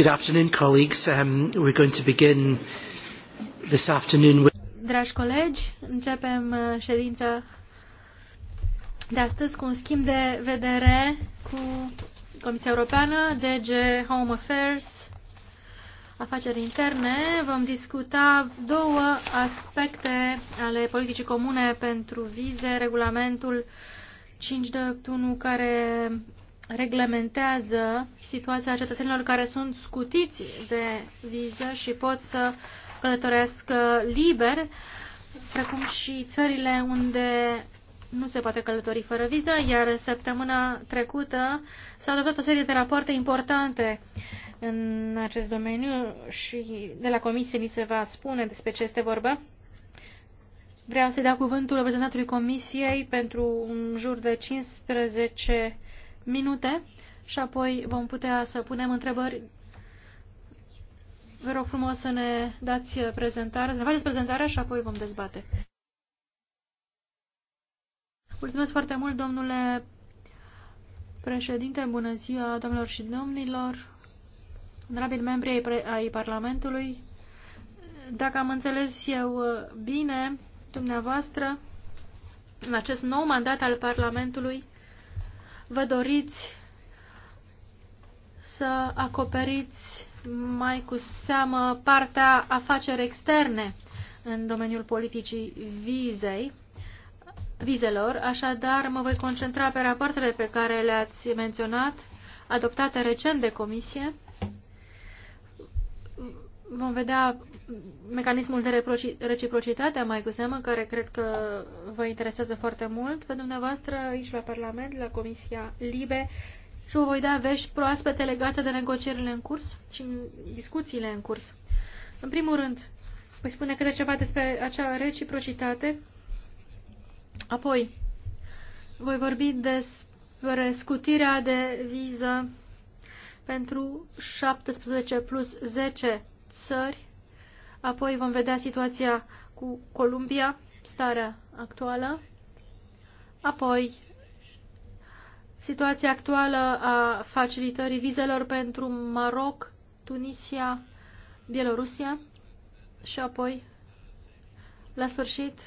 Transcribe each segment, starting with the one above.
Good afternoon, colleagues. Um, we're going to begin this afternoon with... Dragi colegi, începem uh, ședința de astăzi cu un schimb de vedere cu Comisia Europeană, DG Home Affairs, afaceri interne. Vom discuta două aspecte ale politicii comune pentru vize, regulamentul 5.1 care reglementează situația cetățenilor care sunt scutiți de viză și pot să călătorească liber, precum și țările unde nu se poate călători fără viză, iar săptămâna trecută s-au adoptat o serie de rapoarte importante în acest domeniu și de la comisie ni se va spune despre ce este vorba. Vreau să dau cuvântul reprezentantului comisiei pentru un jur de 15 minute și apoi vom putea să punem întrebări. Vă rog frumos să ne dați prezentarea, să ne faceți prezentarea și apoi vom dezbate. Mulțumesc foarte mult, domnule președinte, bună ziua, domnilor și domnilor, onorabili membri ai, ai Parlamentului. Dacă am înțeles eu bine, dumneavoastră, în acest nou mandat al Parlamentului, vă doriți să acoperiți mai cu seamă partea afaceri externe în domeniul politicii vizei, vizelor, așadar mă voi concentra pe rapoartele pe care le-ați menționat, adoptate recent de comisie, vom vedea mecanismul de reciprocitate, mai cu seamă, care cred că vă interesează foarte mult pe dumneavoastră aici la Parlament, la Comisia Libe și vă voi da vești proaspete legate de negocierile în curs și discuțiile în curs. În primul rând, voi spune câte ceva despre acea reciprocitate, apoi voi vorbi despre scutirea de viză pentru 17 plus 10 țări, apoi vom vedea situația cu Columbia, starea actuală, apoi situația actuală a facilitării vizelor pentru Maroc, Tunisia, Bielorusia și apoi, la sfârșit,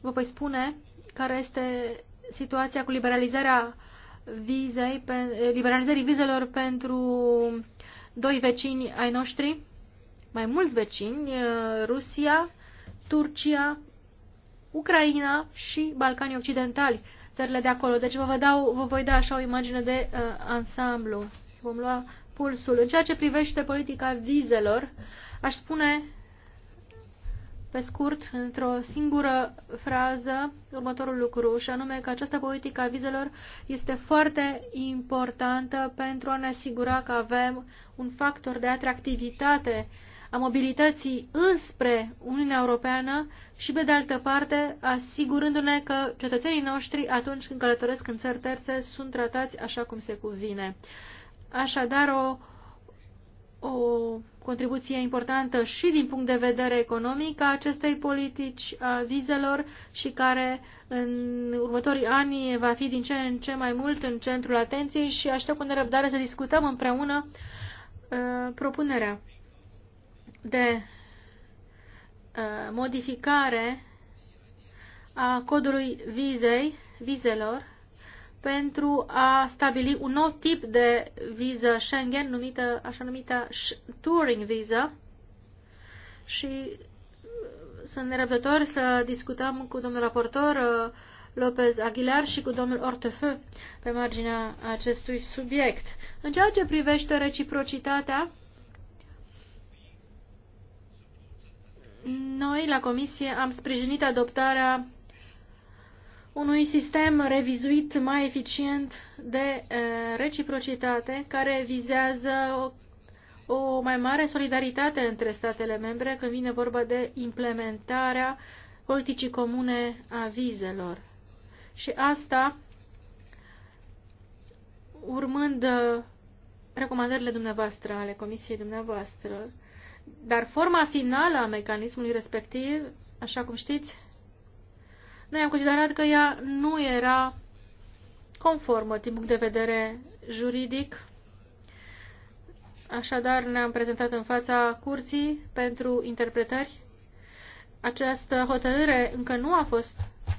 vă voi spune care este situația cu liberalizarea vizei, liberalizării vizelor pentru doi vecini ai noștri, mai mulți vecini, uh, Rusia, Turcia, Ucraina și Balcanii Occidentali, țările de acolo. Deci vă, vă, dau, vă voi da așa o imagine de uh, ansamblu. Vom lua pulsul. În ceea ce privește politica vizelor, aș spune pe scurt, într-o singură frază, următorul lucru, și anume că această politică a vizelor este foarte importantă pentru a ne asigura că avem un factor de atractivitate uh, a mobilității înspre Uniunea Europeană și, pe de altă parte, asigurându-ne că cetățenii noștri, atunci când călătoresc în țări terțe, sunt tratați așa cum se cuvine. Așadar, o, o contribuție importantă și din punct de vedere economic a acestei politici a vizelor și care în următorii ani va fi din ce în ce mai mult în centrul atenției și aștept cu nerăbdare să discutăm împreună uh, propunerea de uh, modificare a codului vizei, vizelor pentru a stabili un nou tip de viză Schengen, numită, așa numită touring visa și sunt nerăbdător să discutăm cu domnul raportor uh, Lopez Aguilar și cu domnul Ortefeu pe marginea acestui subiect. În ceea ce privește reciprocitatea, Noi, la Comisie, am sprijinit adoptarea unui sistem revizuit mai eficient de eh, reciprocitate care vizează o, o mai mare solidaritate între statele membre când vine vorba de implementarea politicii comune a vizelor. Și asta urmând eh, recomandările dumneavoastră ale Comisiei dumneavoastră. Dar forma finală a mecanismului respectiv, așa cum știți, noi am considerat că ea nu era conformă din punct de vedere juridic. Așadar, ne-am prezentat în fața curții pentru interpretări. Această hotărâre încă nu a fost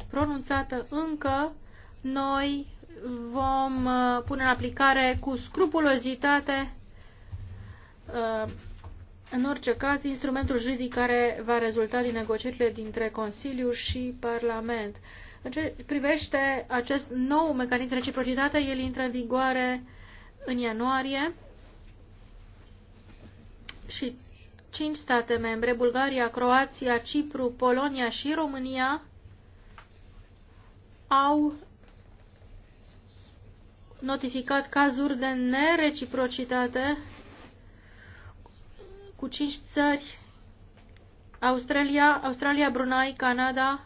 pronunțată încă. Noi vom uh, pune în aplicare cu scrupulozitate uh, în orice caz, instrumentul juridic care va rezulta din negocierile dintre Consiliu și Parlament. În ce privește acest nou mecanism de reciprocitate, el intră în vigoare în ianuarie și cinci state membre, Bulgaria, Croația, Cipru, Polonia și România, au notificat cazuri de nereciprocitate cu cinci țări, Australia, Australia, Brunei, Canada,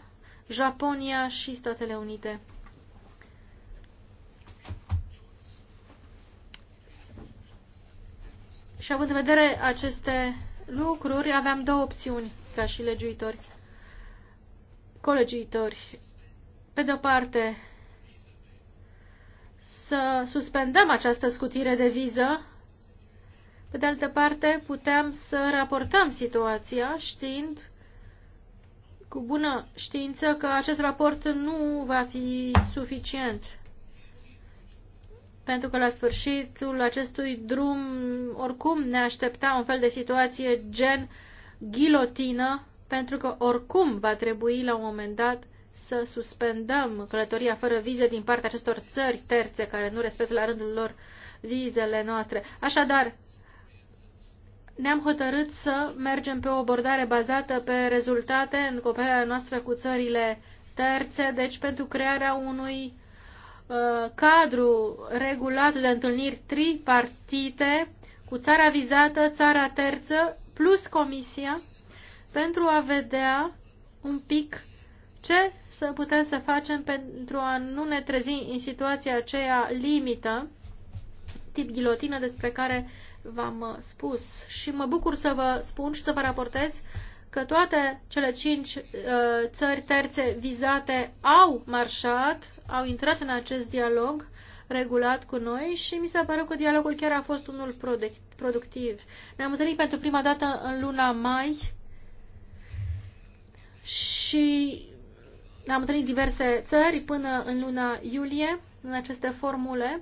Japonia și Statele Unite. Și având în vedere aceste lucruri, aveam două opțiuni ca și legiuitori, colegiuitori. Pe de o parte, să suspendăm această scutire de viză pe de altă parte, puteam să raportăm situația știind cu bună știință că acest raport nu va fi suficient. Pentru că la sfârșitul acestui drum, oricum, ne aștepta un fel de situație gen ghilotină, pentru că oricum va trebui la un moment dat să suspendăm călătoria fără vize din partea acestor țări terțe care nu respectă la rândul lor vizele noastre. Așadar, ne-am hotărât să mergem pe o abordare bazată pe rezultate în cooperarea noastră cu țările terțe, deci pentru crearea unui uh, cadru regulat de întâlniri tripartite cu țara vizată, țara terță plus comisia pentru a vedea un pic ce să putem să facem pentru a nu ne trezi în situația aceea limită, tip ghilotină, despre care v-am uh, spus. Și mă bucur să vă spun și să vă raportez că toate cele cinci uh, țări terțe vizate au marșat, au intrat în acest dialog regulat cu noi și mi s-a părut că dialogul chiar a fost unul productiv. Ne-am întâlnit pentru prima dată în luna mai și am întâlnit diverse țări până în luna iulie în aceste formule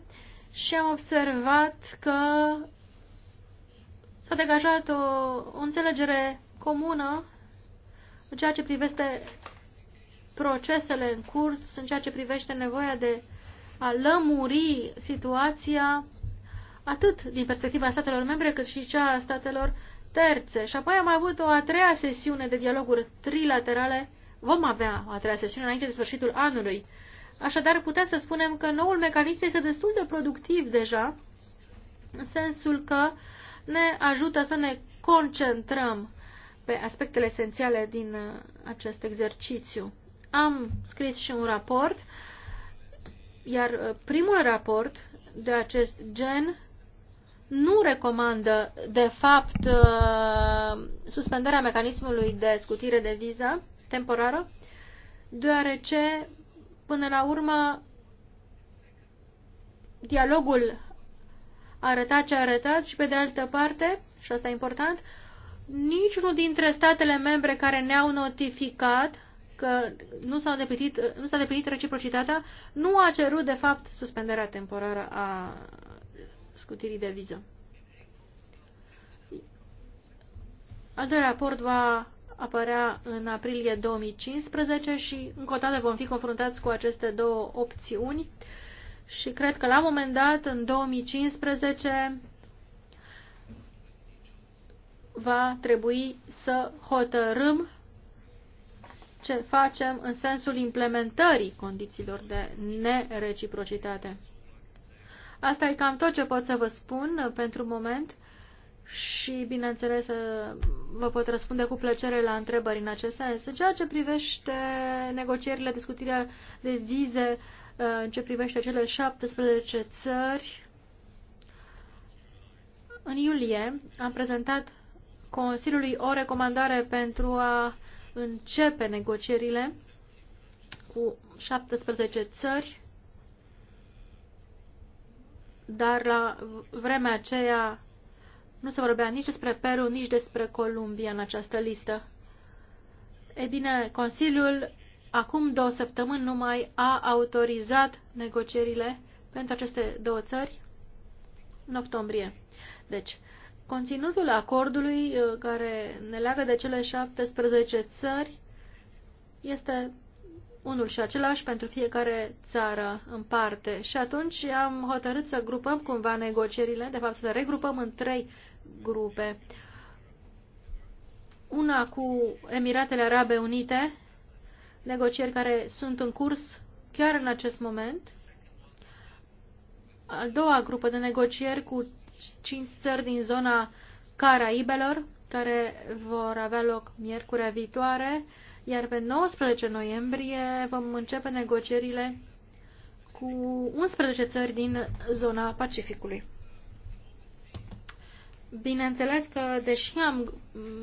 și am observat că s-a degajat o, o înțelegere comună în ceea ce privește procesele în curs, în ceea ce privește nevoia de a lămuri situația atât din perspectiva statelor membre cât și cea a statelor terțe. Și apoi am avut o a treia sesiune de dialoguri trilaterale. Vom avea o a treia sesiune înainte de sfârșitul anului. Așadar, putem să spunem că noul mecanism este destul de productiv deja, în sensul că uh, ne ajută să ne concentrăm pe aspectele esențiale din uh, acest exercițiu. Am scris și un raport, iar uh, primul raport de acest gen nu recomandă, de fapt, uh, suspendarea mecanismului de scutire de viză temporară, deoarece, până la urmă, dialogul arătat ce a arătat și pe de altă parte, și asta e important, niciunul dintre statele membre care ne-au notificat că nu s-a deplinit, nu s-a deplinit reciprocitatea, nu a cerut, de fapt, suspendarea temporară a scutirii de viză. Al doilea raport va apărea în aprilie 2015 și încă o dată vom fi confruntați cu aceste două opțiuni și cred că la un moment dat, în 2015, va trebui să hotărâm ce facem în sensul implementării condițiilor de nereciprocitate. Asta e cam tot ce pot să vă spun uh, pentru moment și, bineînțeles, uh, vă pot răspunde cu plăcere la întrebări în acest sens. În ceea ce privește negocierile, discutirea de vize, uh, în ce privește cele 17 țări. În iulie am prezentat Consiliului o recomandare pentru a începe negocierile cu 17 țări, dar la vremea aceea nu se vorbea nici despre Peru, nici despre Columbia în această listă. E bine, Consiliul acum două săptămâni numai a autorizat negocierile pentru aceste două țări în octombrie. Deci, conținutul acordului uh, care ne leagă de cele 17 țări este unul și același pentru fiecare țară în parte. Și atunci am hotărât să grupăm cumva negocierile, de fapt să le regrupăm în trei grupe. Una cu Emiratele Arabe Unite, negocieri care sunt în curs chiar în acest moment. A doua grupă de negocieri cu cinci țări din zona Caraibelor, care vor avea loc miercurea viitoare, iar pe 19 noiembrie vom începe negocierile cu 11 țări din zona Pacificului. Bineînțeles că, deși am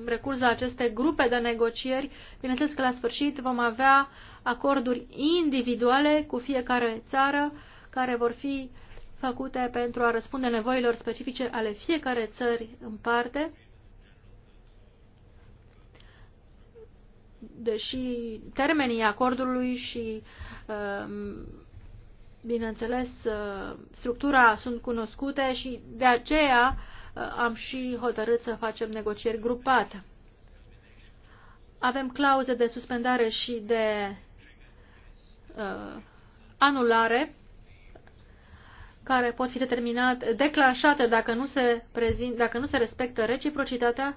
recurs la aceste grupe de negocieri, bineînțeles că la sfârșit vom avea acorduri individuale cu fiecare țară care vor fi făcute pentru a răspunde nevoilor specifice ale fiecare țări în parte. Deși termenii acordului și, um, bineînțeles, uh, structura sunt cunoscute și de aceea Uh, am și hotărât să facem negocieri grupate. Avem clauze de suspendare și de uh, anulare care pot fi determinate, declanșate dacă nu, se prezint, dacă nu se respectă reciprocitatea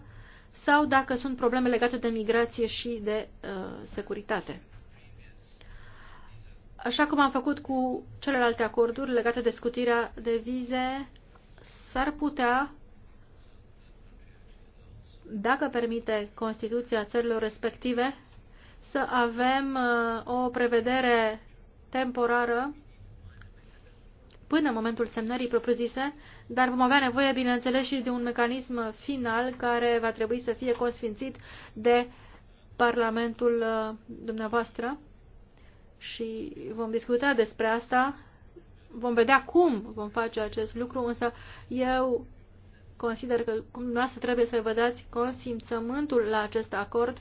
sau dacă sunt probleme legate de migrație și de uh, securitate. Așa cum am făcut cu celelalte acorduri legate de scutirea de vize, s-ar putea dacă permite Constituția țărilor respective, să avem uh, o prevedere temporară până în momentul semnării propriu-zise, dar vom avea nevoie, bineînțeles, și de un mecanism final care va trebui să fie consfințit de Parlamentul uh, dumneavoastră și vom discuta despre asta. Vom vedea cum vom face acest lucru, însă eu consider că dumneavoastră trebuie să vă dați consimțământul la acest acord,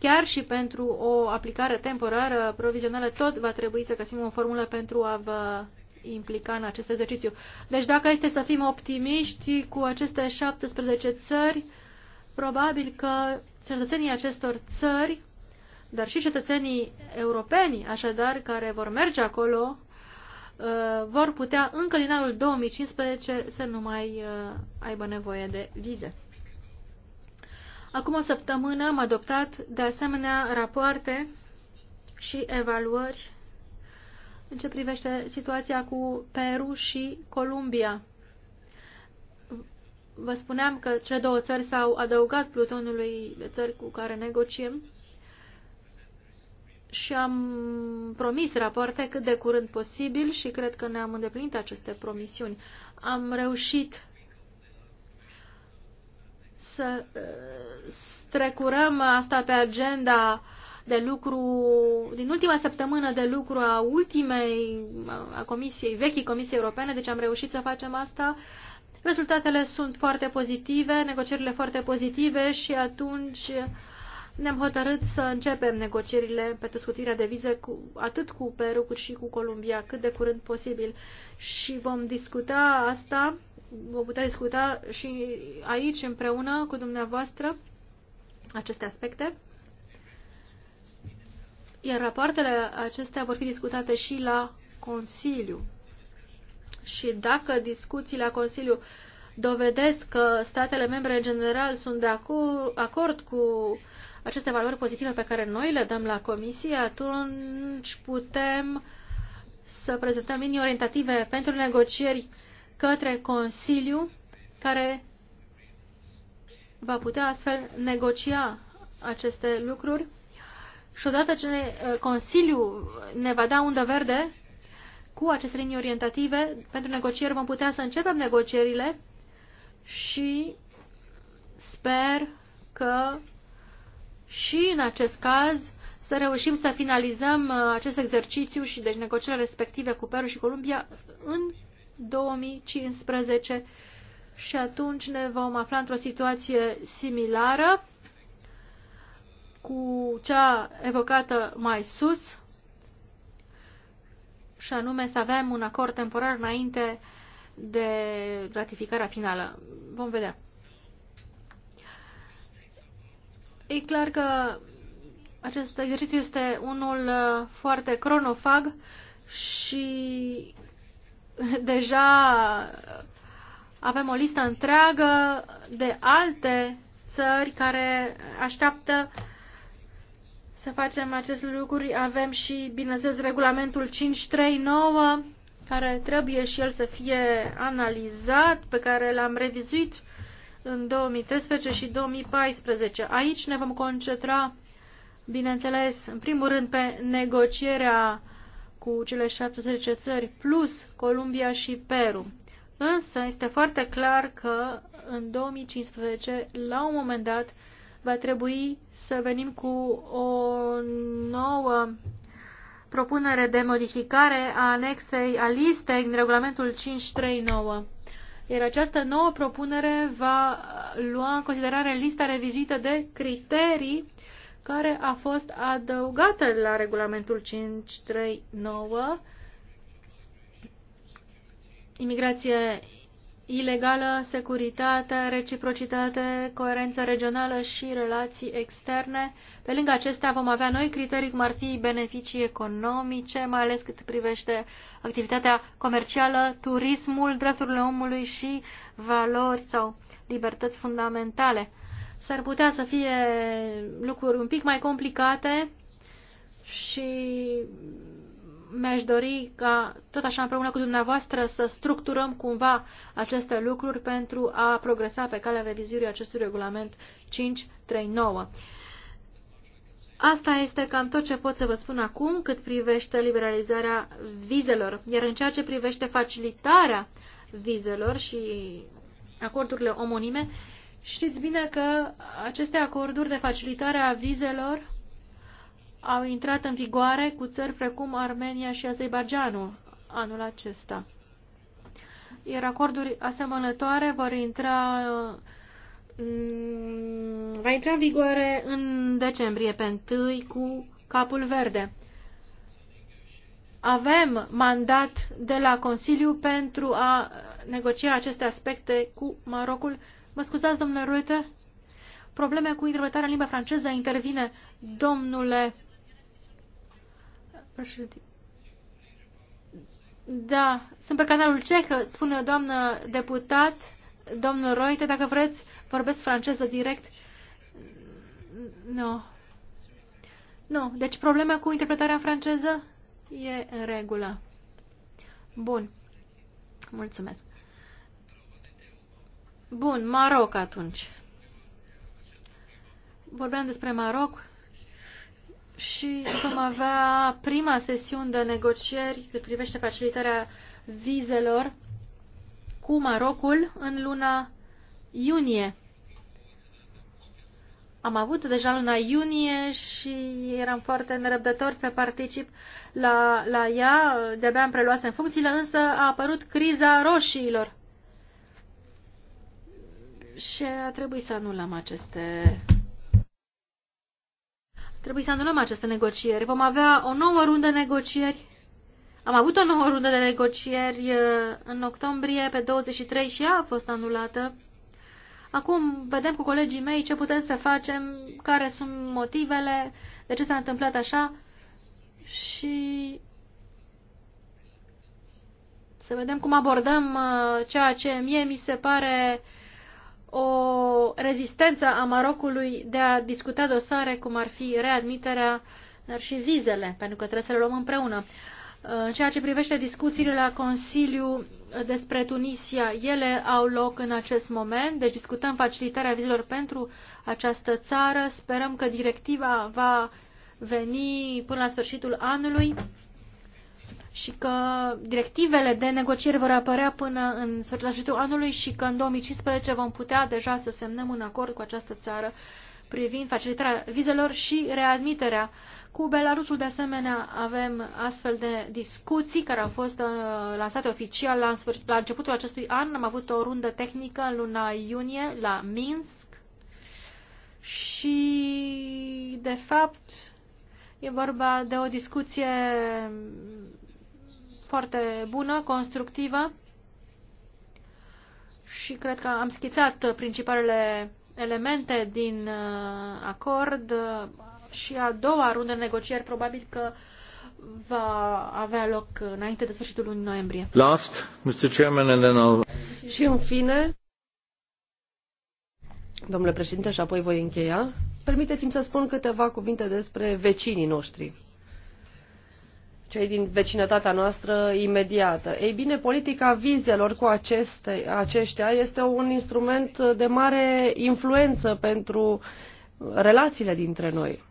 chiar și pentru o aplicare temporară, provizională, tot va trebui să găsim o formulă pentru a vă implica în acest exercițiu. Deci dacă este să fim optimiști cu aceste 17 țări, probabil că cetățenii acestor țări, dar și cetățenii europeni, așadar, care vor merge acolo, Uh, vor putea încă din anul 2015 să nu mai uh, aibă nevoie de vize. Acum o săptămână am adoptat de asemenea rapoarte și evaluări în ce privește situația cu Peru și Columbia. Vă spuneam că cele două țări s-au adăugat plutonului de țări cu care negociem și am promis rapoarte cât de curând posibil și cred că ne-am îndeplinit aceste promisiuni. Am reușit să uh, strecurăm asta pe agenda de lucru din ultima săptămână de lucru a ultimei a comisiei, vechii Comisiei Europene, deci am reușit să facem asta. Rezultatele sunt foarte pozitive, negocierile foarte pozitive și atunci uh, ne-am hotărât să începem negocierile pentru scutirea de vize cu, atât cu Peru cât și cu Columbia cât de curând posibil și vom discuta asta, vom putea discuta și aici împreună cu dumneavoastră aceste aspecte. Iar rapoartele acestea vor fi discutate și la Consiliu. Și dacă discuții la Consiliu dovedesc că statele membre în general sunt de acord cu aceste valori pozitive pe care noi le dăm la comisie, atunci putem să prezentăm linii orientative pentru negocieri către Consiliu, care va putea astfel negocia aceste lucruri. Și odată ce Consiliu ne va da undă verde cu aceste linii orientative, pentru negocieri vom putea să începem negocierile și sper că și în acest caz să reușim să finalizăm uh, acest exercițiu și deci negocierile respective cu Peru și Columbia în 2015 și atunci ne vom afla într-o situație similară cu cea evocată mai sus și anume să avem un acord temporar înainte de ratificarea finală. Vom vedea. E clar că acest exercițiu este unul uh, foarte cronofag și deja avem o listă întreagă de alte țări care așteaptă să facem acest lucru. Avem și, bineînțeles, regulamentul 539, care trebuie și el să fie analizat, pe care l-am revizuit în 2013 și 2014. Aici ne vom concentra, bineînțeles, în primul rând pe negocierea cu cele 17 țări, plus Columbia și Peru. Însă este foarte clar că în 2015, la un moment dat, va trebui să venim cu o nouă propunere de modificare a anexei, a listei în regulamentul 539. Iar această nouă propunere va lua în considerare lista revizuită de criterii care a fost adăugată la regulamentul 539 imigrație ilegală, securitate, reciprocitate, coerență regională și relații externe. Pe lângă acestea vom avea noi criterii, cum ar fi beneficii economice, mai ales cât privește activitatea comercială, turismul, drepturile omului și valori sau libertăți fundamentale. S-ar putea să fie lucruri un pic mai complicate și mi-aș dori ca, tot așa împreună cu dumneavoastră, să structurăm cumva aceste lucruri pentru a progresa pe calea revizuirii acestui regulament 539. Asta este cam tot ce pot să vă spun acum cât privește liberalizarea vizelor, iar în ceea ce privește facilitarea vizelor și acordurile omonime, știți bine că aceste acorduri de facilitare a vizelor au intrat în vigoare cu țări precum Armenia și Azerbaijanul anul acesta. Iar acorduri asemănătoare vor intra, mm, va intra în vigoare în decembrie pe întâi cu capul verde. Avem mandat de la Consiliu pentru a negocia aceste aspecte cu Marocul. Mă scuzați, domnule Ruite? Probleme cu interpretarea în limba franceză intervine domnule Președinte. Da, sunt pe canalul ceh, spune doamnă deputat, domnul Roite, dacă vreți, vorbesc franceză direct. Nu. No. Nu, deci problema cu interpretarea franceză e în regulă. Bun. Mulțumesc. Bun, Maroc atunci. Vorbeam despre Maroc și vom avea prima sesiune de negocieri cât privește facilitarea vizelor cu Marocul în luna iunie. Am avut deja luna iunie și eram foarte nerăbdător să particip la, la ea. De-abia am preluat în funcțiile, însă a apărut criza roșiilor. Și a trebuit să anulăm aceste Trebuie să anulăm aceste negocieri. Vom avea o nouă rundă de negocieri. Am avut o nouă rundă de negocieri uh, în octombrie pe 23 și ea a fost anulată. Acum vedem cu colegii mei ce putem să facem, care sunt motivele, de ce s-a întâmplat așa și să vedem cum abordăm uh, ceea ce mie mi se pare uh, o rezistență a Marocului de a discuta dosare cum ar fi readmiterea, dar și vizele, pentru că trebuie să le luăm împreună. În ceea ce privește discuțiile la Consiliu despre Tunisia, ele au loc în acest moment, deci discutăm facilitarea vizelor pentru această țară. Sperăm că directiva va veni până la sfârșitul anului și că directivele de negociere vor apărea până în sfârșitul anului și că în 2015 vom putea deja să semnăm un acord cu această țară privind facilitarea vizelor și readmiterea. Cu Belarusul, de asemenea, avem astfel de discuții care au fost uh, lansate oficial la, sfârșit, la începutul acestui an. Am avut o rundă tehnică în luna iunie la Minsk și, de fapt, e vorba de o discuție foarte bună, constructivă și cred că am schițat principalele elemente din uh, acord uh, și a doua rundă de negocieri probabil că va avea loc înainte de sfârșitul lunii noiembrie. Last, Mr. Chairman, and then I'll... Și în fine, domnule președinte, și apoi voi încheia, permiteți-mi să spun câteva cuvinte despre vecinii noștri cei din vecinătatea noastră imediată. Ei bine, politica vizelor cu aceste, aceștia este un instrument de mare influență pentru relațiile dintre noi.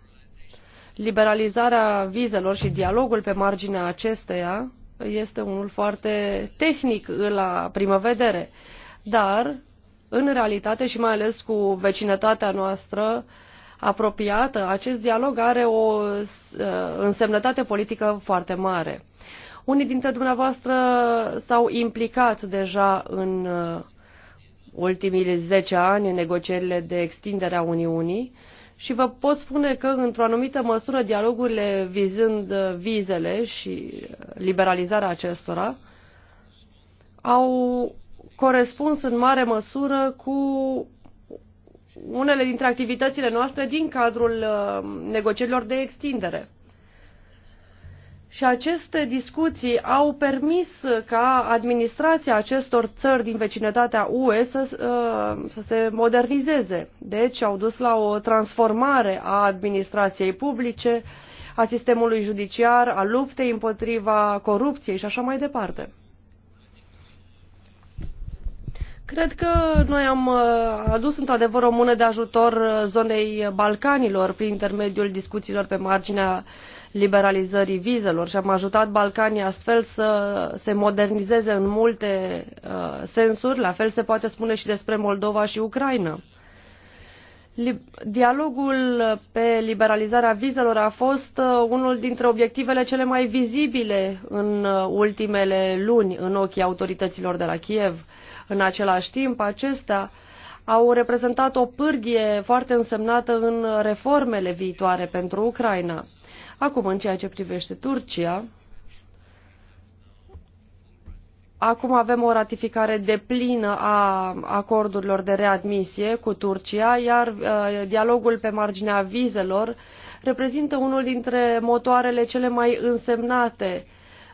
Liberalizarea vizelor și dialogul pe marginea acesteia este unul foarte tehnic la primă vedere, dar în realitate și mai ales cu vecinătatea noastră, uh, apropiată, acest dialog are o uh, însemnătate politică foarte mare. Unii dintre dumneavoastră s-au implicat deja în uh, ultimile 10 ani în negocierile de extindere a Uniunii și vă pot spune că, într-o anumită măsură, dialogurile vizând uh, vizele și liberalizarea acestora au corespuns în mare măsură cu unele dintre activitățile noastre din cadrul uh, negocierilor de extindere. Și aceste discuții au permis ca administrația acestor țări din vecinătatea UE să, uh, să se modernizeze. Deci au dus la o transformare a administrației publice, a sistemului judiciar, a luptei împotriva corupției și așa mai departe. Cred că noi am uh, adus într-adevăr o mână de ajutor uh, zonei Balcanilor prin intermediul discuțiilor pe marginea liberalizării vizelor și am ajutat Balcanii astfel să se modernizeze în multe uh, sensuri, la fel se poate spune și despre Moldova și Ucraina. Dialogul pe liberalizarea vizelor a fost uh, unul dintre obiectivele cele mai vizibile în ultimele luni în ochii autorităților de la Kiev în același timp, acestea au reprezentat o pârghie foarte însemnată în reformele viitoare pentru Ucraina. Acum, în ceea ce privește Turcia, acum avem o ratificare deplină a acordurilor de readmisie cu Turcia, iar uh, dialogul pe marginea vizelor reprezintă unul dintre motoarele cele mai însemnate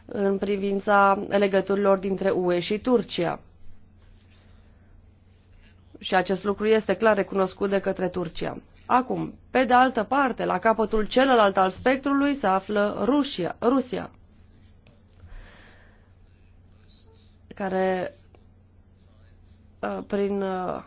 în privința legăturilor dintre UE și Turcia. Și acest lucru este clar recunoscut de către Turcia. Acum, pe de altă parte, la capătul celălalt al spectrului se află Rusia, Rusia care uh, prin uh,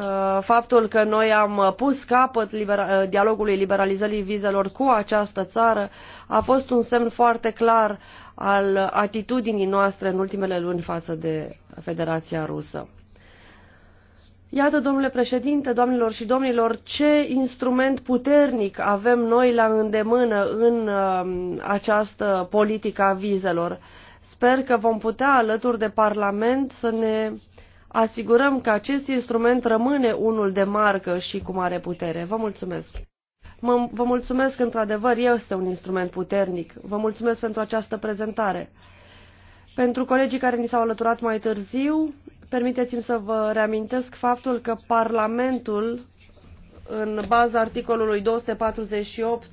uh, faptul că noi am pus capăt libera dialogului liberalizării vizelor cu această țară a fost un semn foarte clar al atitudinii noastre în ultimele luni față de Federația Rusă. Iată, domnule președinte, domnilor și domnilor, ce instrument puternic avem noi la îndemână în uh, această politică a vizelor. Sper că vom putea, alături de Parlament, să ne asigurăm că acest instrument rămâne unul de marcă și cu mare putere. Vă mulțumesc! Mă, vă mulțumesc, într-adevăr, este un instrument puternic. Vă mulțumesc pentru această prezentare. Pentru colegii care ni s-au alăturat mai târziu, Permiteți-mi să vă reamintesc faptul că Parlamentul, în baza articolului 248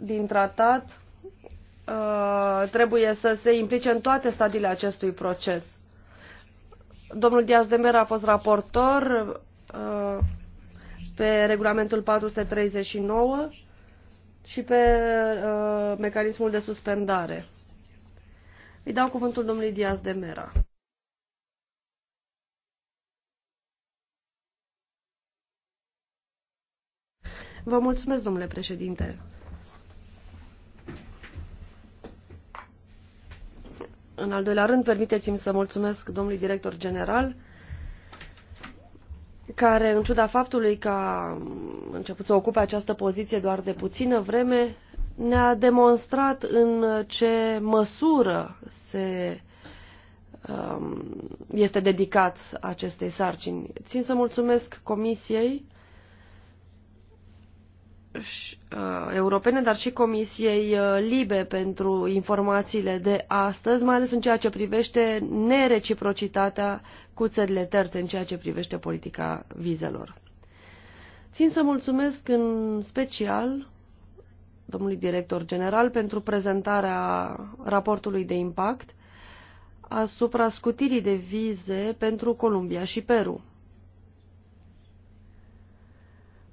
din tratat, uh, trebuie să se implice în toate stadiile acestui proces. Domnul Diaz de Mera a fost raportor uh, pe regulamentul 439 și pe uh, mecanismul de suspendare. Îi dau cuvântul domnului Diaz de Mera. Vă mulțumesc, domnule președinte. În al doilea rând, permiteți-mi să mulțumesc domnului director general, care, în ciuda faptului că a început să ocupe această poziție doar de puțină vreme, ne-a demonstrat în ce măsură se um, este dedicat acestei sarcini. Țin să mulțumesc Comisiei Uh, europene, dar și Comisiei uh, Libe pentru informațiile de astăzi, mai ales în ceea ce privește nereciprocitatea cu țările terțe în ceea ce privește politica vizelor. Țin să mulțumesc în special domnului director general pentru prezentarea raportului de impact asupra scutirii de vize pentru Columbia și Peru.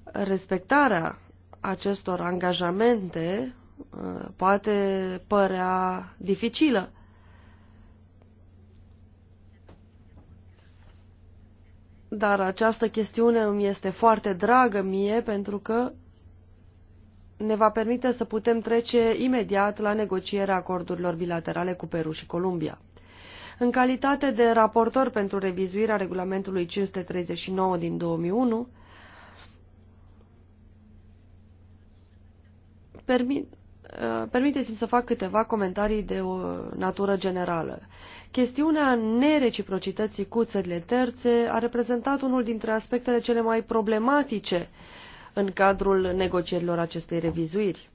Respectarea acestor angajamente uh, poate părea dificilă. Dar această chestiune îmi este foarte dragă mie pentru că ne va permite să putem trece imediat la negocierea acordurilor bilaterale cu Peru și Columbia. În calitate de raportor pentru revizuirea regulamentului 539 din 2001, Permit, uh, permiteți-mi să fac câteva comentarii de o natură generală. Chestiunea nereciprocității cu țările terțe a reprezentat unul dintre aspectele cele mai problematice în cadrul negocierilor acestei revizuiri.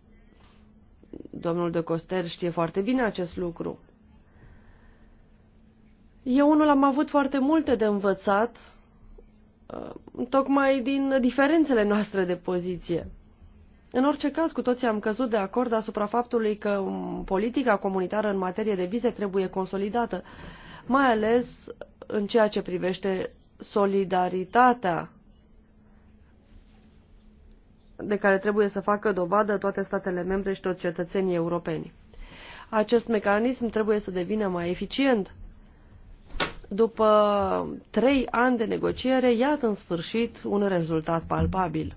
Domnul de Coster știe foarte bine acest lucru. Eu unul am avut foarte multe de învățat, uh, tocmai din diferențele noastre de poziție. În orice caz, cu toții am căzut de acord asupra faptului că politica comunitară în materie de vize trebuie consolidată, mai ales în ceea ce privește solidaritatea de care trebuie să facă dovadă toate statele membre și toți cetățenii europeni. Acest mecanism trebuie să devină mai eficient. După trei ani de negociere, iată în sfârșit un rezultat palpabil.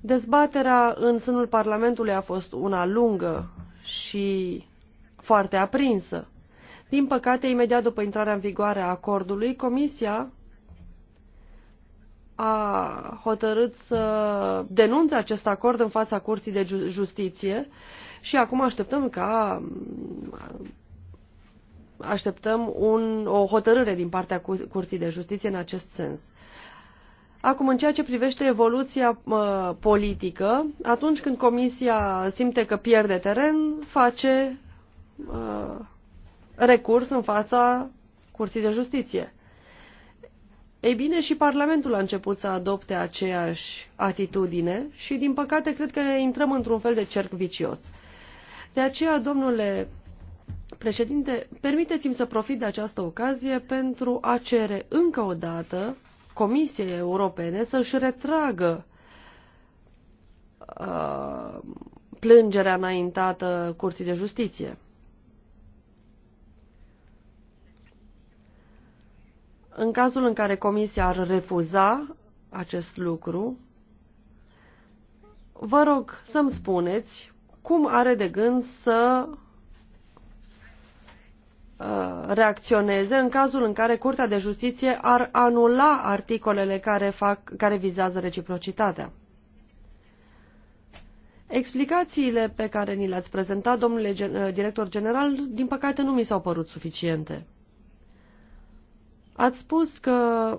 Dezbaterea în sânul Parlamentului a fost una lungă și foarte aprinsă. Din păcate, imediat după intrarea în vigoare a acordului, Comisia a hotărât să denunțe acest acord în fața Curții de Justiție și acum așteptăm ca așteptăm un, o hotărâre din partea Curții de Justiție în acest sens. Acum, în ceea ce privește evoluția uh, politică, atunci când Comisia simte că pierde teren, face uh, recurs în fața Curții de Justiție. Ei bine, și Parlamentul a început să adopte aceeași atitudine și, din păcate, cred că intrăm într-un fel de cerc vicios. De aceea, domnule președinte, permiteți-mi să profit de această ocazie pentru a cere încă o dată Comisiei Europene să-și retragă uh, plângerea înaintată Curții de Justiție. În cazul în care Comisia ar refuza acest lucru, vă rog să-mi spuneți cum are de gând să Uh, reacționeze în cazul în care Curtea de Justiție ar anula articolele care, fac, care vizează reciprocitatea. Explicațiile pe care ni le-ați prezentat, domnule uh, director general, din păcate nu mi s-au părut suficiente. Ați spus că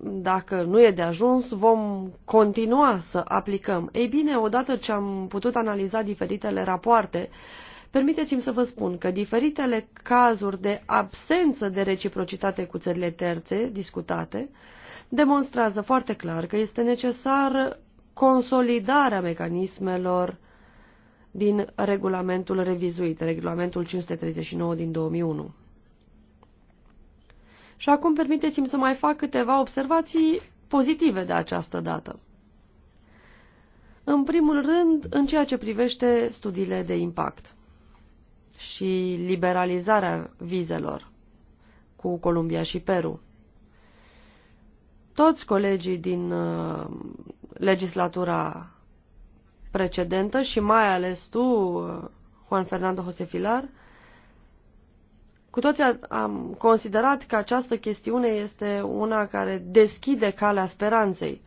dacă nu e de ajuns, vom continua să aplicăm. Ei bine, odată ce am putut analiza diferitele rapoarte, uh, Permiteți-mi să vă spun că diferitele cazuri de absență de reciprocitate cu țările terțe discutate demonstrează foarte clar că este necesară consolidarea mecanismelor din regulamentul revizuit, regulamentul 539 din 2001. Și acum permiteți-mi să mai fac câteva observații pozitive de această dată. În primul rând, în ceea ce privește studiile de impact și liberalizarea vizelor cu Columbia și Peru. Toți colegii din uh, legislatura precedentă și mai ales tu, uh, Juan Fernando Josefilar, cu toții am considerat că această chestiune este una care deschide calea speranței.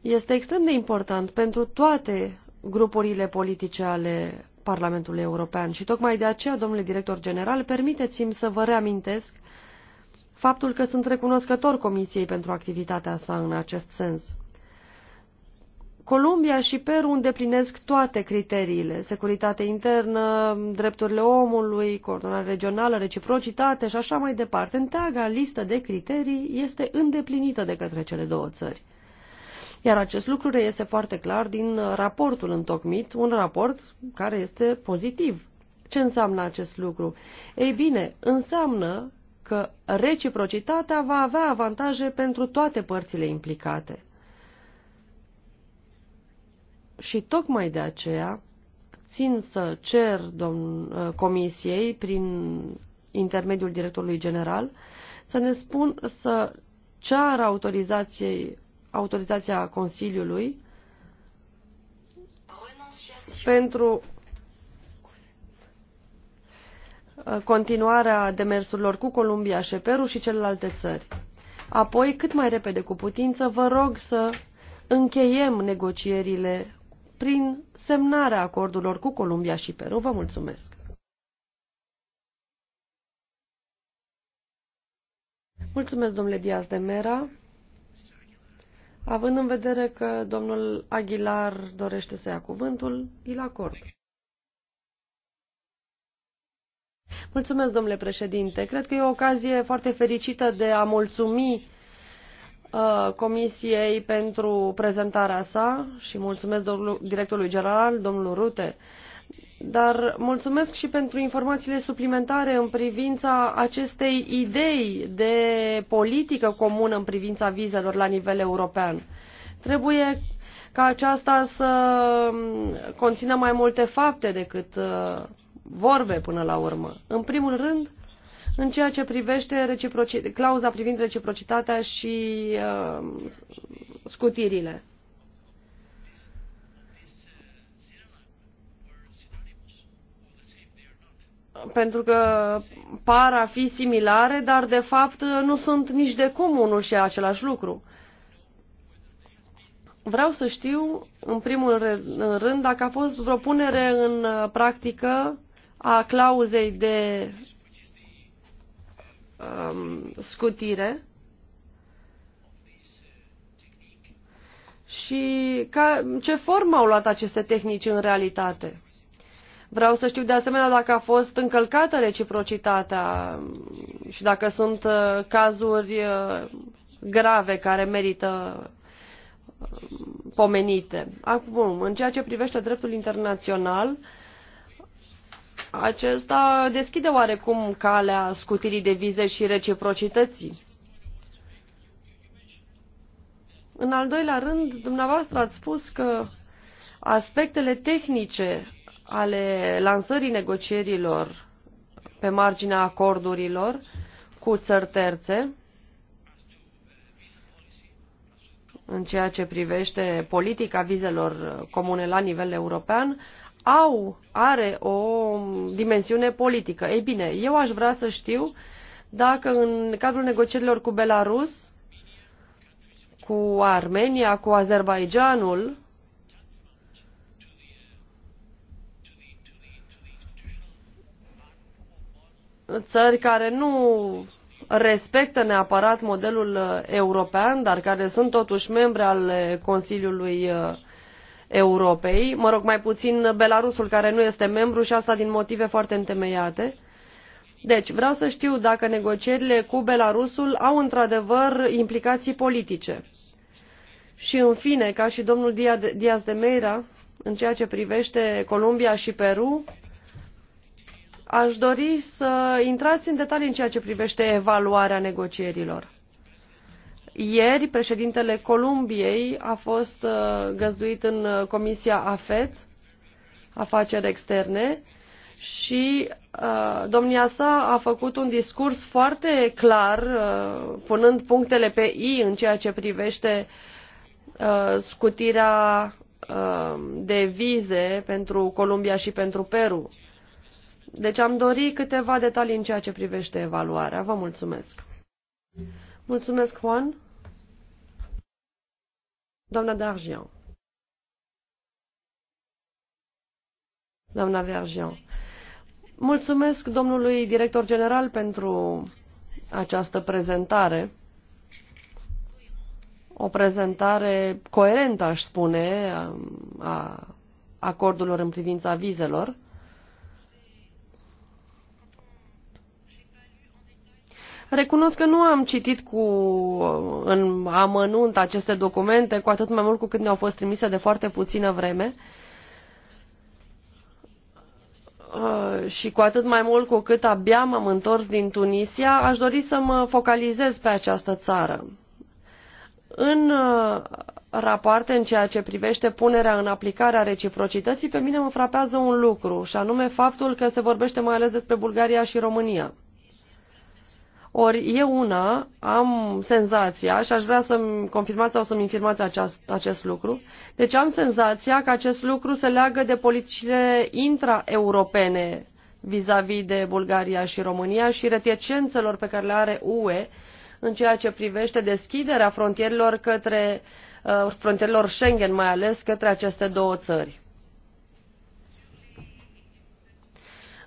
Este extrem de important pentru toate grupurile politice ale Parlamentului European. Și tocmai de aceea, domnule director general, permiteți-mi să vă reamintesc faptul că sunt recunoscător Comisiei pentru activitatea sa în acest sens. Columbia și Peru îndeplinesc toate criteriile, securitate internă, drepturile omului, coordonare regională, reciprocitate și așa mai departe. Întreaga listă de criterii este îndeplinită de către cele două țări. Iar acest lucru reiese foarte clar din raportul întocmit, un raport care este pozitiv. Ce înseamnă acest lucru? Ei bine, înseamnă că reciprocitatea va avea avantaje pentru toate părțile implicate. Și tocmai de aceea țin să cer domn, ă, comisiei, prin intermediul directorului general, să ne spun să ceară autorizației autorizația Consiliului pentru uh, continuarea demersurilor cu Columbia și Peru și celelalte țări. Apoi, cât mai repede cu putință, vă rog să încheiem negocierile prin semnarea acordurilor cu Columbia și Peru. Vă mulțumesc! Mulțumesc, domnule Diaz de Mera. Având în vedere că domnul Aguilar dorește să ia cuvântul, îl acord. Mulțumesc, domnule președinte. Cred că e o ocazie foarte fericită de a mulțumi uh, Comisiei pentru prezentarea sa și mulțumesc directorului general, domnul Rute, dar mulțumesc și pentru informațiile suplimentare în privința acestei idei de politică comună în privința vizelor la nivel european. Trebuie ca aceasta să conțină mai multe fapte decât uh, vorbe până la urmă. În primul rând, în ceea ce privește clauza privind reciprocitatea și uh, scutirile. pentru că par a fi similare, dar de fapt nu sunt nici de cum unul și același lucru. Vreau să știu, în primul rând, dacă a fost vreo punere în uh, practică a clauzei de um, scutire și ca, ce formă au luat aceste tehnici în realitate. Vreau să știu de asemenea dacă a fost încălcată reciprocitatea și dacă sunt uh, cazuri uh, grave care merită uh, pomenite. Acum, în ceea ce privește dreptul internațional, acesta deschide oarecum calea scutirii de vize și reciprocității. În al doilea rând, dumneavoastră ați spus că aspectele tehnice ale lansării negocierilor pe marginea acordurilor cu țări terțe în ceea ce privește politica vizelor comune la nivel european au, are o dimensiune politică. Ei bine, eu aș vrea să știu dacă în cadrul negocierilor cu Belarus, cu Armenia, cu Azerbaijanul, țări care nu respectă neapărat modelul uh, european, dar care sunt totuși membre al Consiliului uh, Europei, mă rog, mai puțin Belarusul, care nu este membru și asta din motive foarte întemeiate. Deci, vreau să știu dacă negocierile cu Belarusul au într-adevăr implicații politice. Și în fine, ca și domnul Diaz de Meira, în ceea ce privește Columbia și Peru, Aș dori să intrați în detalii în ceea ce privește evaluarea negocierilor. Ieri, președintele Columbiei a fost uh, găzduit în uh, Comisia AFET, Afaceri Externe, și uh, domnia sa a făcut un discurs foarte clar, uh, punând punctele pe I în ceea ce privește uh, scutirea uh, de vize pentru Columbia și pentru Peru. Deci am dori câteva detalii în ceea ce privește evaluarea. Vă mulțumesc. Mulțumesc, Juan. Doamna Dargian. Doamna Vergian. Mulțumesc domnului director general pentru această prezentare. O prezentare coerentă, aș spune, a acordurilor în privința vizelor. Recunosc că nu am citit cu în amănunt aceste documente, cu atât mai mult cu cât ne-au fost trimise de foarte puțină vreme uh, și cu atât mai mult cu cât abia m-am întors din Tunisia, aș dori să mă focalizez pe această țară. În uh, rapoarte în ceea ce privește punerea în aplicare a reciprocității, pe mine mă frapează un lucru, și anume faptul că se vorbește mai ales despre Bulgaria și România. Ori eu una am senzația, și aș vrea să-mi confirmați sau să-mi infirmați aceast, acest lucru, deci am senzația că acest lucru se leagă de politicile intraeuropene vis-a-vis -vis de Bulgaria și România și reticențelor pe care le are UE în ceea ce privește deschiderea frontierelor către uh, frontierelor Schengen, mai ales către aceste două țări.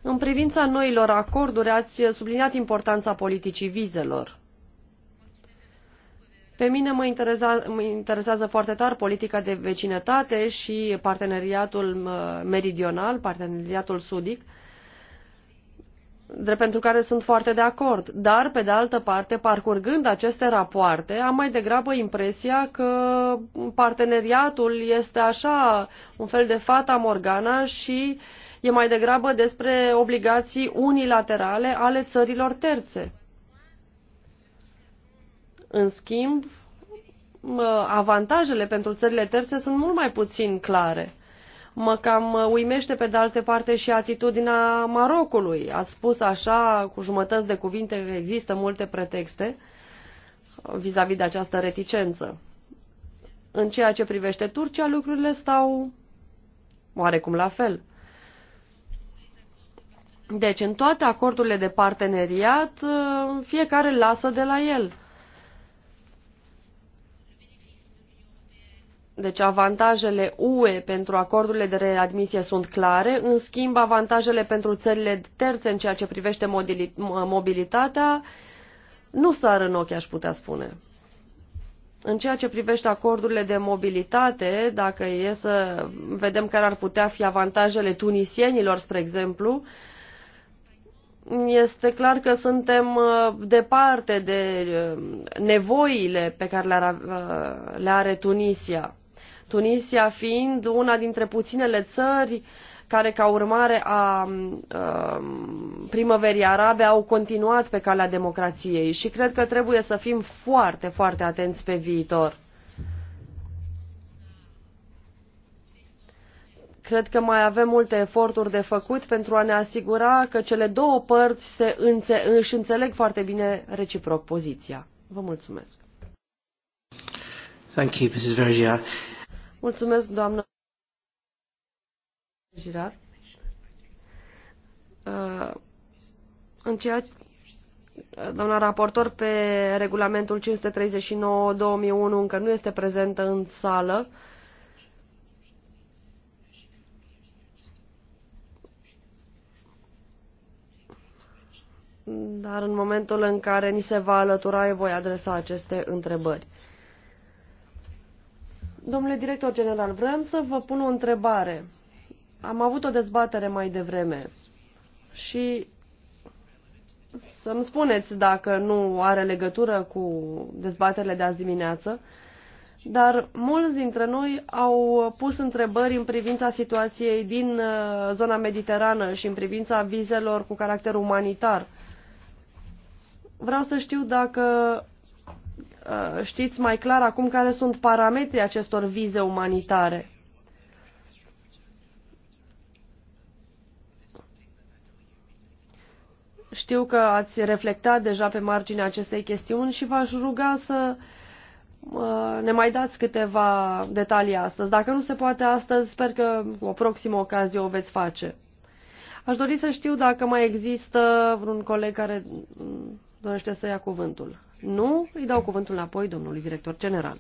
În privința noilor acorduri, ați subliniat importanța politicii vizelor. Pe mine mă, interesează, mă interesează foarte tare politica de vecinătate și parteneriatul uh, meridional, parteneriatul sudic, drept pentru care sunt foarte de acord. Dar, pe de altă parte, parcurgând aceste rapoarte, am mai degrabă impresia că parteneriatul este așa un fel de fata morgana și uh, E mai degrabă despre obligații unilaterale ale țărilor terțe. În schimb, avantajele pentru țările terțe sunt mult mai puțin clare. Mă cam uimește pe de altă parte și atitudinea Marocului. a spus așa, cu jumătăți de cuvinte, că există multe pretexte vis-a-vis -vis de această reticență. În ceea ce privește Turcia, lucrurile stau oarecum la fel. Deci, în toate acordurile de parteneriat, uh, fiecare lasă de la el. Deci avantajele UE pentru acordurile de readmisie sunt clare, în schimb avantajele pentru țările terțe în ceea ce privește mobilitatea nu sar în ochi, aș putea spune. În ceea ce privește acordurile de mobilitate, dacă e să vedem care ar putea fi avantajele tunisienilor, spre exemplu, uh, este clar că suntem uh, departe de uh, nevoile pe care uh, le are Tunisia. Tunisia fiind una dintre puținele țări care ca urmare a um, primăverii arabe au continuat pe calea democrației și cred că trebuie să fim foarte, foarte atenți pe viitor. Cred că mai avem multe eforturi de făcut pentru a ne asigura că cele două părți se înțe își înțeleg foarte bine reciproc poziția. Vă mulțumesc. Thank you, Mrs. Mulțumesc, doamnă Uh, În ceea ce doamna raportor pe regulamentul 539-2001 încă nu este prezentă în sală. dar în momentul în care ni se va alătura, eu voi adresa aceste întrebări. Domnule director general, vreau să vă pun o întrebare. Am avut o dezbatere mai devreme și să-mi spuneți dacă nu are legătură cu dezbaterile de azi dimineață, dar mulți dintre noi au pus întrebări în privința situației din uh, zona mediterană și în privința vizelor cu caracter umanitar. Vreau să știu dacă uh, știți mai clar acum care sunt parametrii acestor vize umanitare. Știu că ați reflectat deja pe marginea acestei chestiuni și v-aș ruga să uh, ne mai dați câteva detalii astăzi. Dacă nu se poate astăzi, sper că o proximă ocazie o veți face. Aș dori să știu dacă mai există vreun coleg care dorește să ia cuvântul. Nu, îi dau cuvântul apoi domnului director general.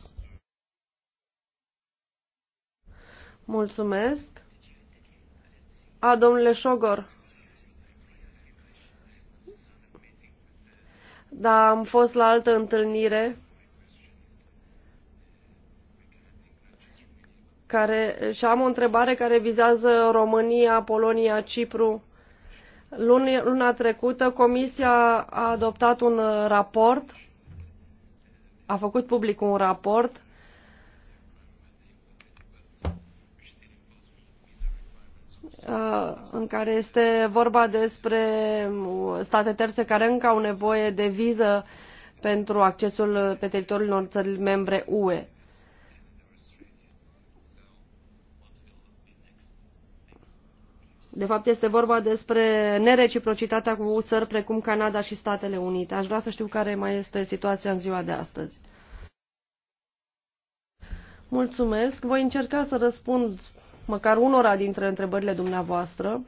Mulțumesc. A, domnule Șogor. Da, am fost la altă întâlnire care, și am o întrebare care vizează România, Polonia, Cipru Luna trecută, Comisia a adoptat un raport, a făcut public un raport uh, în care este vorba despre state terțe care încă au nevoie de viză pentru accesul pe teritoriul unor țări membre UE. De fapt, este vorba despre nereciprocitatea cu țări precum Canada și Statele Unite. Aș vrea să știu care mai este situația în ziua de astăzi. Mulțumesc. Voi încerca să răspund măcar unora dintre întrebările dumneavoastră.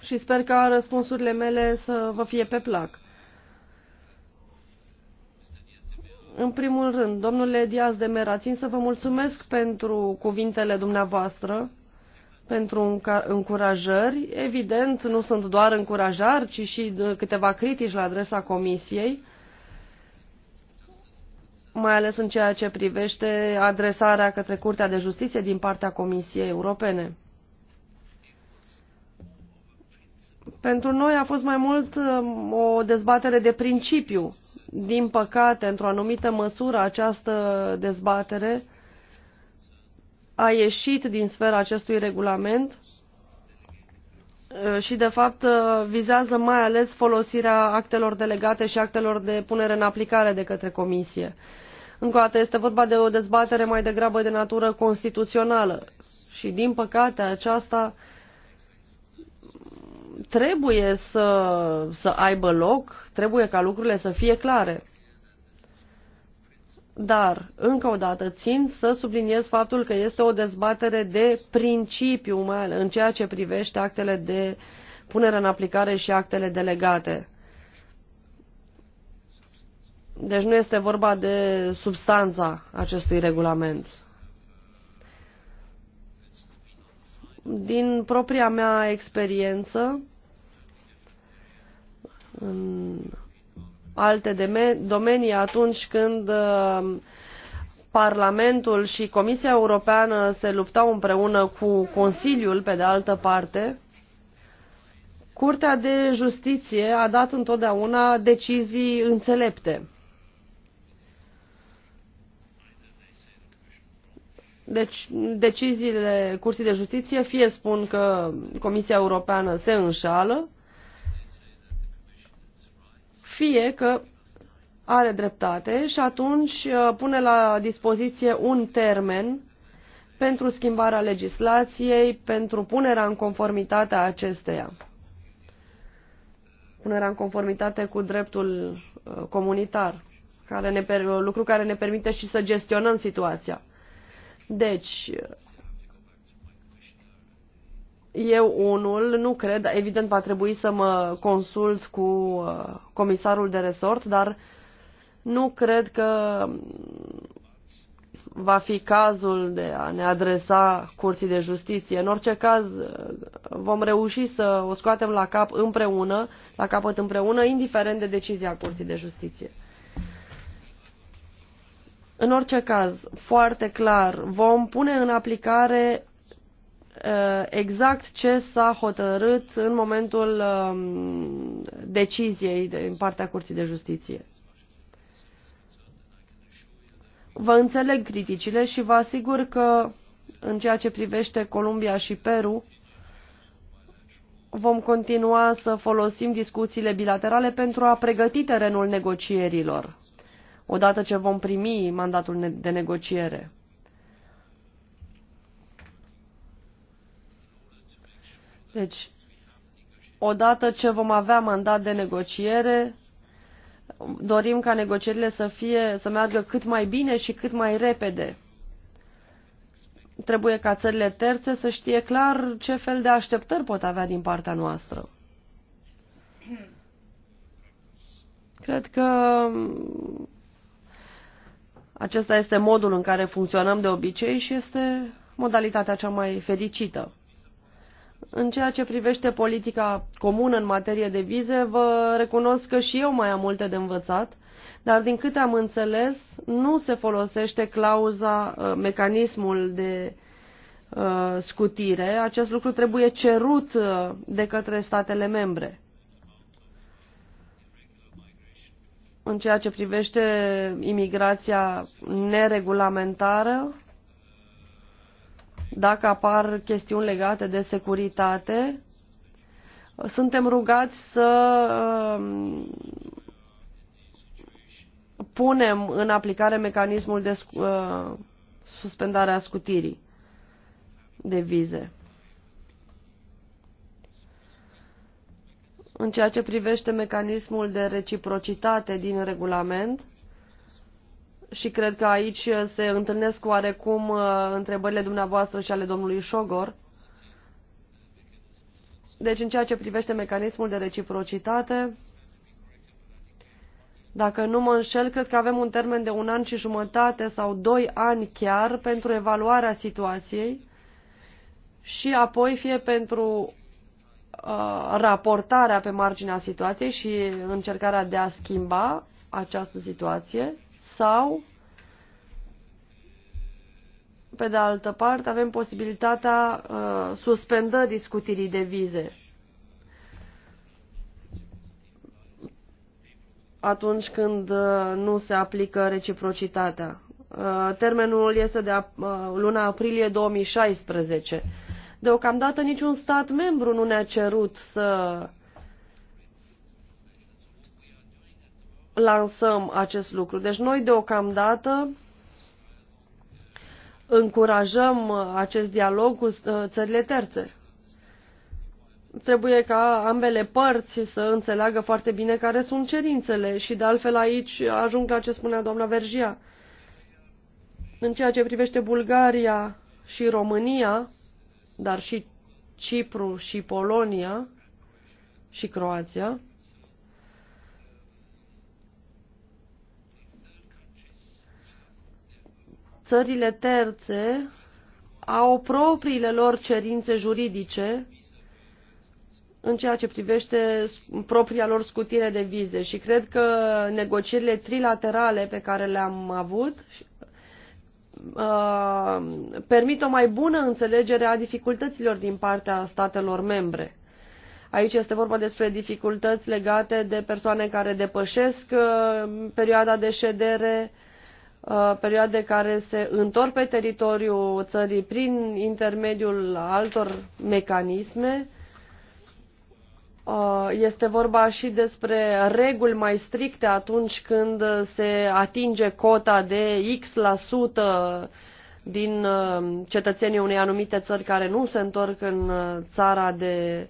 Și sper ca răspunsurile mele să vă fie pe plac. În primul rând, domnule Diaz de Mera, țin să vă mulțumesc pentru cuvintele dumneavoastră, pentru încurajări. Evident, nu sunt doar încurajări, ci și uh, câteva critici la adresa Comisiei, mai ales în ceea ce privește adresarea către Curtea de Justiție din partea Comisiei Europene. Pentru noi a fost mai mult um, o dezbatere de principiu din păcate, într-o anumită măsură, această dezbatere a ieșit din sfera acestui regulament uh, și, de fapt, uh, vizează mai ales folosirea actelor delegate și actelor de punere în aplicare de către Comisie. Încă o dată este vorba de o dezbatere mai degrabă de natură constituțională și, din păcate, aceasta trebuie să, să aibă loc, trebuie ca lucrurile să fie clare. Dar, încă o dată, țin să subliniez faptul că este o dezbatere de principiu mai în ceea ce privește actele de punere în aplicare și actele delegate. Deci nu este vorba de substanța acestui regulament. Din propria mea experiență, în alte domenii, atunci când uh, Parlamentul și Comisia Europeană se luptau împreună cu Consiliul, pe de altă parte, Curtea de Justiție a dat întotdeauna decizii înțelepte. Deci, deciziile Curții de Justiție fie spun că Comisia Europeană se înșală, fie că are dreptate și atunci uh, pune la dispoziție un termen pentru schimbarea legislației, pentru punerea în conformitate a acesteia. Punerea în conformitate cu dreptul uh, comunitar, care ne, lucru care ne permite și să gestionăm situația. Deci, eu unul nu cred, evident va trebui să mă consult cu uh, comisarul de resort, dar nu cred că va fi cazul de a ne adresa Curții de Justiție. În orice caz, uh, vom reuși să o scoatem la cap împreună, la capăt împreună, indiferent de decizia Curții de Justiție. În orice caz, foarte clar, vom pune în aplicare uh, exact ce s-a hotărât în momentul um, deciziei din partea Curții de Justiție. Vă înțeleg criticile și vă asigur că în ceea ce privește Columbia și Peru, vom continua să folosim discuțiile bilaterale pentru a pregăti terenul negocierilor odată ce vom primi mandatul de negociere. Deci, odată ce vom avea mandat de negociere, dorim ca negocierile să, fie, să meargă cât mai bine și cât mai repede. Trebuie ca țările terțe să știe clar ce fel de așteptări pot avea din partea noastră. Cred că acesta este modul în care funcționăm de obicei și este modalitatea cea mai fericită. În ceea ce privește politica comună în materie de vize, vă recunosc că și eu mai am multe de învățat, dar din câte am înțeles, nu se folosește clauza, uh, mecanismul de uh, scutire. Acest lucru trebuie cerut uh, de către statele membre. în ceea ce privește imigrația neregulamentară, dacă apar chestiuni legate de securitate, suntem rugați să um, punem în aplicare mecanismul de uh, suspendare a scutirii de vize. În ceea ce privește mecanismul de reciprocitate din regulament, și cred că aici se întâlnesc oarecum uh, întrebările dumneavoastră și ale domnului Șogor. Deci, în ceea ce privește mecanismul de reciprocitate, dacă nu mă înșel, cred că avem un termen de un an și jumătate sau doi ani chiar pentru evaluarea situației și apoi fie pentru Uh, raportarea pe marginea situației și încercarea de a schimba această situație sau, pe de altă parte, avem posibilitatea uh, suspendării scutirii de vize. atunci când uh, nu se aplică reciprocitatea. Uh, termenul este de luna aprilie 2016 Deocamdată niciun stat membru nu ne-a cerut să lansăm acest lucru. Deci noi deocamdată încurajăm acest dialog cu uh, țările terțe. Trebuie ca ambele părți să înțeleagă foarte bine care sunt cerințele și de altfel aici ajung la ce spunea doamna Vergia. În ceea ce privește Bulgaria și România, dar și Cipru și Polonia și Croația. Țările terțe au propriile lor cerințe juridice în ceea ce privește propria lor scutire de vize și cred că negocierile trilaterale pe care le-am avut Uh, permit o mai bună înțelegere a dificultăților din partea statelor membre. Aici este vorba despre dificultăți legate de persoane care depășesc uh, perioada de ședere, uh, perioade care se întorc pe teritoriul țării prin intermediul altor mecanisme, Uh, este vorba și despre reguli mai stricte atunci când se atinge cota de X% la sută din uh, cetățenii unei anumite țări care nu se întorc în uh, țara de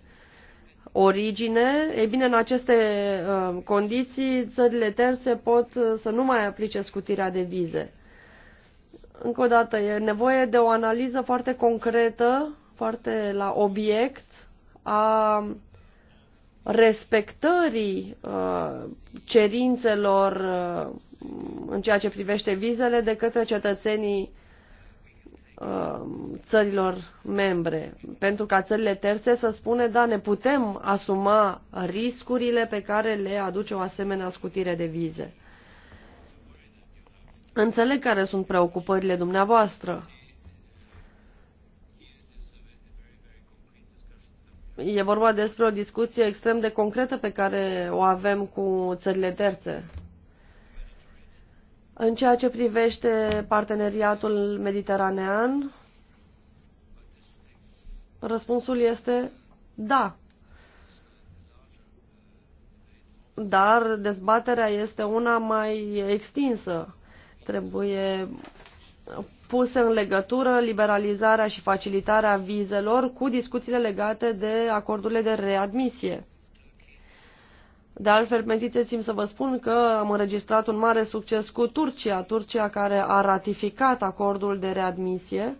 origine. E bine, în aceste condiții, țările terțe pot să nu mai aplice scutirea de vize. Încă o dată, e nevoie de o analiză foarte concretă, foarte la obiect a respectării uh, cerințelor uh, în ceea ce privește vizele de către cetățenii uh, țărilor membre, pentru ca țările terțe să spune, da, ne putem asuma riscurile pe care le aduce o asemenea scutire de vize. Înțeleg care sunt preocupările dumneavoastră. E vorba despre o discuție extrem de concretă pe care o avem cu țările terțe. În ceea ce privește parteneriatul mediteranean, răspunsul este da. Dar dezbaterea este una mai extinsă. Trebuie puse în legătură liberalizarea și facilitarea vizelor cu discuțiile legate de acordurile de readmisie. De altfel, permiteți-mi să vă spun că am înregistrat un mare succes cu Turcia, Turcia care a ratificat acordul de readmisie,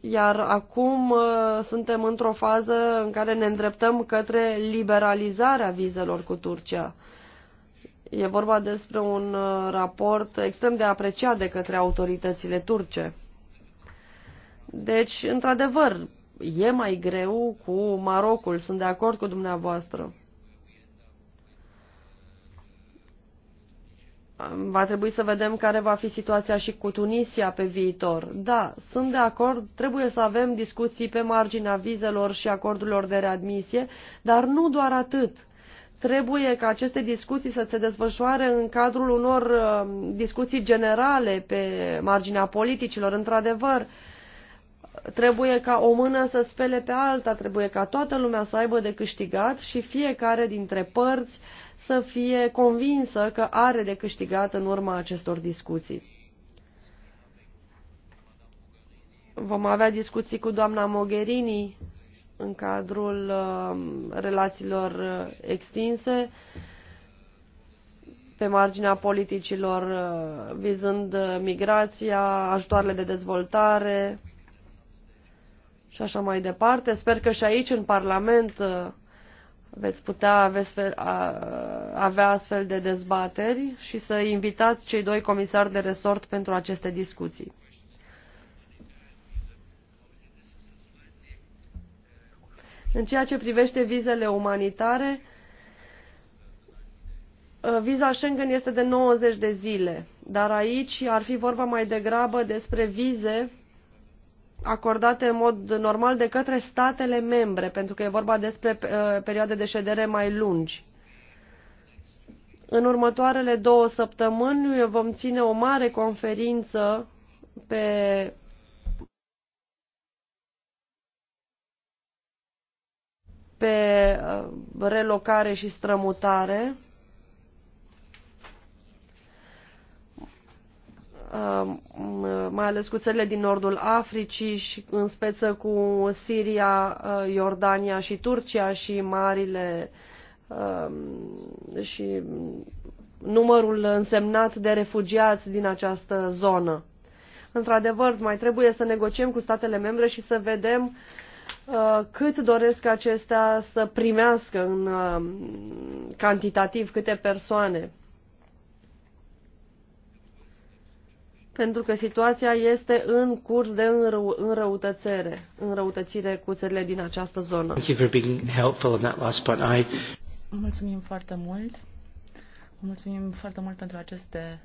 iar acum uh, suntem într-o fază în care ne îndreptăm către liberalizarea vizelor cu Turcia. E vorba despre un uh, raport extrem de apreciat de către autoritățile turce. Deci, într-adevăr, e mai greu cu Marocul, sunt de acord cu dumneavoastră. Va trebui să vedem care va fi situația și cu Tunisia pe viitor. Da, sunt de acord, trebuie să avem discuții pe marginea vizelor și acordurilor de readmisie, dar nu doar atât. Trebuie ca aceste discuții să se desfășoare în cadrul unor uh, discuții generale pe marginea politicilor, într-adevăr. Trebuie ca o mână să spele pe alta, trebuie ca toată lumea să aibă de câștigat și fiecare dintre părți să fie convinsă că are de câștigat în urma acestor discuții. Vom avea discuții cu doamna Mogherini în cadrul um, relațiilor uh, extinse, pe marginea politicilor uh, vizând uh, migrația, ajutoarele de dezvoltare și așa mai departe. Sper că și aici, în Parlament, veți putea avea astfel de dezbateri și să invitați cei doi comisari de resort pentru aceste discuții. În ceea ce privește vizele umanitare, uh, viza Schengen este de 90 de zile, dar aici ar fi vorba mai degrabă despre vize acordate în mod normal de către statele membre, pentru că e vorba despre uh, perioade de ședere mai lungi. În următoarele două săptămâni vom ține o mare conferință pe pe uh, relocare și strămutare. Uh, mai ales cu țările din nordul Africii și în speță cu Siria, uh, Iordania și Turcia și marile și numărul însemnat de refugiați din această zonă. Într-adevăr, mai trebuie să negociem cu statele membre și să vedem uh, Uh, cât doresc acestea să primească în uh, cantitativ câte persoane. Pentru că situația este în curs de înrău- înrăutățire, înrăutățire cu țările din această zonă. Mulțumim foarte mult. Mulțumim foarte mult pentru aceste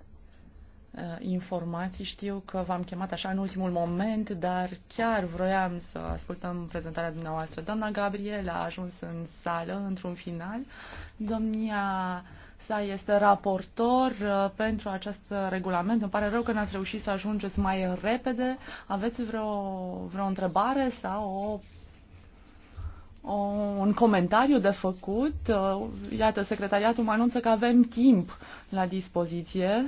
Uh, informații. Știu că v-am chemat așa în ultimul moment, dar chiar vroiam să ascultăm prezentarea dumneavoastră. Doamna Gabriela a ajuns în sală într-un final. Domnia sa este raportor uh, pentru acest regulament. Îmi pare rău că n-ați reușit să ajungeți mai repede. Aveți vreo, vreo întrebare sau o o, un comentariu de făcut. Uh, iată, secretariatul mă anunță că avem timp la dispoziție.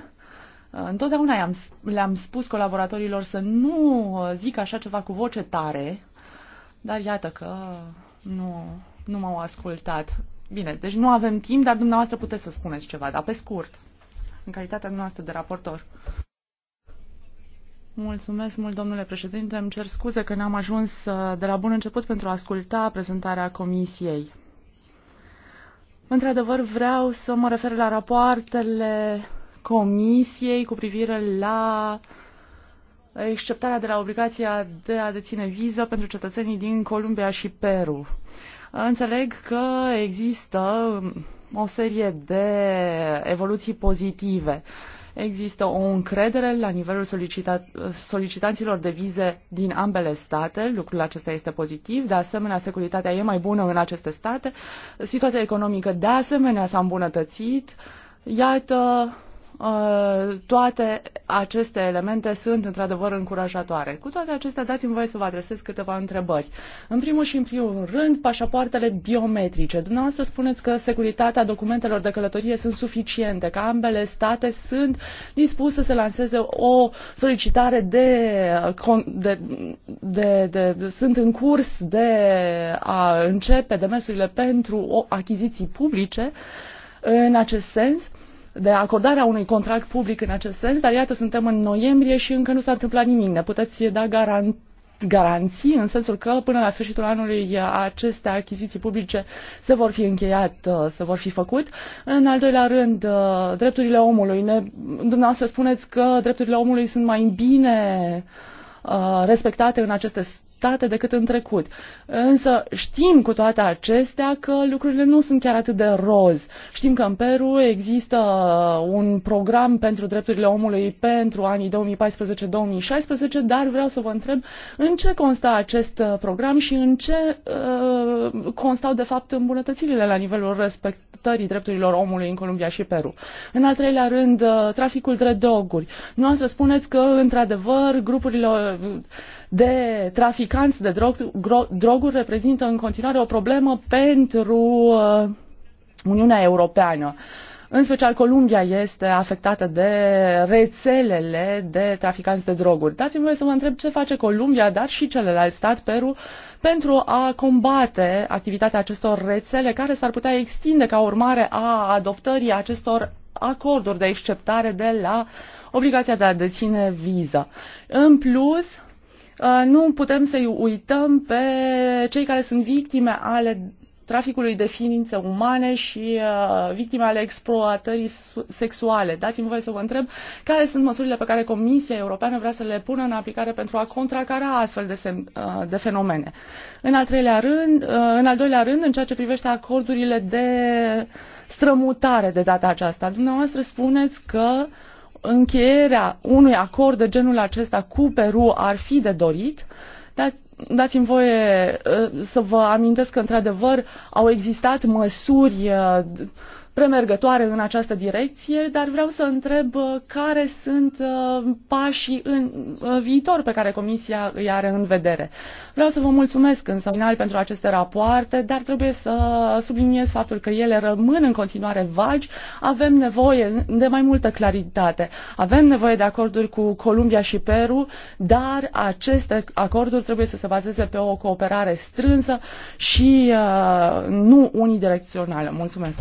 Întotdeauna le-am, le-am spus colaboratorilor să nu uh, zic așa ceva cu voce tare, dar iată că nu, nu m-au ascultat. Bine, deci nu avem timp, dar dumneavoastră puteți să spuneți ceva, dar pe scurt, în calitatea noastră de raportor. Mulțumesc mult, domnule președinte. Îmi cer scuze că n-am ajuns uh, de la bun început pentru a asculta prezentarea comisiei. Într-adevăr, vreau să mă refer la rapoartele Comisiei cu privire la exceptarea de la obligația de a deține viză pentru cetățenii din Columbia și Peru. Înțeleg că există o serie de evoluții pozitive. Există o încredere la nivelul solicita- solicitanților de vize din ambele state, lucrul acesta este pozitiv, de asemenea securitatea e mai bună în aceste state, situația economică de asemenea s-a îmbunătățit, iată Uh, toate aceste elemente sunt într-adevăr încurajatoare. Cu toate acestea, dați-mi voie să vă adresez câteva întrebări. În primul și în primul rând, pașapoartele biometrice. Dumneavoastră spuneți că securitatea documentelor de călătorie sunt suficiente, că ambele state sunt dispuse să lanseze o solicitare de, de, de, de, de sunt în curs de a începe demersurile pentru o achiziții publice în acest sens. Uh, de acordarea unui contract public în acest sens, dar iată, suntem în noiembrie și încă nu s-a întâmplat nimic. Ne puteți da garant garanții în sensul că până la sfârșitul anului aceste achiziții publice se vor fi încheiat, uh, se vor fi făcut. În al doilea rând, uh, drepturile omului. Ne, dumneavoastră spuneți că drepturile omului sunt mai bine uh, respectate în aceste adoptate decât în trecut. Însă știm cu toate acestea că lucrurile nu sunt chiar atât de roz. Știm că în Peru există un program pentru drepturile omului pentru anii 2014-2016, dar vreau să vă întreb în ce consta acest program și în ce uh, constau de fapt îmbunătățirile la nivelul respectiv respectării drepturilor omului în Columbia și Peru. În al treilea rând, uh, traficul de droguri. Nu să spuneți că, într-adevăr, grupurile de traficanți de drog, droguri reprezintă în continuare o problemă pentru uh, Uniunea Europeană. În special Columbia este afectată de rețelele de traficanți de droguri. Dați-mi voie să mă întreb ce face Columbia, dar și celălalt stat, Peru, pentru a combate activitatea acestor rețele care s-ar putea extinde ca urmare a adoptării acestor acorduri de exceptare de la obligația de a deține viză. În plus, Uh, nu putem să-i uităm pe cei care sunt victime ale traficului de ființe umane și uh, victime ale exploatării sexuale. Dați-mi voie să vă întreb care sunt măsurile pe care Comisia Europeană vrea să le pună în aplicare pentru a contracara astfel de, uh, de fenomene. În al, treilea rând, uh, în al doilea rând, în ceea ce privește acordurile de strămutare de data aceasta, dumneavoastră spuneți că uh, încheierea unui acord de genul acesta cu Peru ar fi de dorit, dar dați-mi voie uh, să vă amintesc că, într-adevăr, au existat măsuri uh, premergătoare în această direcție, dar vreau să întreb uh, care sunt uh, pașii în uh, viitor pe care Comisia îi are în vedere. Vreau să vă mulțumesc în final pentru aceste rapoarte, dar trebuie să subliniez faptul că ele rămân în continuare vagi. Avem nevoie de mai multă claritate. Avem nevoie de acorduri cu Columbia și Peru, dar aceste acorduri trebuie să se bazeze pe o cooperare strânsă și uh, nu unidirecțională. Mulțumesc!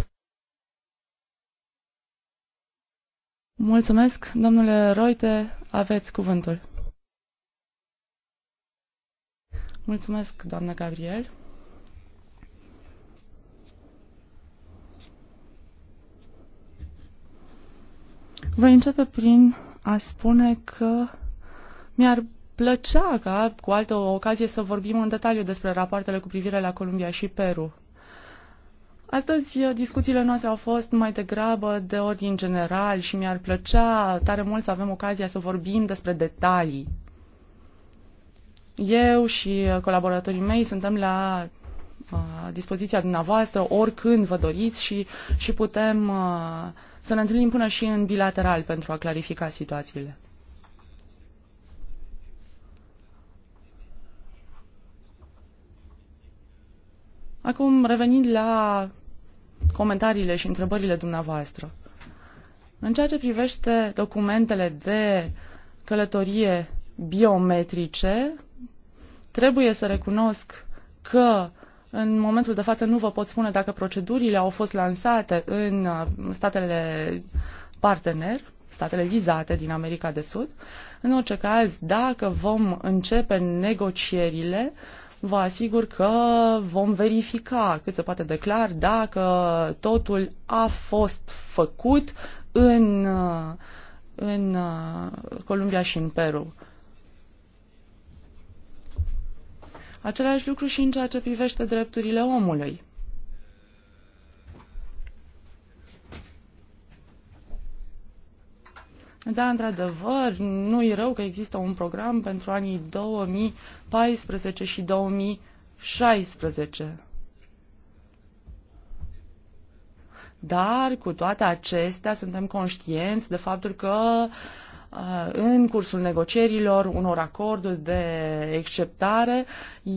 Mulțumesc, domnule Roite, aveți cuvântul. Mulțumesc, doamnă Gabriel. Voi începe prin a spune că mi-ar plăcea ca cu altă ocazie să vorbim în detaliu despre rapoartele cu privire la Columbia și Peru. Astăzi uh, discuțiile noastre au fost mai degrabă de ordin general și mi-ar plăcea tare mult să avem ocazia să vorbim despre detalii. Eu și uh, colaboratorii mei suntem la uh, dispoziția dumneavoastră oricând vă doriți și, și putem să ne întâlnim până și în bilateral pentru a clarifica situațiile. Acum, revenind la comentariile și întrebările dumneavoastră. În ceea ce privește documentele de călătorie biometrice, trebuie să recunosc că în momentul de față nu vă pot spune dacă procedurile au fost lansate în uh, statele partener, statele vizate din America de Sud. În orice caz, dacă vom începe negocierile, uh, vă asigur că vom verifica cât se poate declar dacă totul a fost făcut în, în Columbia și în Peru. Același lucru și în ceea ce privește drepturile omului. Da, într-adevăr, nu e rău că există un program pentru anii 2014 și 2016. Dar, cu toate acestea, suntem conștienți de faptul că uh, Uh, în cursul negocierilor unor acorduri de acceptare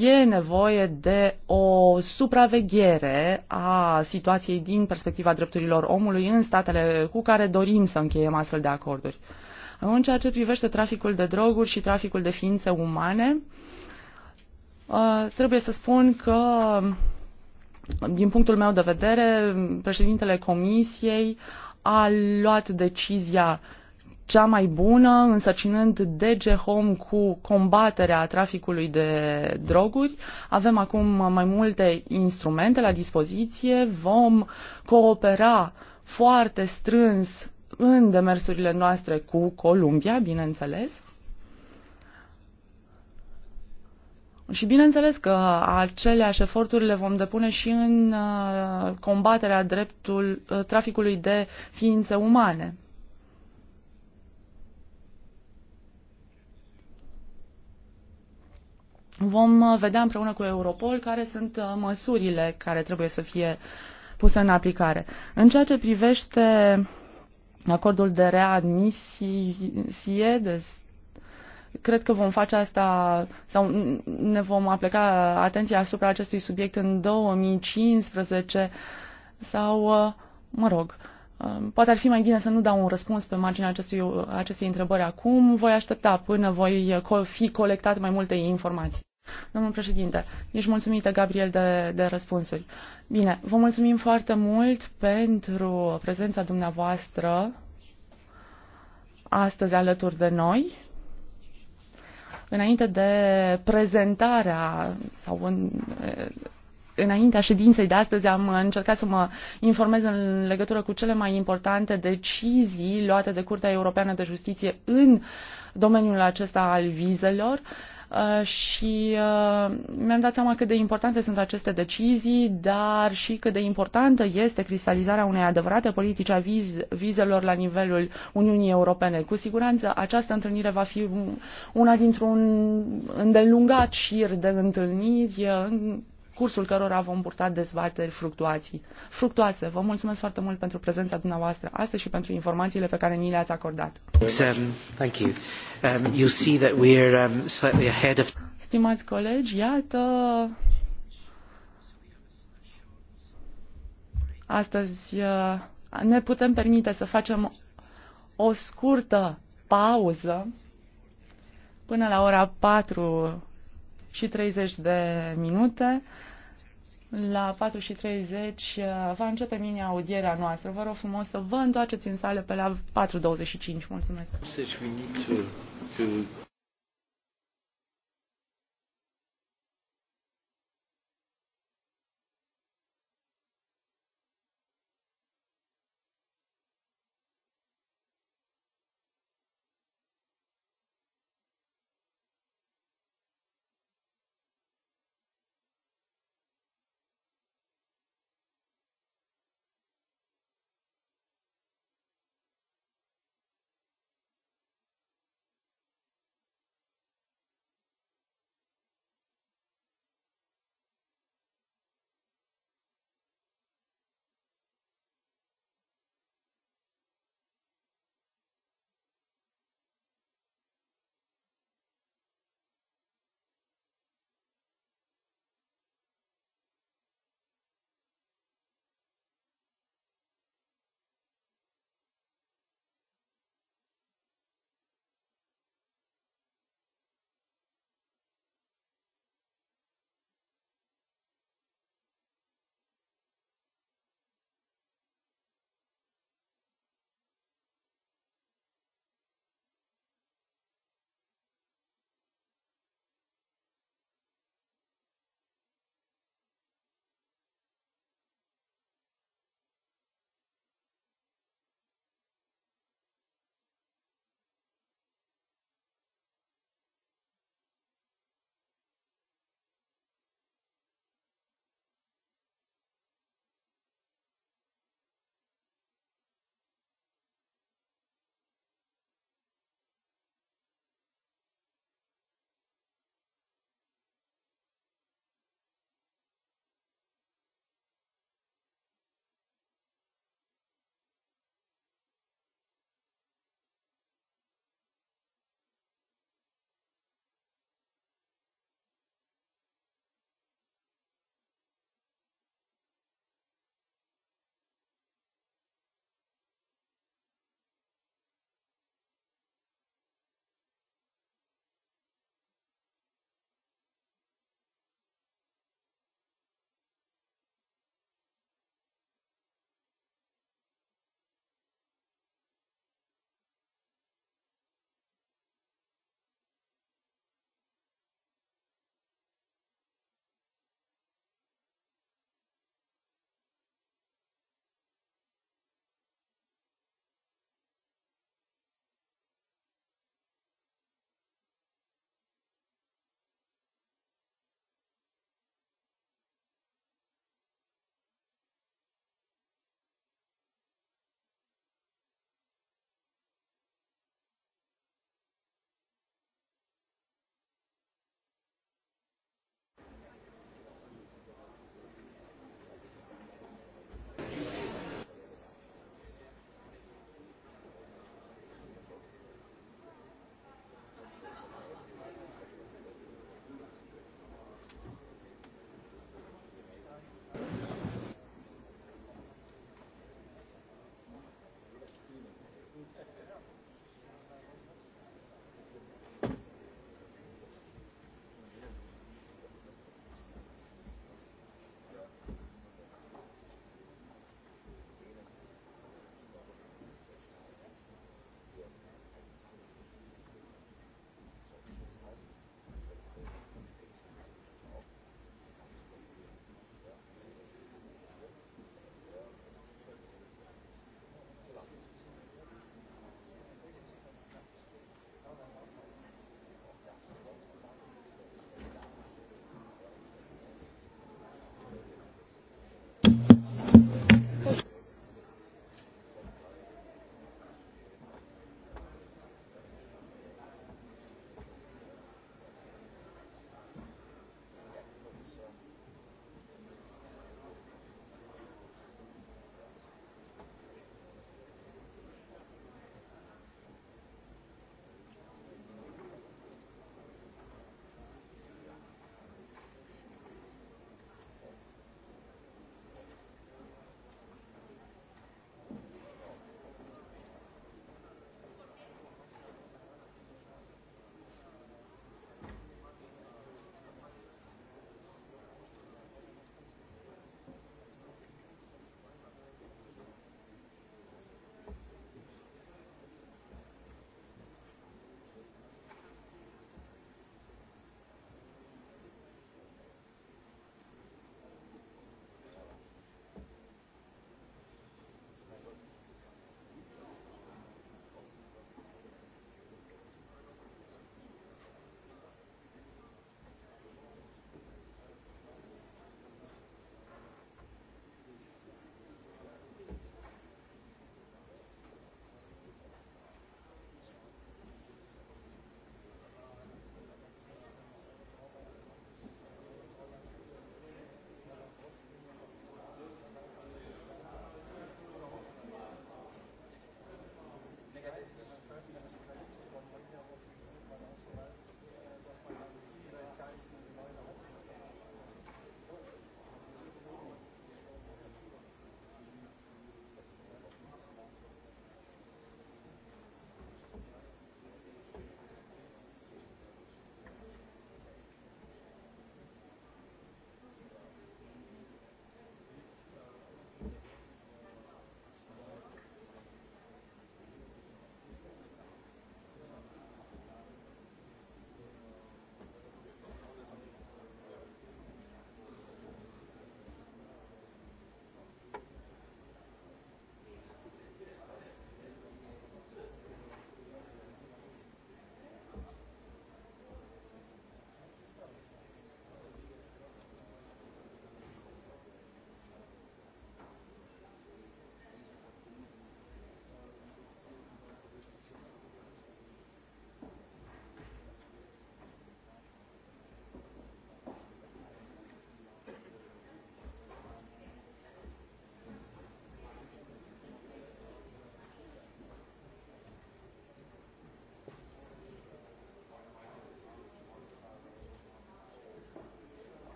e nevoie de o supraveghere a situației din perspectiva drepturilor omului în statele cu care dorim să încheiem astfel de acorduri. În ceea ce privește traficul de droguri și traficul de ființe umane, uh, trebuie să spun că, din punctul meu de vedere, președintele Comisiei a luat decizia cea mai bună, însărcinând DG Home cu combaterea traficului de droguri. Avem acum mai multe instrumente la dispoziție, vom coopera foarte strâns în demersurile noastre cu Columbia, bineînțeles. Și bineînțeles că aceleași eforturi le vom depune și în uh, combaterea dreptul uh, traficului de ființe umane. vom uh, vedea împreună cu Europol care sunt uh, măsurile care trebuie să fie puse în aplicare. În ceea ce privește acordul de readmisie, de cred că vom face asta sau ne vom aplica atenția asupra acestui subiect în 2015 sau, uh, mă rog, poate ar fi mai bine să nu dau un răspuns pe marginea acestui, acestei întrebări acum. Voi aștepta până voi fi colectat mai multe informații. Domnul președinte, ești mulțumită, Gabriel, de, de răspunsuri. Bine, vă mulțumim foarte mult pentru prezența dumneavoastră astăzi alături de noi. Înainte de prezentarea sau în, înaintea ședinței de astăzi am încercat să mă informez în legătură cu cele mai importante decizii luate de Curtea Europeană de Justiție în domeniul acesta al vizelor. Uh, Uh, și uh, mi-am dat seama cât de importante sunt aceste decizii, dar și cât de importantă este cristalizarea unei adevărate politici a viz vizelor la nivelul Uniunii Europene. Cu siguranță această întâlnire va fi una dintr-un îndelungat șir de întâlniri uh, în cursul cărora vom purta dezbateri fructuații, fructoase. Vă mulțumesc foarte mult pentru prezența dumneavoastră astăzi și pentru informațiile pe care ni le-ați acordat. Um, um, um, Stimați colegi, iată astăzi uh, ne putem permite să facem o scurtă pauză până la ora 4 și 30 de minute. La 4 și 30 uh, va începe mini audierea noastră. Vă rog frumos să vă întoarceți în sală pe la 4.25. Mulțumesc!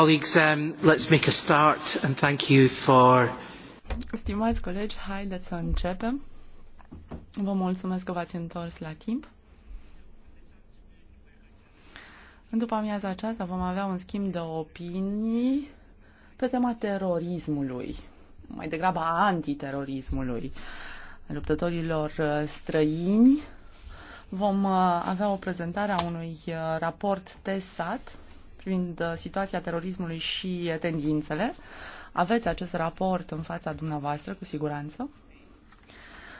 Colleagues, um, let's make a start and thank you for... Stimați colegi, haideți să începem. Vă mulțumesc că v-ați întors la timp. În după amiaza aceasta vom avea un schimb de opinii pe tema terorismului, mai degrabă a antiterorismului, luptătorilor uh, străini. Vom uh, avea o prezentare a unui uh, raport TESAT, privind uh, situația terorismului și uh, tendințele. Aveți acest raport în fața dumneavoastră, cu siguranță.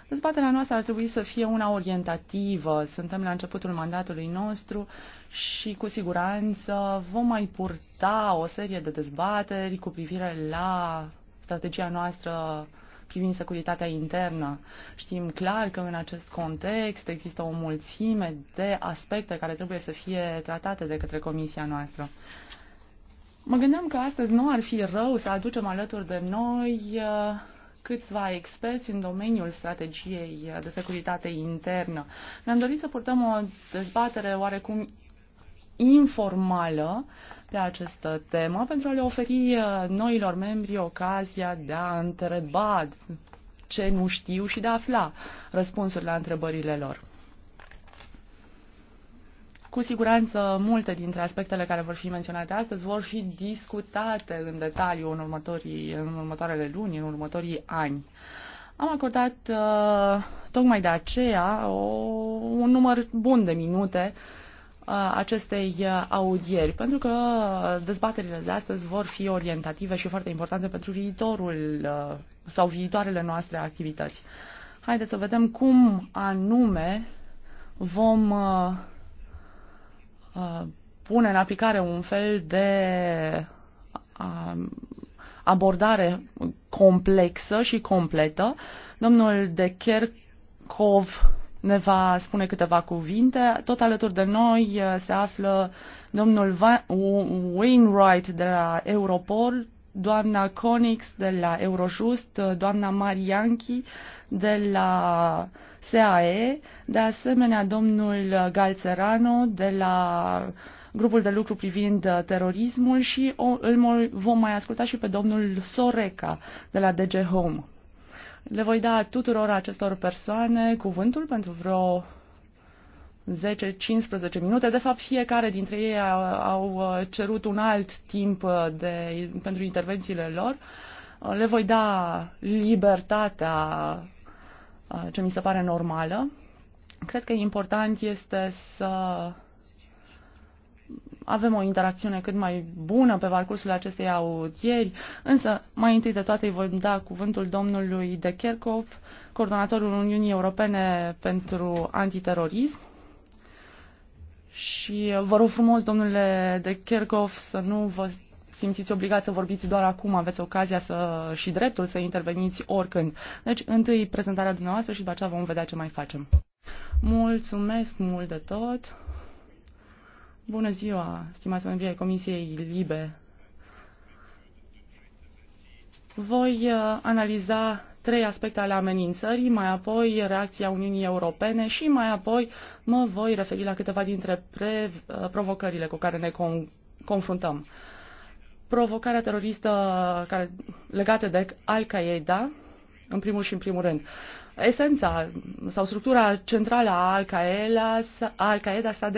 Dezbaterea noastră ar trebui să fie una orientativă. Suntem la începutul mandatului nostru și cu siguranță vom mai purta o serie de dezbateri cu privire la strategia noastră privind securitatea internă. Știm clar că în acest context există o mulțime de aspecte care trebuie să fie tratate de către comisia noastră. Mă gândeam că astăzi nu ar fi rău să aducem alături de noi uh, câțiva experți în domeniul strategiei de securitate internă. Ne-am dorit să purtăm o dezbatere oarecum informală pe această temă pentru a le oferi uh, noilor membri ocazia de a întreba ce nu știu și de a afla răspunsuri la întrebările lor. Cu siguranță, multe dintre aspectele care vor fi menționate astăzi vor fi discutate în detaliu în, următorii, în următoarele luni, în următorii ani. Am acordat uh, tocmai de aceea o, un număr bun de minute uh, acestei audieri, pentru că dezbaterile de astăzi vor fi orientative și foarte importante pentru viitorul sau viitoarele noastre activități. Haideți să vedem cum anume vom pune în aplicare un fel de abordare complexă și completă. Domnul de Kerkov ne va spune câteva cuvinte. Tot alături de noi uh, se află domnul Wainwright de la Europol, doamna Conix de la Eurojust, uh, doamna Marianchi de la SAE, de asemenea domnul Galțerano de la grupul de lucru privind uh, terorismul și îl vom mai asculta și pe domnul Soreca de la DG Home. Le voi da tuturor acestor persoane cuvântul pentru vreo 10-15 minute. De fapt, fiecare dintre ei au uh, cerut un alt timp uh, de, pentru intervențiile lor. Uh, le voi da libertatea ce mi se pare normală. Cred că important este să avem o interacțiune cât mai bună pe parcursul acestei audieri, însă mai întâi de toate îi voi da cuvântul domnului De Kerkhoff, coordonatorul Uniunii Europene pentru Antiterorism. Și vă rog frumos, domnule De Kerkhoff, să nu vă simțiți obligați să vorbiți doar acum, aveți ocazia să, și dreptul să interveniți oricând. Deci, întâi prezentarea dumneavoastră și după aceea vom vedea ce mai facem. Mulțumesc mult de tot! Bună ziua, stimați membri ai Comisiei Libe. Voi uh, analiza trei aspecte ale amenințării, mai apoi reacția Uniunii Europene și mai apoi mă voi referi la câteva dintre pre, uh, provocările cu care ne con- confruntăm. Provocarea teroristă care, legată de Al-Qaeda, în primul și în primul rând. Esența sau structura centrală a Al-Qaeda, s-a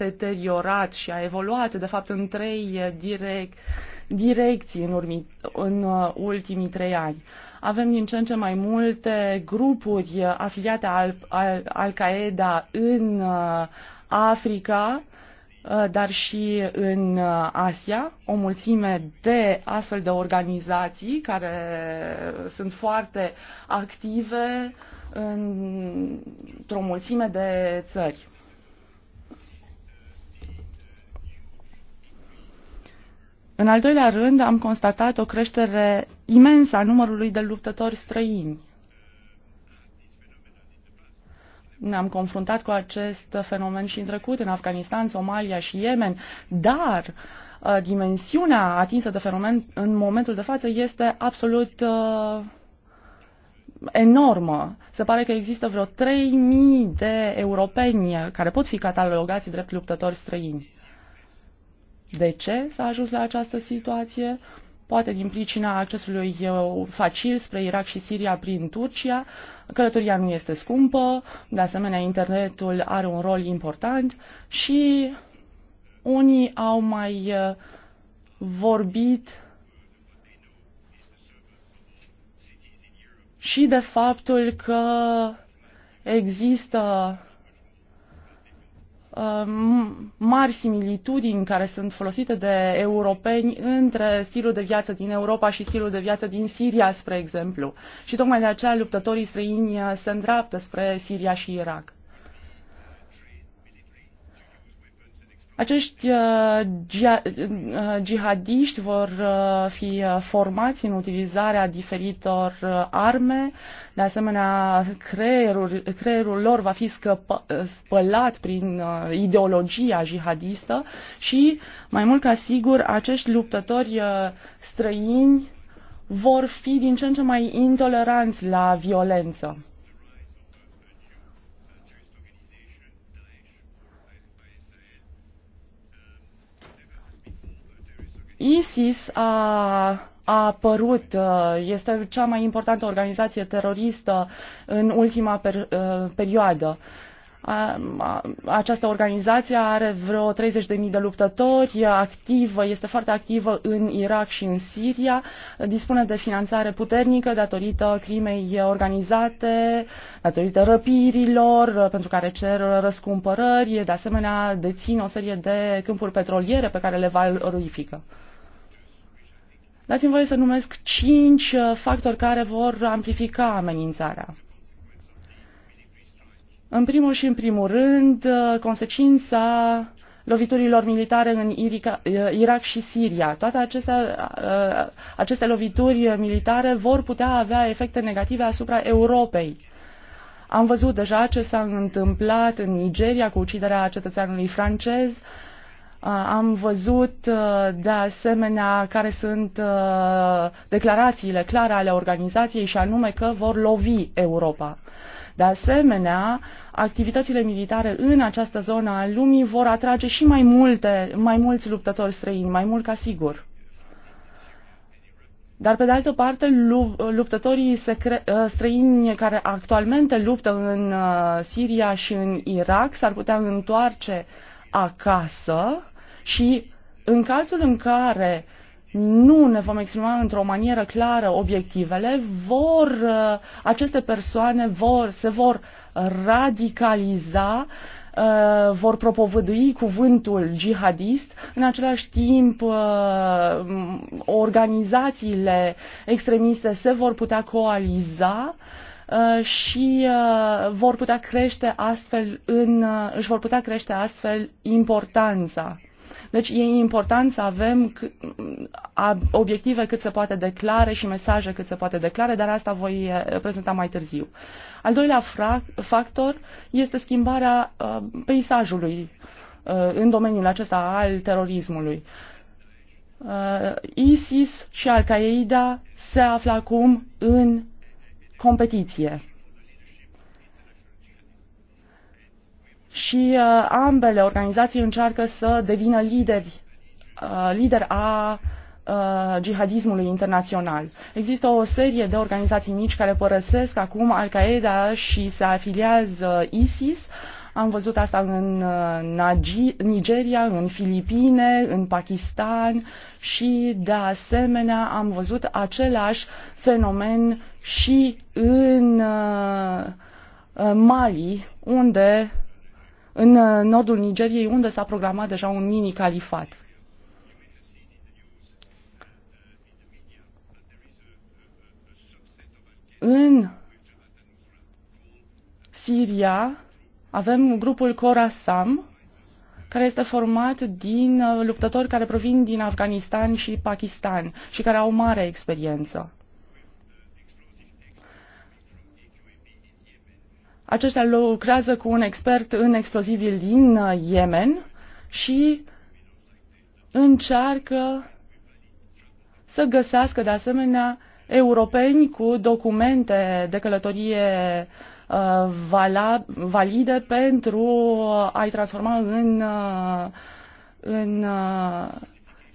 deteriorat și a evoluat, de fapt, în trei direct, direcții în, urmi, în uh, ultimii trei ani. Avem din ce în ce mai multe grupuri afiliate al, al, Al-Qaeda în uh, Africa, Uh, dar și în uh, Asia, o mulțime de astfel de organizații care sunt foarte active într-o mulțime de țări. În al doilea rând, am constatat o creștere imensă a numărului de luptători străini Ne-am confruntat cu acest fenomen și în trecut, în Afganistan, Somalia și Yemen, dar uh, dimensiunea atinsă de fenomen în momentul de față este absolut uh, enormă. Se pare că există vreo 3.000 de europeni care pot fi catalogați drept luptători străini. De ce s-a ajuns la această situație? poate din pricina accesului uh, facil spre Irak și Siria prin Turcia. Călătoria nu este scumpă, de asemenea internetul are un rol important și unii au mai uh, vorbit și de faptul că există Uh, mari similitudini care sunt folosite de europeni între stilul de viață din Europa și stilul de viață din Siria, spre exemplu. Și tocmai de aceea luptătorii străini uh, se îndreaptă spre Siria și Irak. Acești uh, uh, jihadiști vor uh, fi formați în utilizarea diferitor arme, de asemenea creierul, creierul lor va fi scăpă, spălat prin ideologia jihadistă și, mai mult ca sigur, acești luptători străini vor fi din ce în ce mai intoleranți la violență. ISIS a a apărut, uh, este cea mai importantă organizație teroristă în ultima per, uh, perioadă. Această organizație are vreo 30.000 de luptători, activă, este foarte activă în Irak și în Siria, dispune de finanțare puternică datorită crimei organizate, datorită răpirilor, uh, pentru care cer răscumpărări, de asemenea dețin o serie de câmpuri petroliere pe care le valorifică. Dați-mi voie să numesc cinci uh, factori care vor amplifica amenințarea. În primul și în primul rând, uh, consecința loviturilor militare în uh, Irak și Siria. Toate aceste, aceste lovituri militare vor putea avea efecte negative asupra Europei. Am văzut deja ce s-a întâmplat în Nigeria cu uciderea cetățeanului francez, uh, Uh, am văzut uh, de asemenea care sunt uh, declarațiile clare ale organizației și anume că vor lovi Europa. De asemenea, activitățile militare în această zonă a lumii vor atrage și mai, multe, mai mulți luptători străini, mai mult ca sigur. Dar, pe de altă parte, luptătorii străini care actualmente luptă în Siria și în Irak s-ar putea întoarce acasă și în cazul în care nu ne vom exprima într-o manieră clară obiectivele, vor, uh, aceste persoane vor, se vor radicaliza uh, vor propovădui cuvântul jihadist, în același timp uh, organizațiile extremiste se vor putea coaliza și vor putea crește astfel în, își vor putea crește astfel importanța. Deci e important să avem obiective cât se poate de clare și mesaje cât se poate de clare, dar asta voi eh, prezenta mai târziu. Al doilea factor este schimbarea eh, peisajului eh, în domeniul acesta al terorismului. ISIS și Al-Qaeda se află acum în competiție. și uh, ambele organizații încearcă să devină lideri, uh, lider a uh, jihadismului internațional. Există o serie de organizații mici care părăsesc acum Al-Qaeda și se afiliază ISIS. Am văzut asta în uh, Nigeria, în Filipine, în Pakistan și, de asemenea, am văzut același fenomen și în uh, uh Mali, unde în uh, nordul Nigeriei, unde s-a programat deja un mini-califat. În Siria avem grupul Khorasan, care este format din uh, luptători care provin din Afganistan și Pakistan și care au mare experiență. Aceștia lucrează cu un expert în explozivii din uh, Yemen și încearcă să găsească de asemenea europeni cu documente de călătorie uh, valide pentru a-i transforma în, uh, în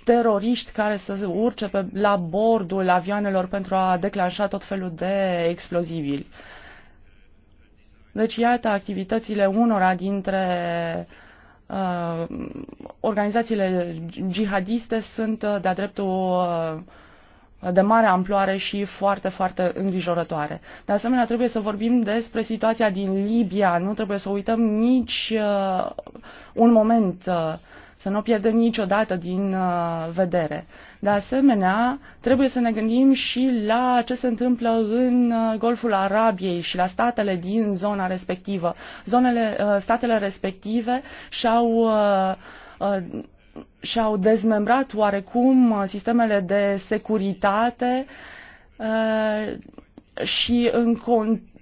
teroriști care să urce pe, la bordul avioanelor pentru a declanșa tot felul de explozibili. Uh, deci, iată, activitățile unora dintre uh, organizațiile jihadiste sunt uh, de-a dreptul uh, de mare amploare și foarte, foarte îngrijorătoare. De asemenea, trebuie să vorbim despre situația din Libia. Nu trebuie să uităm nici uh, un moment. Uh, să nu o pierdem niciodată din uh, vedere. De asemenea, trebuie să ne gândim și la ce se întâmplă în uh, Golful Arabiei și la statele din zona respectivă. Zonele, uh, statele respective și-au și-au dezmembrat oarecum sistemele de securitate și în, con-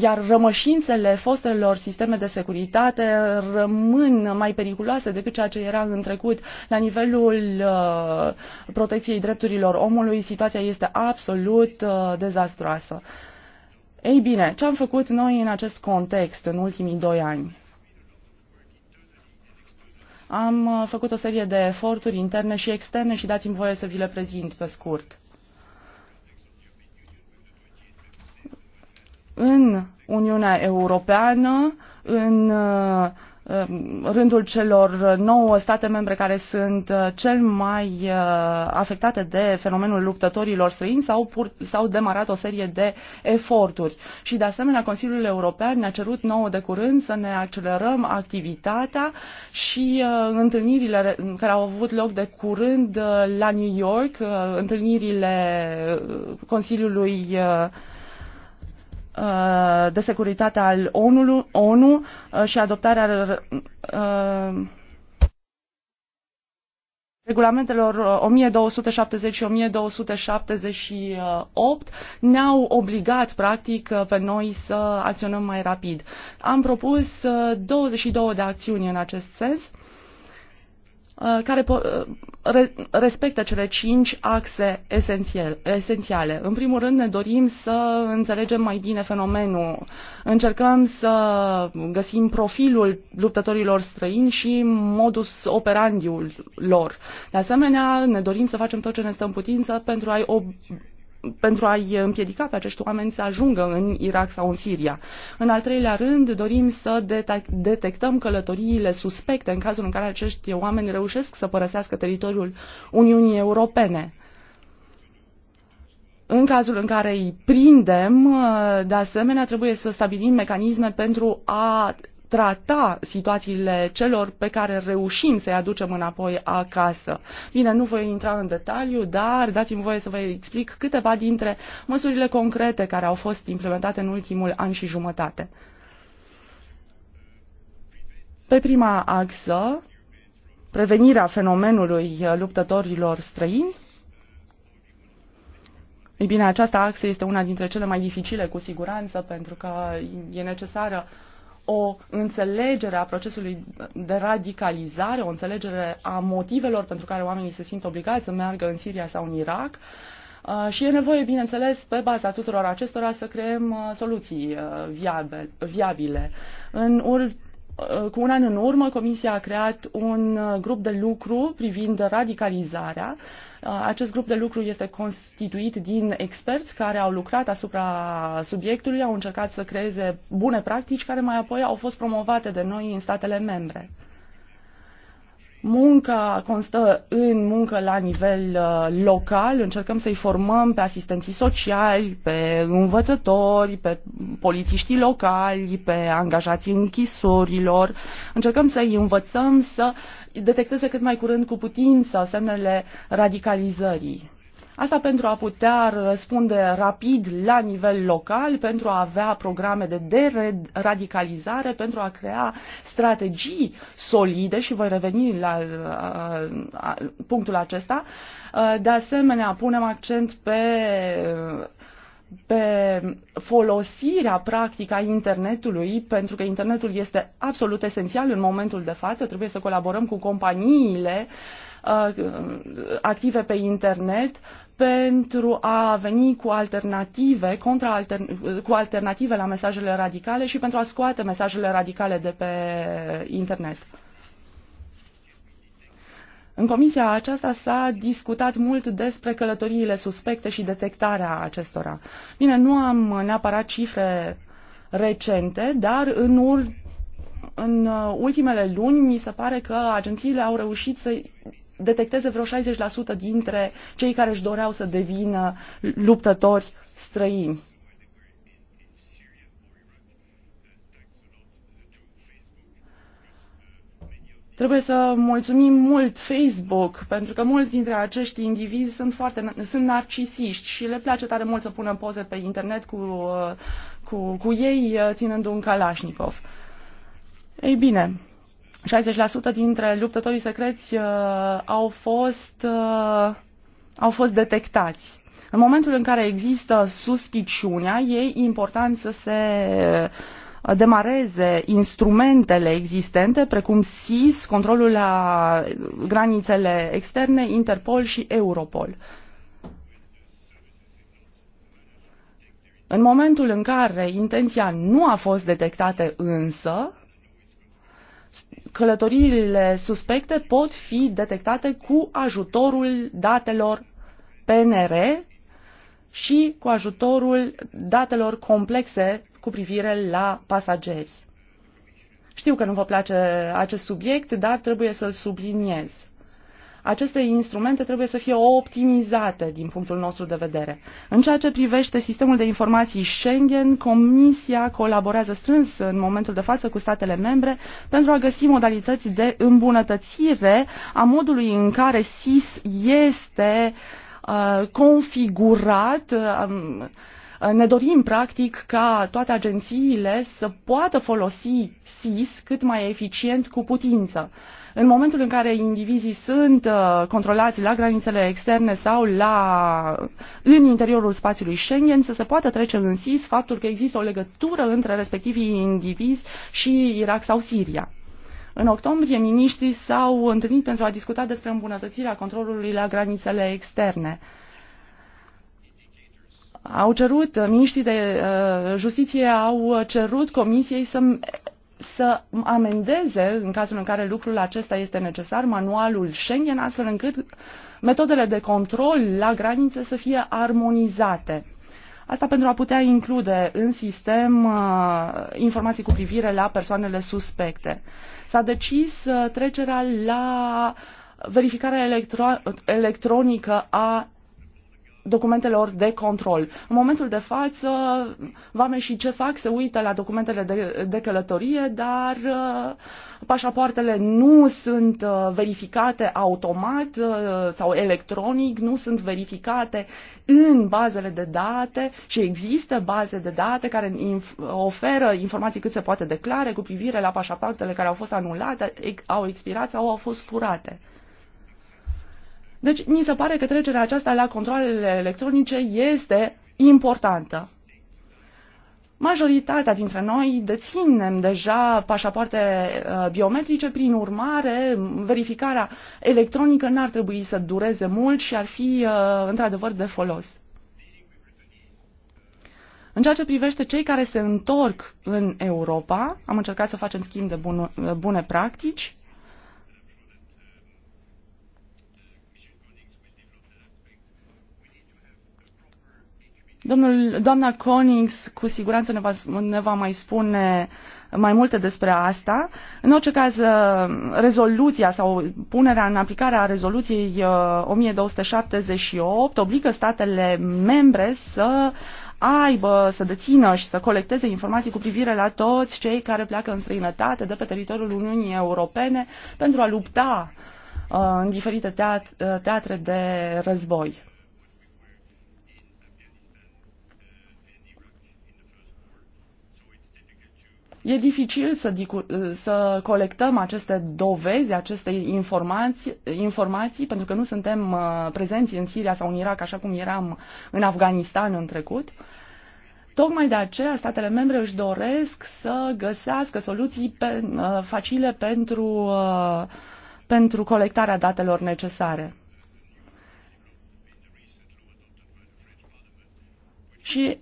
iar rămășințele fostelor sisteme de securitate rămân mai periculoase decât ceea ce era în trecut. La nivelul uh, protecției drepturilor omului, situația este absolut uh, dezastroasă. Ei bine, ce am făcut noi în acest context în ultimii doi ani? Am uh, făcut o serie de eforturi interne și externe și dați-mi voie să vi le prezint pe scurt. în Uniunea Europeană, în uh, um, rândul celor nouă state membre care sunt uh, cel mai uh, afectate de fenomenul luptătorilor străini s-au demarat o serie de eforturi. Și de asemenea Consiliul European ne-a cerut nouă de curând să ne accelerăm activitatea și uh, întâlnirile care au avut loc de curând uh, la New York, uh, întâlnirile Consiliului uh, Uh, de securitate al ONU, ONU uh, și adoptarea uh, regulamentelor 1270 și 1278 ne-au obligat practic pe noi să acționăm mai rapid. Am propus 22 de acțiuni în acest sens Uh, care uh, respectă cele cinci axe esențiale. În primul rând, ne dorim să înțelegem mai bine fenomenul. Încercăm să găsim profilul luptătorilor străini și modus operandiul lor. De asemenea, ne dorim să facem tot ce ne stă în putință pentru a-i ob- pentru a-i împiedica pe acești oameni să ajungă în Irak sau în Siria. În al treilea rând, dorim să detectăm călătoriile suspecte în cazul în care acești oameni reușesc să părăsească teritoriul Uniunii Europene. În cazul în care îi prindem, de asemenea, trebuie să stabilim mecanisme pentru a trata situațiile celor pe care reușim să-i aducem înapoi acasă. Bine, nu voi intra în detaliu, dar dați-mi voie să vă explic câteva dintre măsurile concrete care au fost implementate în ultimul an și jumătate. Pe prima axă, prevenirea fenomenului luptătorilor străini, ei bine, această axă este una dintre cele mai dificile, cu siguranță, pentru că e necesară uh, o înțelegere a procesului de radicalizare, o înțelegere a motivelor pentru care oamenii se simt obligați să meargă în Siria sau în Irak. Uh, și e nevoie, bineînțeles, pe baza tuturor acestora să creăm uh, soluții uh, viabile. În Uh, cu un an în urmă, Comisia a creat un uh, grup de lucru privind radicalizarea. Uh, acest grup de lucru este constituit din experți care au lucrat asupra subiectului, au încercat să creeze bune practici care mai apoi au fost promovate de noi în statele membre. Munca constă în muncă la nivel uh, local, încercăm să-i formăm pe asistenții sociali, pe învățători, pe polițiștii locali, pe angajații închisorilor. Încercăm să-i învățăm să detecteze cât mai curând cu putință semnele radicalizării. Asta pentru a putea răspunde rapid la nivel local, pentru a avea programe de deradicalizare, pentru a crea strategii solide și voi reveni la uh, punctul acesta. Uh, de asemenea, punem accent pe pe folosirea practică a internetului, pentru că internetul este absolut esențial în momentul de față, trebuie să colaborăm cu companiile uh, Uh, active pe internet pentru a veni cu alternative, contra alter, cu alternative la mesajele radicale și pentru a scoate mesajele radicale de pe internet. În comisia aceasta s-a discutat mult despre călătoriile suspecte și detectarea acestora. Bine, nu am neapărat cifre recente, dar în, ur- în uh, ultimele luni mi se pare că agențiile au reușit să detecteze vreo 60% dintre cei care își doreau să devină luptători străini. Trebuie să mulțumim mult Facebook, pentru că mulți dintre acești indivizi sunt foarte sunt narcisiști și le place tare mult să pună poze pe internet cu, cu, cu ei ținând un Kalashnikov. Ei bine, 60% dintre luptătorii secreți uh, au, fost, uh, au fost detectați. În momentul în care există suspiciunea, e important să se demareze instrumentele existente, precum SIS, controlul la granițele externe, Interpol și Europol. În momentul în care intenția nu a fost detectată însă, călătoriile suspecte pot fi detectate cu ajutorul datelor PNR și cu ajutorul datelor complexe cu privire la pasageri. Știu că nu vă place acest subiect, dar trebuie să-l subliniez aceste instrumente trebuie să fie optimizate din punctul nostru de vedere. În ceea ce privește sistemul de informații Schengen, Comisia colaborează strâns în momentul de față cu statele membre pentru a găsi modalități de îmbunătățire a modului în care SIS este uh, configurat. Um, uh, ne dorim, practic, ca toate agențiile să poată folosi SIS cât mai eficient cu putință. Uh, în momentul în care indivizii sunt uh, controlați la granițele externe sau la, în interiorul spațiului Schengen, să se poată trece în sis faptul că există o legătură între respectivii indivizi și Irak sau Siria. În octombrie, miniștrii s-au întâlnit pentru a discuta despre îmbunătățirea controlului la granițele externe. Au cerut, uh, miniștrii de uh, justiție au cerut comisiei să să amendeze, în cazul în care lucrul acesta este necesar, manualul Schengen, astfel încât metodele de control la granițe să fie armonizate. Asta pentru a putea include în sistem uh, informații cu privire la persoanele suspecte. S-a decis uh, trecerea la verificarea electro- electronică a documentelor de control. În momentul de față, vame și ce fac, se uită la documentele de, de călătorie, dar uh, pașapoartele nu sunt uh, verificate automat uh, sau electronic, nu sunt verificate în bazele de date și există baze de date care oferă informații cât se poate declare cu privire la pașapoartele care au fost anulate, au expirat sau au fost furate. Deci, mi se pare că trecerea aceasta la controlele electronice este importantă. Majoritatea dintre noi deținem deja pașapoarte uh, biometrice, prin urmare, verificarea electronică n-ar trebui să dureze mult și ar fi uh, într-adevăr de folos. În ceea ce privește cei care se întorc în Europa, am încercat să facem schimb de uh, bune practici. Domnul, doamna Conings cu siguranță ne va, ne va mai spune mai multe despre asta. În orice caz, uh, rezoluția sau punerea în aplicare a rezoluției 1278 uh, obligă statele membre să aibă, să dețină și să colecteze informații cu privire la toți cei care pleacă în străinătate de pe teritoriul Uniunii Europene pentru a lupta uh, în diferite teatre de război. E dificil să, să colectăm aceste dovezi, aceste informații, informații, pentru că nu suntem uh, prezenți în Siria sau în Irak, așa cum eram în Afganistan în trecut. Tocmai de aceea statele membre își doresc să găsească soluții pe, uh, facile pentru, uh, pentru colectarea datelor necesare. Și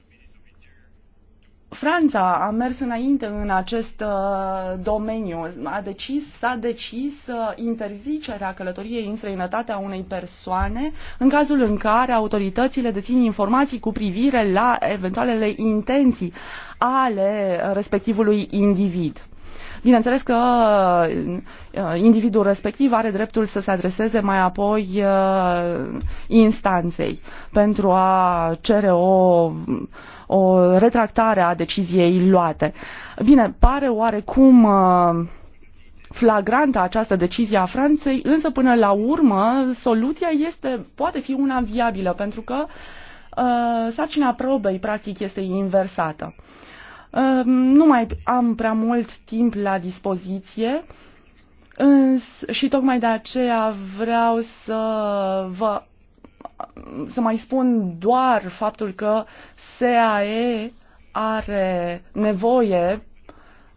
Franța a mers înainte în acest uh, domeniu. A decis, s-a decis uh, interzicerea călătoriei în străinătate a unei persoane în cazul în care autoritățile dețin informații cu privire la eventualele intenții ale respectivului individ. Bineînțeles că uh, individul respectiv are dreptul să se adreseze mai apoi uh, instanței pentru a cere o, o retractare a deciziei luate. Bine, pare oarecum uh, flagrantă această decizie a Franței, însă până la urmă soluția este, poate fi una viabilă, pentru că uh, sarcina probei practic este inversată. Uh, Ehm, nu mai am prea mult timp la dispoziție și tocmai de aceea vreau să vă să mai spun doar faptul că SAE are nevoie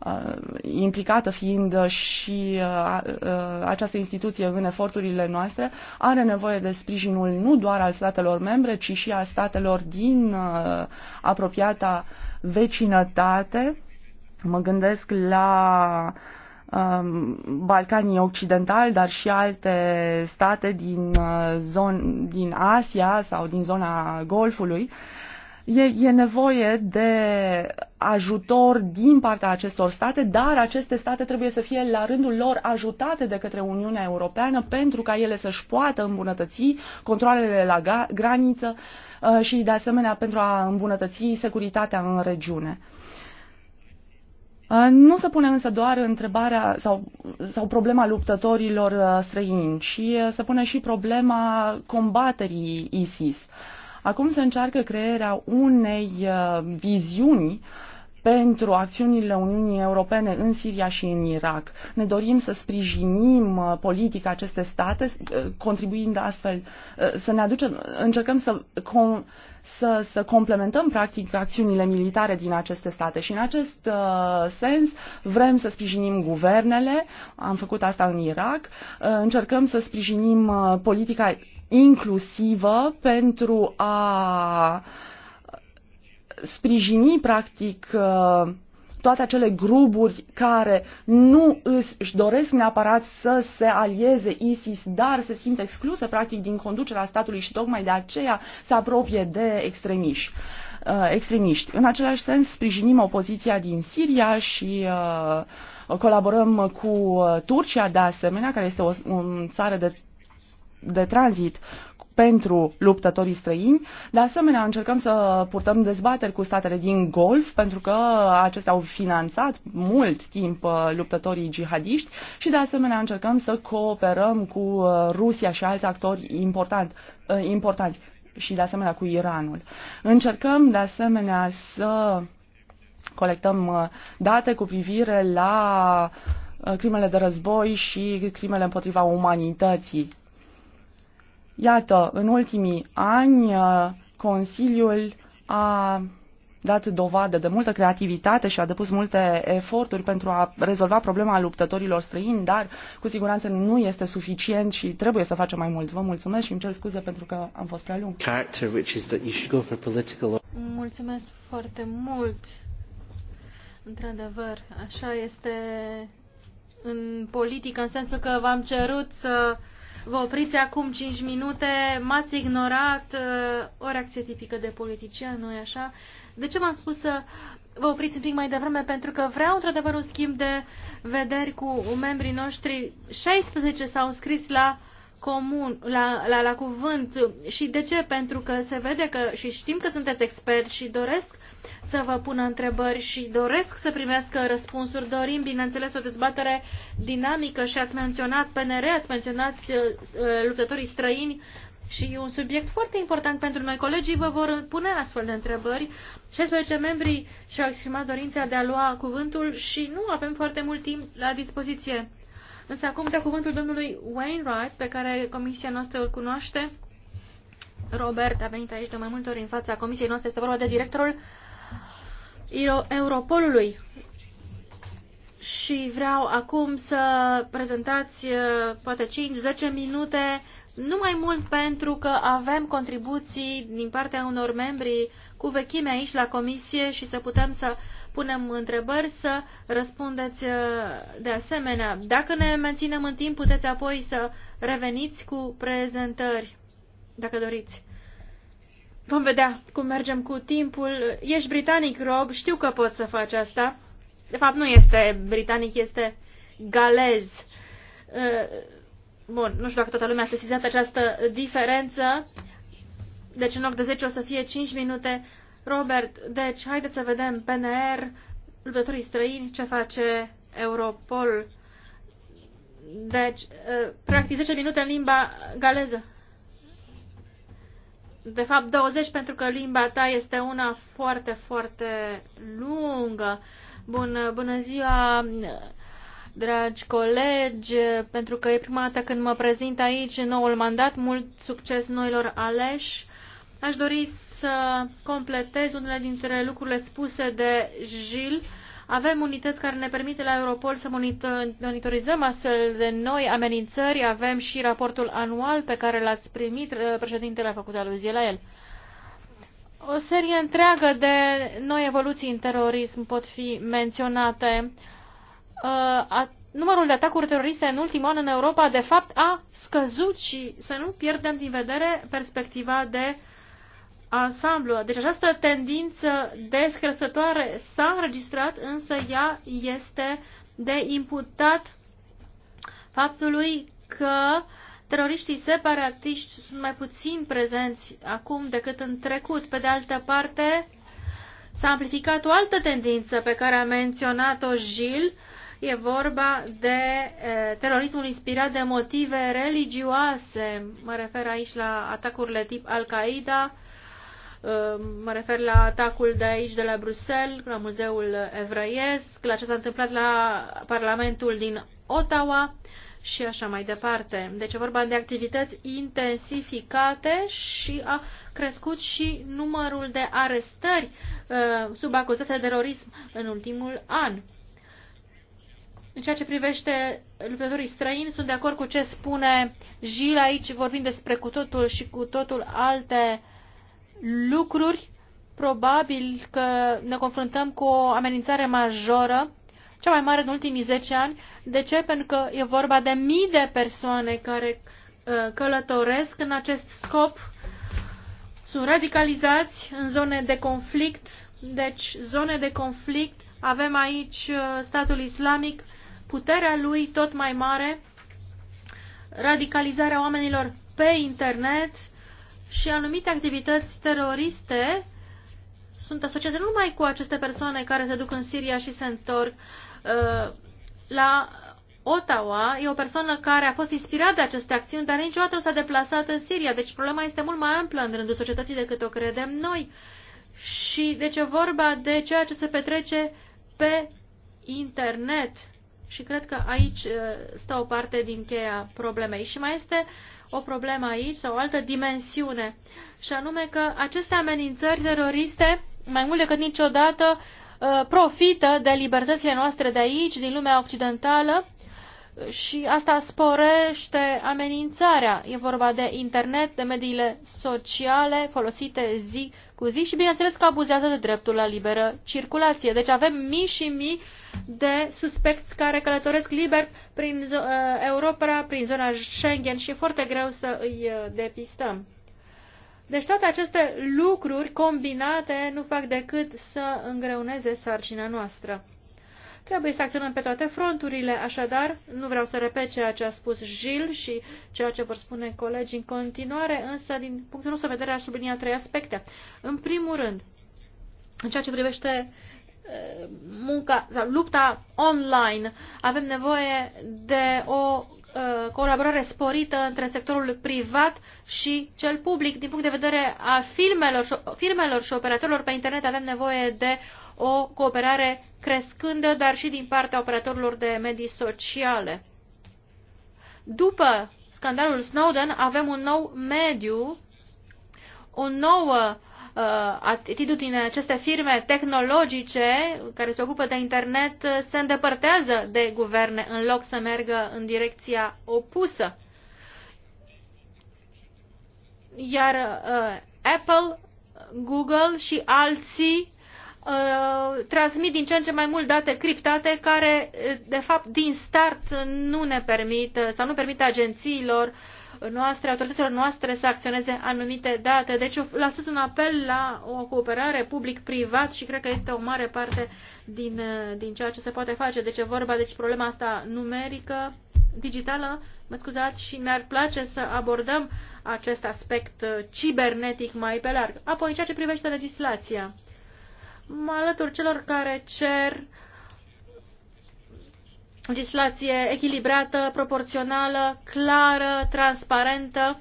Uh, implicată fiind și uh, uh, această instituție în eforturile noastre, are nevoie de sprijinul nu doar al statelor membre, ci și a statelor din apropiata vecinătate. Mă gândesc la um, Balcanii Occidentali, dar și alte state din, zon, din Asia sau din zona Golfului, uh, E, e nevoie de ajutor din partea acestor state, dar aceste state trebuie să fie la rândul lor ajutate de către Uniunea Europeană pentru ca ele să-și poată îmbunătăți controlele la graniță uh, și, de asemenea, pentru a îmbunătăți securitatea în regiune. Uh, nu se pune însă doar întrebarea sau, sau problema luptătorilor uh, străini, ci se pune și problema combaterii ISIS. Uh, Acum se încearcă crearea unei uh, viziuni pentru acțiunile Uniunii Europene în Siria și în Irak. Ne dorim să sprijinim uh, politica aceste state, uh, contribuind astfel să ne aducem, încercăm să, să, să complementăm practic acțiunile militare din aceste state și în acest uh, sens vrem să sprijinim guvernele, am făcut asta în Irak, uh, încercăm să sprijinim uh, politica inclusivă pentru a sprijini practic uh, toate acele grupuri care nu își doresc neapărat să se alieze ISIS, dar se simt excluse practic din conducerea statului și tocmai de aceea se apropie de extremiști. Uh, extremiști. În același sens, sprijinim opoziția din Siria și uh, colaborăm cu uh, Turcia, de asemenea, care este o, o țară de de tranzit pentru luptătorii străini. De asemenea, încercăm să purtăm dezbateri cu statele din Golf, pentru că acestea au finanțat mult timp uh, luptătorii jihadiști și, de asemenea, încercăm să cooperăm cu uh, Rusia și alți actori important, uh, importanți și, de asemenea, cu Iranul. Încercăm, de asemenea, să colectăm date cu privire la crimele de război și crimele împotriva umanității Iată, în ultimii ani, uh, Consiliul a dat dovadă de multă creativitate și a depus multe eforturi pentru a rezolva problema luptătorilor străini, dar cu siguranță nu este suficient și trebuie să facem mai mult. Vă mulțumesc și îmi cer scuze pentru că am fost prea lung. Mulțumesc foarte mult. Într-adevăr, așa este în politică, în sensul că v-am cerut să Vă opriți acum 5 minute, m-ați ignorat, uh, o reacție tipică de politician, nu așa? De ce v-am spus să vă opriți un pic mai devreme? Pentru că vreau într-adevăr un schimb de vederi cu membrii noștri. 16 s-au scris la comun, la, la, la cuvânt. Și de ce? Pentru că se vede că și știm că sunteți experți și doresc să vă pună întrebări și doresc să primească răspunsuri. Dorim, bineînțeles, o dezbatere dinamică și ați menționat PNR, ați menționat uh, uh, luptătorii străini și e un subiect foarte important pentru noi. Colegii vă vor pune astfel de întrebări. 16 membrii și-au exprimat dorința de a lua cuvântul și nu avem foarte mult timp la dispoziție. Însă acum dă cuvântul domnului Wainwright, pe care comisia noastră îl cunoaște. Robert a venit aici de mai multe ori în fața comisiei noastre, este vorba de directorul Europolului și vreau acum să prezentați uh, poate 5-10 minute, nu mai mult pentru că avem contribuții din partea unor membri cu vechime aici la comisie și să putem să punem întrebări, să răspundeți uh, de asemenea. Dacă ne menținem în timp, puteți apoi să reveniți cu prezentări, dacă doriți. Vom vedea cum mergem cu timpul. Ești britanic, Rob, știu că poți să faci asta. De fapt, nu este britanic, este galez. Uh, bun, nu știu dacă toată lumea a sesizat această diferență. Deci în loc de 10 o să fie 5 minute. Robert, deci haideți să vedem PNR, luptătorii străini, ce face Europol. Deci, uh, practic 10 minute în limba galeză de fapt 20 pentru că limba ta este una foarte, foarte lungă. Bun, bună ziua, dragi colegi, pentru că e prima dată când mă prezint aici în noul mandat, mult succes noilor aleși. Aș dori să completez unele dintre lucrurile spuse de Gilles avem unități care ne permite la Europol să monitorizăm astfel de noi amenințări. Avem și raportul anual pe care l-ați primit, uh, președintele a făcut aluzie la el. O serie întreagă de noi evoluții în terorism pot fi menționate. Uh, numărul de atacuri teroriste în ultimul an în Europa, de fapt, a scăzut și să nu pierdem din vedere perspectiva de uh, ansamblu. Deci această tendință descrescătoare s-a înregistrat, însă ea este de imputat faptului că teroriștii separatiști sunt mai puțin prezenți acum decât în trecut. Pe de altă parte, s-a amplificat o altă tendință pe care a menționat-o Gilles, E vorba de e, terorismul inspirat de motive religioase. Mă refer aici la atacurile tip Al-Qaeda, Ehm, mă refer la atacul de aici, de la Bruxelles, la Muzeul Evreiesc, la ce s-a întâmplat la Parlamentul din Ottawa și așa mai departe. Deci e vorba de activități intensificate și a crescut și numărul de arestări ehm, sub acuzate de terorism în ultimul an. În ceea ce privește luptătorii străini, sunt de acord cu ce spune Gil aici, vorbind despre cu totul și cu totul alte uh, lucruri, probabil că ne confruntăm cu o amenințare majoră, cea mai mare în ultimii 10 ani. De ce? Pentru că e vorba de mii de persoane care uh, călătoresc în acest scop, sunt radicalizați în zone de conflict, deci zone de conflict, avem aici uh, statul islamic, puterea lui tot mai mare, radicalizarea oamenilor pe internet, și anumite activități teroriste sunt asociate nu numai cu aceste persoane care se duc în Siria și se întorc. Uh, la Ottawa e o persoană care a fost inspirată de aceste acțiuni, dar niciodată nu s-a deplasat în Siria. Deci problema este mult mai amplă în rândul societății decât o credem noi. Și deci e vorba de ceea ce se petrece pe internet și cred că aici uh, stă o parte din cheia problemei. Și mai este o problemă aici sau o altă dimensiune, și anume că aceste amenințări teroriste, mai mult decât niciodată, uh, profită de libertățile noastre de aici, din lumea occidentală, și asta sporește amenințarea. E vorba de internet, de mediile sociale folosite zi cu zi și, bineînțeles, că abuzează de dreptul la liberă circulație. Deci avem mii și mii de suspecți care călătoresc liber prin uh, Europa, prin zona Schengen și foarte greu să îi uh, depistăm. Deci toate aceste lucruri combinate nu fac decât să îngreuneze sarcina noastră. Trebuie să acționăm pe toate fronturile, așadar, nu vreau să repet ceea ce a spus Gil și ceea ce vor spune colegii în continuare, însă, din punctul nostru de vedere, aș sublinia trei aspecte. În primul rând, în ceea ce privește munca sau lupta online. Avem nevoie de o uh, colaborare sporită între sectorul privat și cel public. Din punct de vedere a firmelor, firmelor și operatorilor pe internet avem nevoie de o cooperare crescândă, dar și din partea operatorilor de medii sociale. După scandalul Snowden avem un nou mediu, o nouă uh, Uh, atitudine, aceste firme tehnologice care se ocupă de internet se îndepărtează de guverne în loc să meargă în direcția opusă. Iar uh, Apple, Google și alții uh, transmit din ce în ce mai mult date criptate care, uh, de fapt, din start nu ne permit uh, sau nu permit agențiilor uh, noastre, autorităților noastre să acționeze anumite date. Deci lasez un apel la o cooperare public-privat și cred că este o mare parte din, din ceea ce se poate face. Deci e vorba, deci problema asta numerică, digitală, mă scuzați, și mi-ar place să abordăm acest aspect uh, cibernetic mai pe larg. Apoi, în ceea ce privește legislația, mă alătur celor care cer uh, legislație echilibrată, proporțională, clară, transparentă,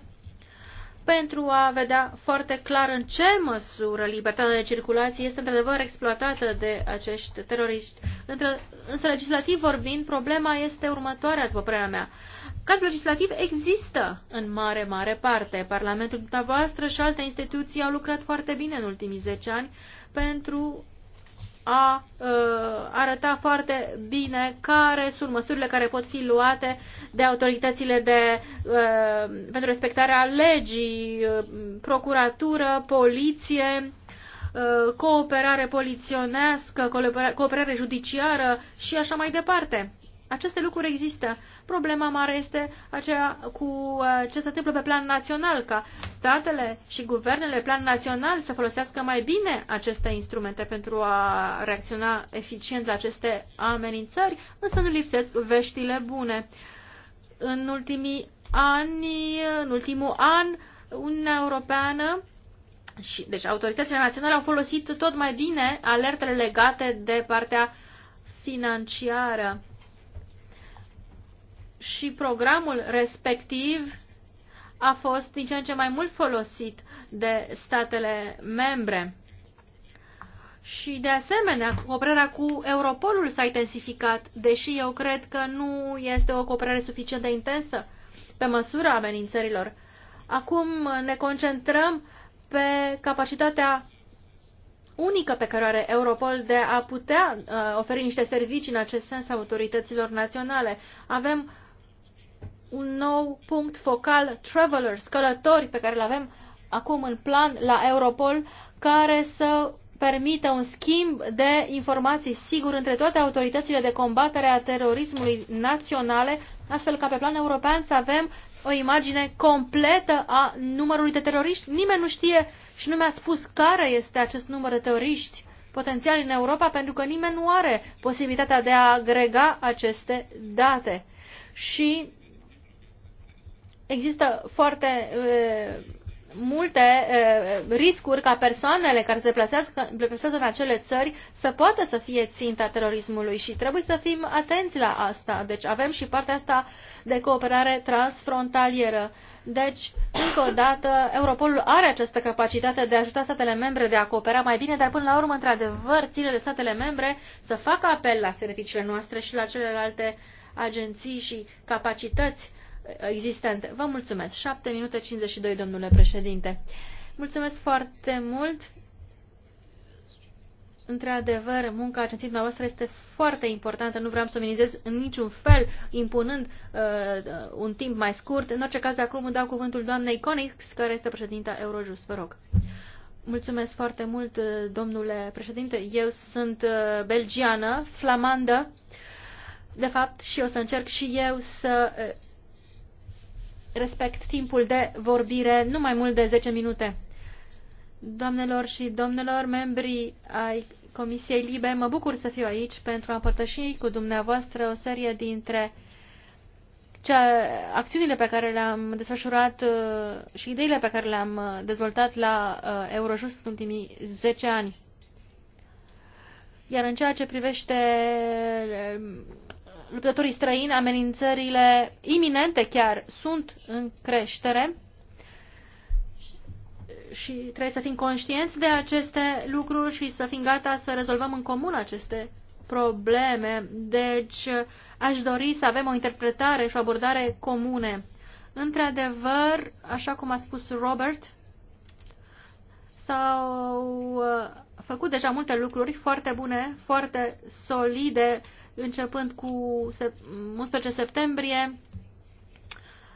pentru a vedea foarte clar în ce măsură libertatea de circulație este într-adevăr exploatată de acești teroriști. Între, însă, legislativ vorbind, problema este următoarea, după părerea mea. Cadrul legislativ există în mare, mare parte. Parlamentul dumneavoastră și alte instituții au lucrat foarte bine în ultimii 10 ani pentru a uh, arăta foarte bine care sunt măsurile care pot fi luate de autoritățile de, uh, pentru respectarea legii, uh, procuratură, poliție, uh, cooperare poliționească, cooperare judiciară și așa mai departe. Aceste lucruri există. Problema mare este aceea cu uh, ce se întâmplă pe plan național, ca statele și guvernele, pe plan național, să folosească mai bine aceste instrumente pentru a reacționa eficient la aceste amenințări, însă nu lipsesc veștile bune. În ultimii ani, în ultimul an, Uniunea Europeană și, deci autoritățile naționale au folosit tot mai bine alertele legate de partea financiară și programul respectiv a fost din ce în ce mai mult folosit de statele membre. Și, de asemenea, cooperarea cu Europolul s-a intensificat, deși eu cred că nu este o cooperare suficient de intensă pe măsura amenințărilor. Acum ne concentrăm pe capacitatea unică pe care are Europol de a putea uh, oferi niște servicii în acest sens autorităților naționale. Avem un nou punct focal, travelers, călători, pe care îl avem acum în plan la Europol, care să permită un schimb de informații sigur între toate autoritățile de combatere a terorismului naționale, astfel ca pe plan european să avem o imagine completă a numărului de teroriști. Nimeni nu știe și nu mi-a spus care este acest număr de teroriști potențiali în Europa, pentru că nimeni nu are posibilitatea de a agrega aceste date. Și există foarte multe riscuri ca persoanele care se deplasează, în acele țări să poată să fie ținta terorismului și trebuie să fim atenți la asta. Deci avem și partea asta de cooperare transfrontalieră. Deci, încă o dată, Europolul are această capacitate de a ajuta statele membre de a coopera mai bine, dar până la urmă, într-adevăr, ține de statele membre să facă apel la serviciile noastre și la celelalte agenții și capacități existente. Vă mulțumesc. 7 minute 52, domnule președinte. Mulțumesc foarte mult. Într-adevăr, munca agenției noastră este foarte importantă. Nu vreau să o minizez în niciun fel, impunând uh, un timp mai scurt. În orice caz, acum îmi dau cuvântul doamnei Conix, care este președinta Eurojust. Vă rog. Mulțumesc foarte mult, uh, domnule președinte. Eu sunt uh, belgiană, flamandă, de fapt, și o să încerc și eu să uh, respect timpul de vorbire nu mai mult de 10 minute. Doamnelor și domnilor, membrii ai Comisiei Libe, mă bucur să fiu aici pentru a împărtăși cu dumneavoastră o serie dintre ce, acțiunile pe care le-am desfășurat uh, și ideile pe care le-am uh, dezvoltat la uh, Eurojust în ultimii 10 ani. Iar în ceea ce privește luptătorii străini, amenințările iminente chiar sunt în creștere și trebuie să fim conștienți de aceste lucruri și să fim gata să rezolvăm în comun aceste probleme. Deci aș dori să avem o interpretare și o abordare comune. Într-adevăr, așa cum a spus Robert, s-au uh, făcut deja multe lucruri foarte bune, foarte solide, începând cu 11 septembrie,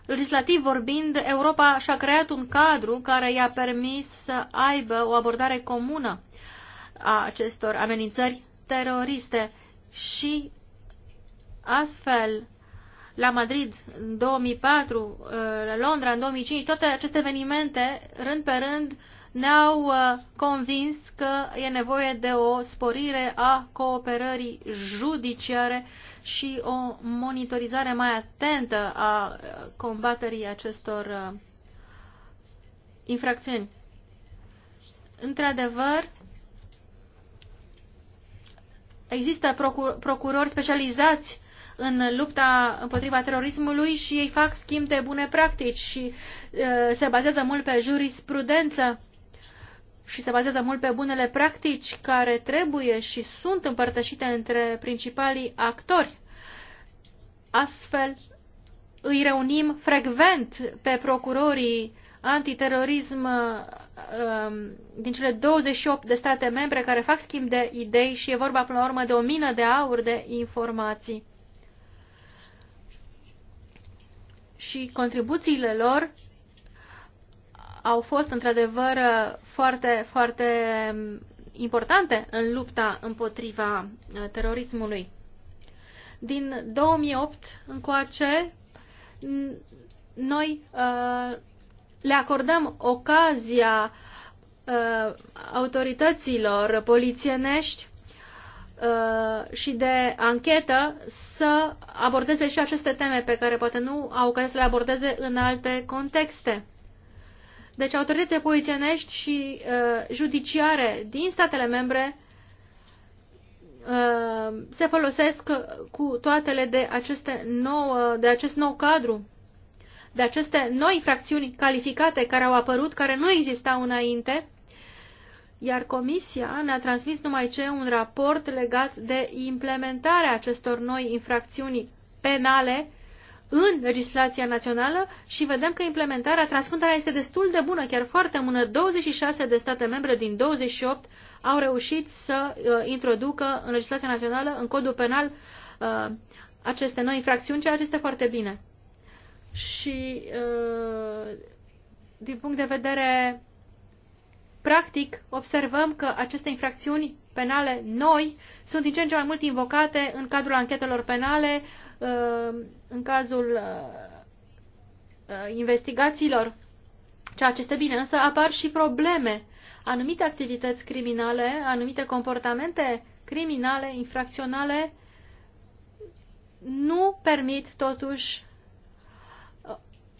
legislativ vorbind, Europa și-a creat un cadru care i-a permis să aibă o abordare comună a acestor amenințări teroriste și astfel la Madrid în 2004, la Londra în 2005, toate aceste evenimente rând pe rând ne-au uh, convins că e nevoie de o sporire a cooperării judiciare și o monitorizare mai atentă a uh, combaterii acestor uh, infracțiuni. Într-adevăr, există procur procurori specializați în lupta împotriva terorismului și ei fac schimb de bune practici și uh, se bazează mult pe jurisprudență și se bazează mult pe bunele practici care trebuie și sunt împărtășite între principalii actori. Astfel, îi reunim frecvent pe procurorii antiterorism um, din cele 28 de state membre care fac schimb de idei și e vorba până la urmă de o mină de aur de informații. Și contribuțiile lor au fost într-adevăr foarte, foarte importante în lupta împotriva uh, terorismului. Din 2008 încoace, noi uh, le acordăm ocazia uh, autorităților polițienești uh, și de anchetă să abordeze și aceste teme pe care poate nu au ocazia să le abordeze în alte contexte. Deci autoritățile poliționești și uh, judiciare din statele membre uh, se folosesc cu toatele de, aceste nou, de acest nou cadru, de aceste noi infracțiuni calificate care au apărut, care nu existau înainte, iar Comisia ne-a transmis numai ce un raport legat de implementarea acestor noi infracțiuni penale în legislația națională și vedem că implementarea, transpunerea este destul de bună, chiar foarte bună. 26 de state membre din 28 au reușit să uh, introducă în legislația națională, în codul penal, uh, aceste noi infracțiuni, ceea ce este foarte bine. Și uh, din punct de vedere practic, observăm că aceste infracțiuni penale noi sunt din ce în ce mai mult invocate în cadrul anchetelor penale, Uh, în cazul uh, uh, investigațiilor, ceea ce este bine, însă apar și probleme. Anumite activități criminale, anumite comportamente criminale, infracționale, nu permit totuși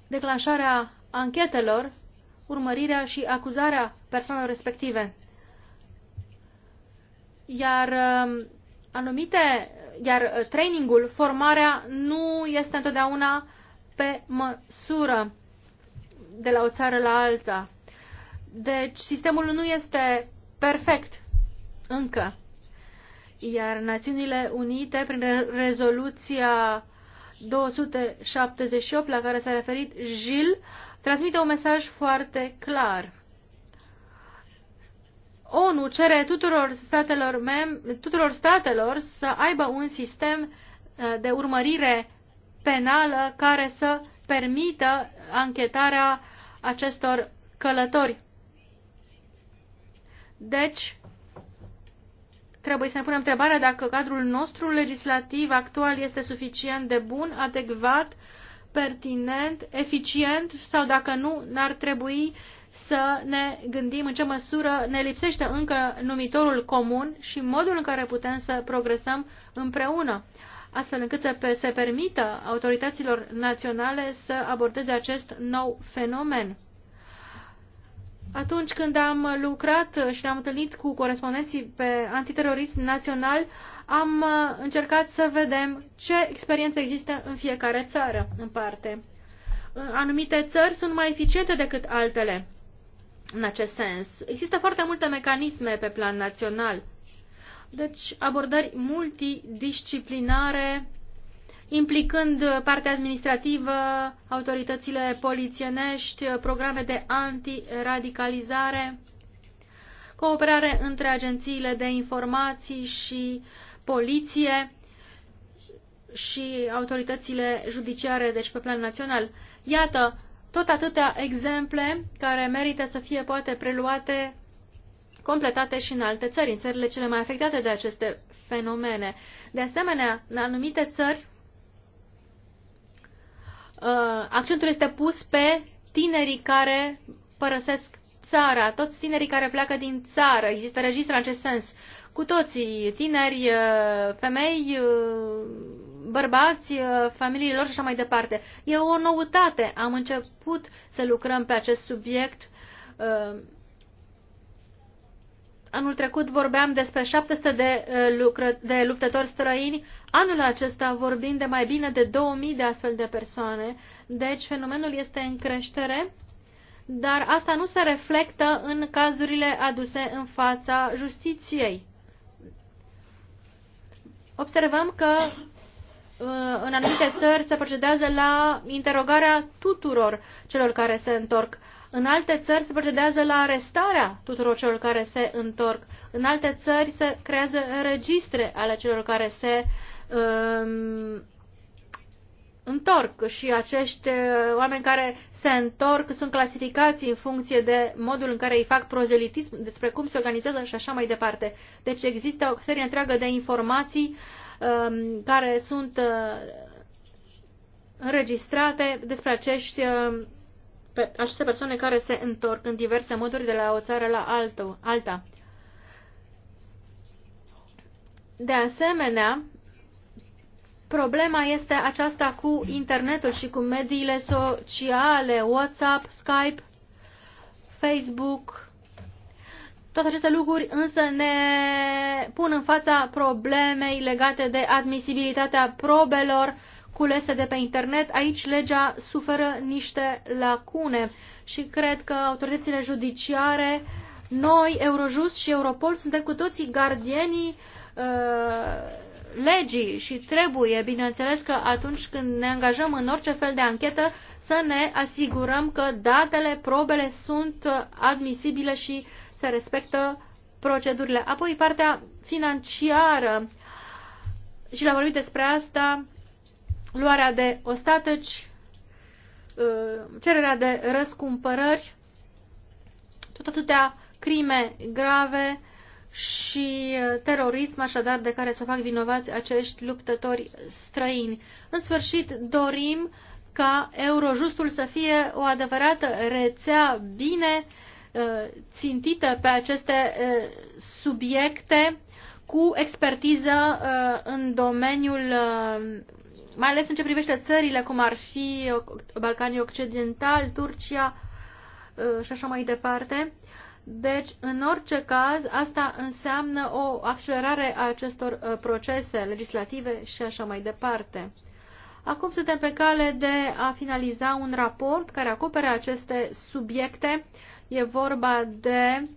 declanșarea anchetelor, urmărirea și acuzarea persoanelor respective. Iar anumite iar uh, trainingul, formarea, nu este întotdeauna pe măsură de la o țară la alta. Deci sistemul nu este perfect încă. Iar Națiunile Unite, prin rezoluția 278 la care s-a referit Gilles, transmite un mesaj foarte clar. ONU cere tuturor statelor, mem- tuturor statelor să aibă un sistem uh, de urmărire penală care să permită anchetarea acestor călători. Deci, trebuie să ne punem întrebarea dacă cadrul nostru legislativ actual este suficient de bun, adecvat, pertinent, eficient sau dacă nu, n-ar trebui să ne gândim în ce măsură ne lipsește încă numitorul comun și modul în care putem să progresăm împreună, astfel încât să se permită autorităților naționale să abordeze acest nou fenomen. Atunci când am lucrat și ne-am întâlnit cu corespondenții pe antiterorism național, am uh, încercat să vedem ce experiență există în fiecare țară în parte. Uh, anumite țări sunt mai eficiente decât altele în acest sens. Există foarte multe mecanisme pe plan național, deci abordări multidisciplinare implicând partea administrativă, autoritățile polițienești, programe de antiradicalizare, cooperare între agențiile de informații și poliție și autoritățile judiciare, deci pe plan național. Iată, tot atâtea exemple care merită să fie poate preluate, completate și în alte țări, în țările cele mai afectate de aceste fenomene. De asemenea, în anumite țări, uh, accentul este pus pe tinerii care părăsesc țara, toți tinerii care pleacă din țară. Există registre în acest sens. Cu toții, tineri, uh, femei, uh, bărbați, uh, familiilor și așa mai departe. E o noutate. Am început să lucrăm pe acest subiect. Uh, anul trecut vorbeam despre 700 de, uh, lucră, de luptători străini, anul acesta vorbim de mai bine de 2000 de astfel de persoane. Deci fenomenul este în creștere, dar asta nu se reflectă în cazurile aduse în fața justiției observăm că în anumite țări se procedează la interogarea tuturor celor care se întorc. În alte țări se procedează la arestarea tuturor celor care se întorc. În alte țări se creează registre ale celor care se um, întorc și acești uh, oameni care se întorc sunt clasificați în funcție de modul în care îi fac prozelitism, despre cum se organizează și așa mai departe. Deci există o serie întreagă de informații uh, Um, care sunt uh, înregistrate despre acești, um, aceste persoane care se întorc în diverse moduri de la o țară la altă, alta. De asemenea, problema este aceasta cu internetul și cu mediile sociale, WhatsApp, Skype, Facebook, toate aceste lucruri însă ne pun în fața problemei legate de admisibilitatea probelor culese de pe internet. Aici legea suferă niște lacune și cred că autoritățile judiciare, noi, Eurojust și Europol, suntem cu toții gardienii uh, legii și trebuie, bineînțeles, că atunci când ne angajăm în orice fel de anchetă, să ne asigurăm că datele, probele sunt admisibile și uh, se respectă procedurile. Apoi partea financiară și l-am vorbit despre asta, luarea de ostatăci, uh, cererea de răscumpărări, tot atâtea crime grave și uh, terorism, așadar, de care să fac vinovați acești luptători străini. În sfârșit, dorim ca Eurojustul să fie o adevărată rețea bine uh, Uh, țintită pe aceste uh, subiecte cu expertiză uh, în domeniul, mai ales în ce privește țările, cum ar fi Balcanii Occidentali, Turcia și așa mai departe. Deci, în orice caz, asta înseamnă o accelerare a acestor procese legislative și așa mai departe. Acum suntem pe cale de a finaliza un raport care acopere aceste subiecte uh, E vorba de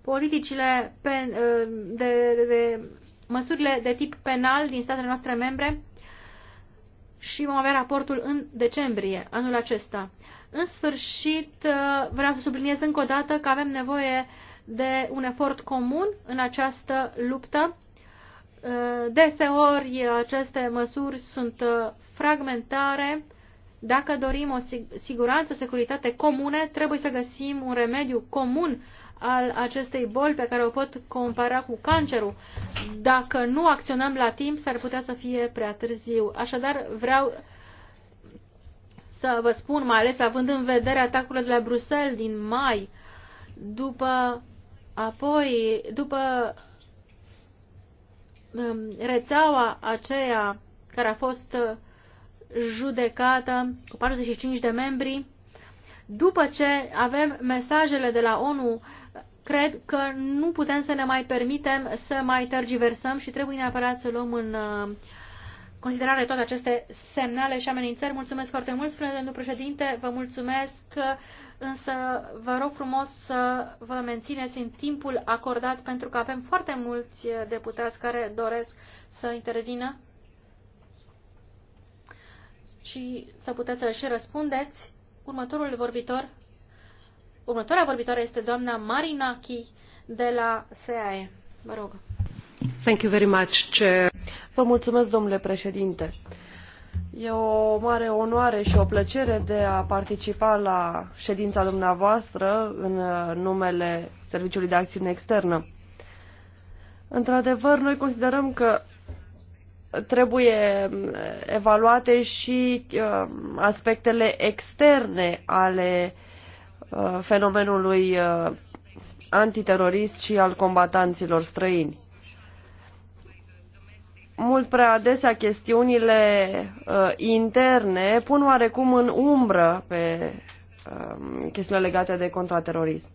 politicile, pen, uh, de, de, de măsurile de tip penal din statele noastre membre și vom avea raportul în decembrie anul acesta. În sfârșit, uh, vreau să subliniez încă o dată că avem nevoie de un efort comun în această luptă. Uh, deseori aceste măsuri sunt fragmentare, dacă dorim o siguranță, securitate comune, trebuie să găsim un remediu comun al acestei boli pe care o pot compara cu cancerul. Dacă nu acționăm la timp, s-ar putea să fie prea târziu. Așadar, vreau să vă spun, mai ales având în vedere atacurile de la Bruxelles din mai, după apoi, după um, rețeaua aceea care a fost uh, judecată cu 45 de membri. După ce avem mesajele de la ONU, cred că nu putem să ne mai permitem să mai tergiversăm și trebuie neapărat să luăm în uh, considerare toate aceste semnale și amenințări. Mulțumesc foarte mult, spune domnul președinte, vă mulțumesc, însă vă rog frumos să vă mențineți în timpul acordat pentru că avem foarte mulți deputați care doresc să intervină și să puteți să și răspundeți. Următorul vorbitor, următoarea vorbitoare este doamna Marinaki de la SAE. Vă rog. Thank you very much, Chair. Vă mulțumesc, domnule președinte. E o mare onoare și o plăcere de a participa la ședința dumneavoastră în uh, numele Serviciului de Acțiune Externă. Într-adevăr, noi considerăm că trebuie mm, evaluate și uh, aspectele externe ale uh, fenomenului uh, antiterorist și al combatanților străini. Mult prea adesea chestiunile uh, interne pun oarecum în umbră pe uh, chestiunile legate de contraterorism.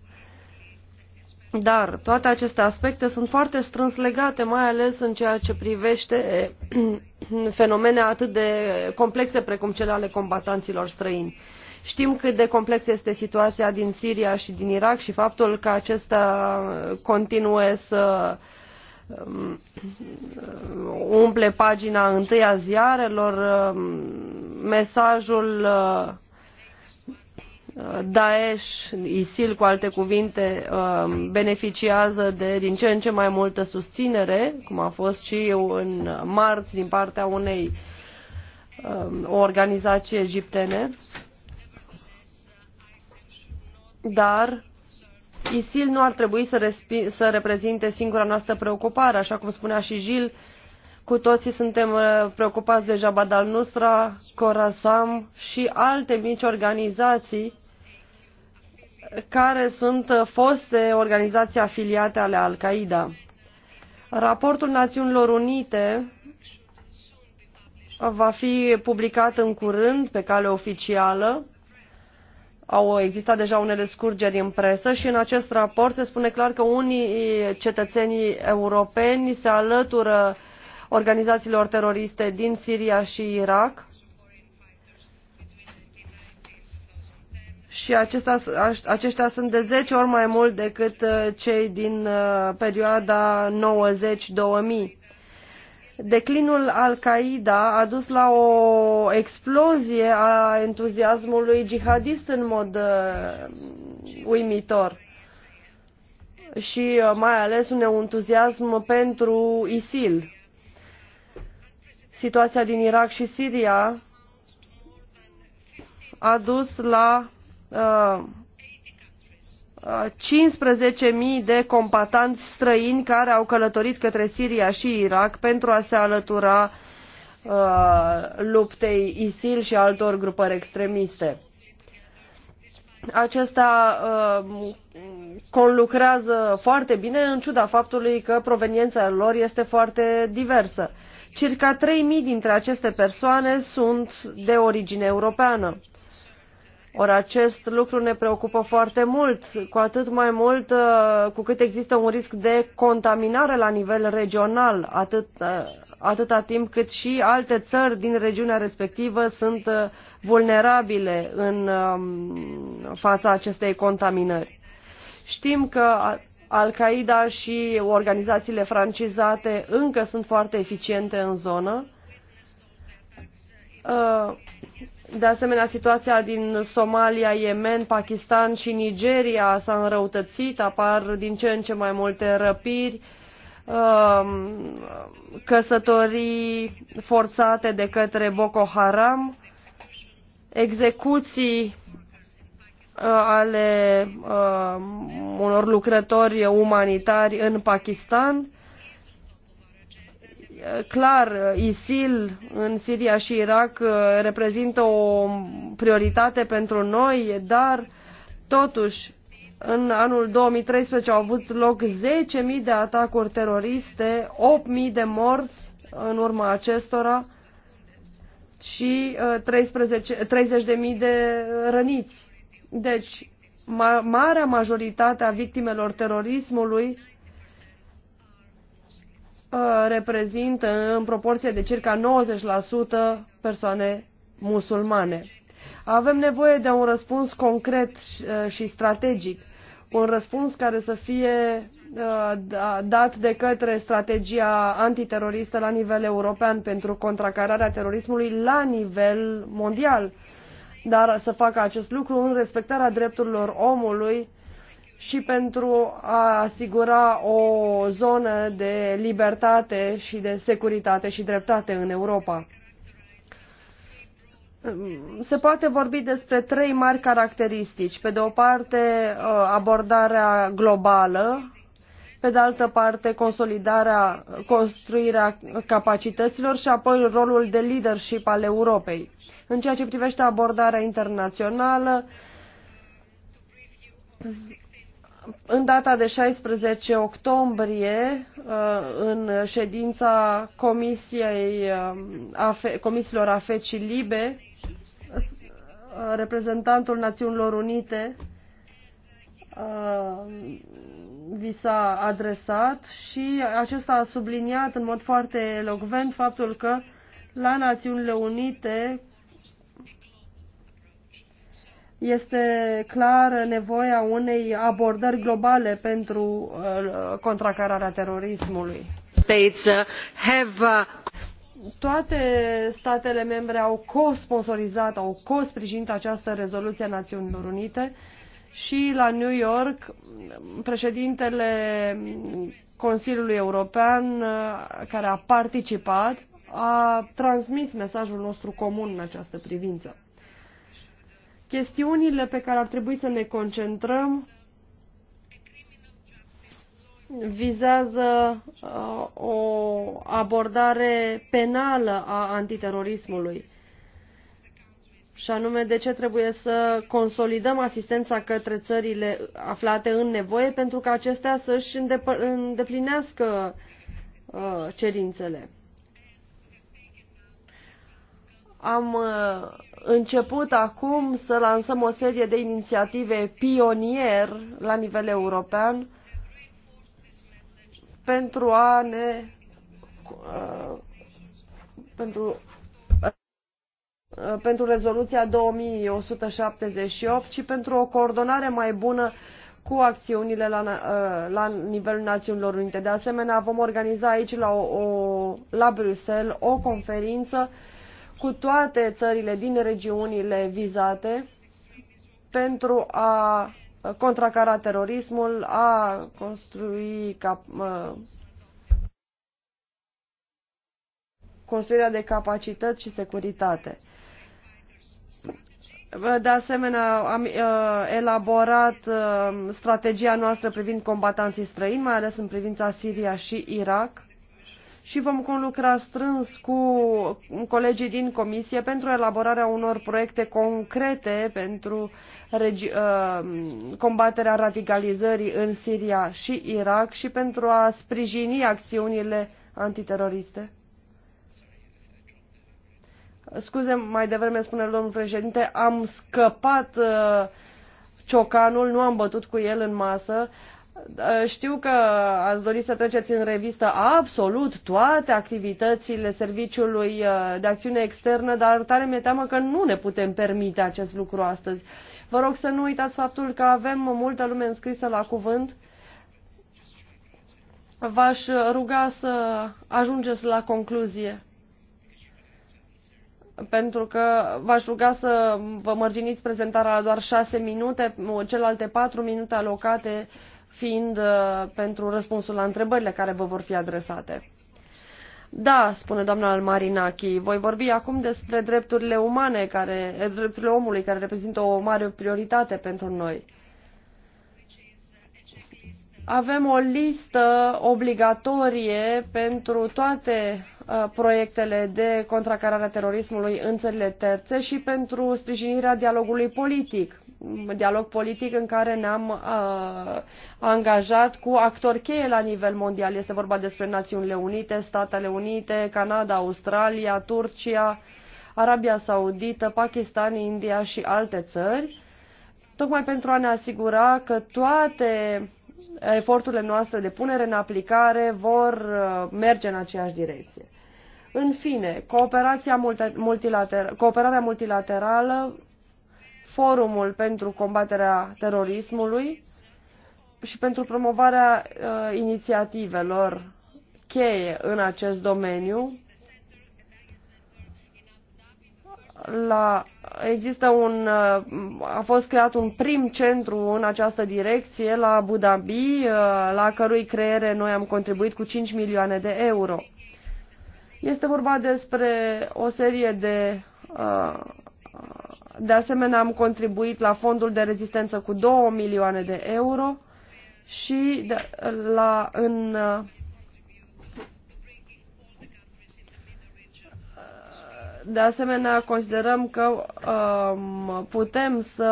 Dar toate aceste aspecte sunt foarte strâns legate, mai ales în ceea ce privește eh, fenomene atât de complexe precum cele ale combatanților străini. Știm cât de complexă este situația din Siria și din Irak și faptul că acesta continuă să eh, umple pagina întâia ziarelor, eh, mesajul Daesh, ISIL cu alte cuvinte, um, beneficiază de din ce în ce mai multă susținere, cum a fost și eu în marți din partea unei o um, organizație egiptene. Dar ISIL nu ar trebui să, să reprezinte singura noastră preocupare, așa cum spunea și Gil, cu toții suntem uh, preocupați de Jabhat al-Nusra, Khorasan și alte mici organizații care sunt uh, foste organizații afiliate ale Al-Qaeda. Raportul Națiunilor Unite uh, va fi publicat în curând pe cale oficială. Au existat deja unele scurgeri în presă și în acest raport se spune clar că unii cetățenii europeni se alătură organizațiilor teroriste din Siria și Irak și acestea, aceștia sunt de 10 ori mai mult decât uh, cei din uh, perioada 90-2000. Declinul Al-Qaeda a dus la o explozie a entuziasmului jihadist în mod uh, uimitor și mai ales un entuziasm pentru ISIL. Situația din Irak și Siria a dus la 15.000 de combatanți străini care au călătorit către Siria și Irak pentru a se alătura uh, luptei ISIL și altor grupări extremiste. uh, conlucrează foarte bine în ciuda faptului că proveniența lor este foarte diversă. Circa 3.000 dintre aceste persoane sunt de origine europeană. Ori acest lucru ne preocupă foarte mult, cu atât mai mult uh, cu cât există un risc de contaminare la nivel regional, atât, uh, atâta timp cât și alte țări din regiunea respectivă sunt uh, vulnerabile în um, fața acestei contaminări. Știm că al-Qaeda și organizațiile francizate încă sunt foarte eficiente în zonă. De asemenea, situația din Somalia, Yemen, Pakistan și Nigeria s-a înrăutățit, apar din ce în ce mai multe răpiri, um, căsătorii forțate de către Boko Haram, execuții uh, ale um, unor lucrători umanitari în Pakistan clar, ISIL în Siria și Irak uh, reprezintă o prioritate pentru noi, dar totuși în anul 2013 au avut loc 10.000 de atacuri teroriste, 8.000 de morți în urma acestora și 30.000 uh, de răniți. Deci, ma, marea majoritate a victimelor terorismului Uh, reprezintă în proporție de circa 90% persoane musulmane. Avem nevoie de un răspuns concret și uh, strategic, un răspuns care să fie uh, dat de către strategia antiteroristă la nivel european pentru contracararea terorismului la nivel mondial, dar să facă acest lucru în respectarea drepturilor omului și pentru a asigura o zonă de libertate și de securitate și dreptate în Europa. Se poate vorbi despre trei mari caracteristici. Pe de o parte, uh, abordarea globală, pe de altă parte, consolidarea, construirea capacităților și apoi rolul de leadership al Europei. În ceea ce privește abordarea internațională, în data de 16 octombrie, uh, în ședința Comisiei, uh, Comisiilor Afecii LIBE, uh, reprezentantul Națiunilor Unite vi s-a adresat și acesta a subliniat în mod foarte elocvent faptul că la Națiunile Unite este clar nevoia unei abordări globale pentru uh, contracararea terorismului. States uh, have uh, toate statele membre au co-sponsorizat, au co-sprijinit această rezoluție a Națiunilor Unite și la New York președintele Consiliului European care a participat a transmis mesajul nostru comun în această privință chestiunile pe care ar trebui să ne concentrăm vizează uh, o abordare penală a antiterorismului și anume de ce trebuie să consolidăm asistența către țările aflate în nevoie pentru ca acestea să-și îndeplinească uh, cerințele. Am uh, început acum să lansăm o serie de inițiative pionier la nivel european pentru a ne uh, pentru uh, pentru rezoluția 2178 și pentru o coordonare mai bună cu acțiunile la, la nivelul Națiunilor Unite. De asemenea, vom organiza aici la, o, la Bruxelles o conferință uh, cu toate țările din regiunile vizate pentru a contracara terorismul, a construi cap, construirea de capacități și securitate. De asemenea, am uh, elaborat uh, strategia noastră privind combatanții străini, mai ales în privința Siria și Irak și vom conlucra strâns cu colegii din Comisie pentru elaborarea unor proiecte concrete pentru regi- uh, combaterea radicalizării în Siria și Irak și pentru a sprijini acțiunile antiteroriste. Scuze, mai devreme spune domnul președinte, am scăpat uh, ciocanul, nu am bătut cu el în masă. Uh, Ă, știu că ați dorit să treceți în revistă absolut toate activitățile Serviciului ă, de Acțiune Externă, dar tare mi-e teamă că nu ne putem permite acest lucru astăzi. Vă rog să nu uitați faptul că avem multă lume înscrisă la cuvânt. V-aș ruga să ajungeți la concluzie pentru că v-aș ruga să vă mărginiți prezentarea la doar șase minute, celelalte patru minute alocate uh, fiind uh, pentru răspunsul la întrebările care vă vor fi adresate. Da, spune doamna Almarinachi, voi vorbi acum despre drepturile umane, care, eh, drepturile omului, care reprezintă o mare prioritate pentru noi. Avem o listă obligatorie pentru toate uh, proiectele de contracarare a terorismului în țările terțe și pentru sprijinirea dialogului politic dialog politic în care ne-am uh, angajat cu actori cheie la nivel mondial. Este vorba despre Națiunile Unite, Statele Unite, Canada, Australia, Turcia, Arabia Saudită, Pakistan, India și alte țări, tocmai pentru a ne asigura că toate eforturile noastre de punere în aplicare vor uh, merge în aceeași direcție. În fine, cooperarea multilaterală forumul pentru combaterea terorismului și pentru promovarea uh, inițiativelor cheie în acest domeniu. La, există un, uh, a fost creat un prim centru în această direcție la Abu Dhabi, uh, la cărui creere noi am contribuit cu 5 milioane de euro. Este vorba despre o serie de uh, de asemenea, am contribuit la fondul de rezistență cu 2 milioane de euro și la, în, de asemenea, considerăm că um, putem să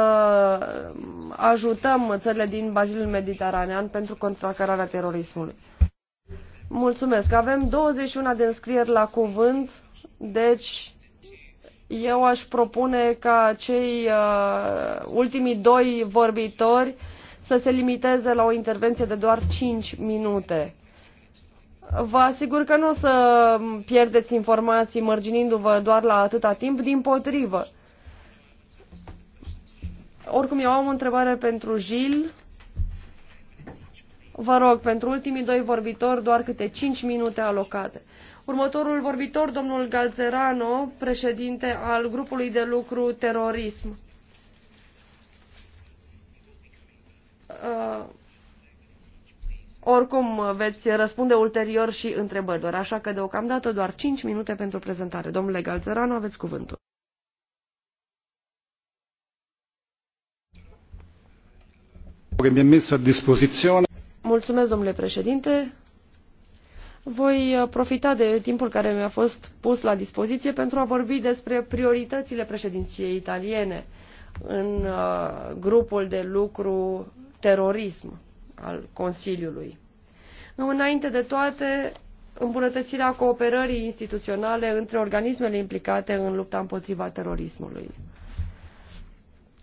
ajutăm țările din bazinul mediteranean pentru contracararea terorismului. Mulțumesc. Avem 21 de înscrieri la cuvânt, deci eu aș propune ca cei uh, ultimii doi vorbitori să se limiteze la o intervenție de doar 5 minute. Vă asigur că nu o să pierdeți informații mărginindu-vă doar la atâta timp, din potrivă. Oricum, eu am o întrebare pentru Jil. Vă rog, pentru ultimii doi vorbitori, doar câte 5 minute alocate. Următorul vorbitor, domnul Galzerano, președinte al grupului de lucru terorism. Uh, oricum, veți răspunde ulterior și întrebărilor, așa că deocamdată doar 5 minute pentru prezentare. Domnule Galzerano, aveți cuvântul. Mulțumesc, domnule președinte. Voi uh, profita de timpul care mi-a fost pus la dispoziție pentru a vorbi despre prioritățile președinției italiene în uh, grupul de lucru terorism al Consiliului. Înainte de toate, îmbunătățirea cooperării instituționale între organismele implicate în lupta împotriva terorismului.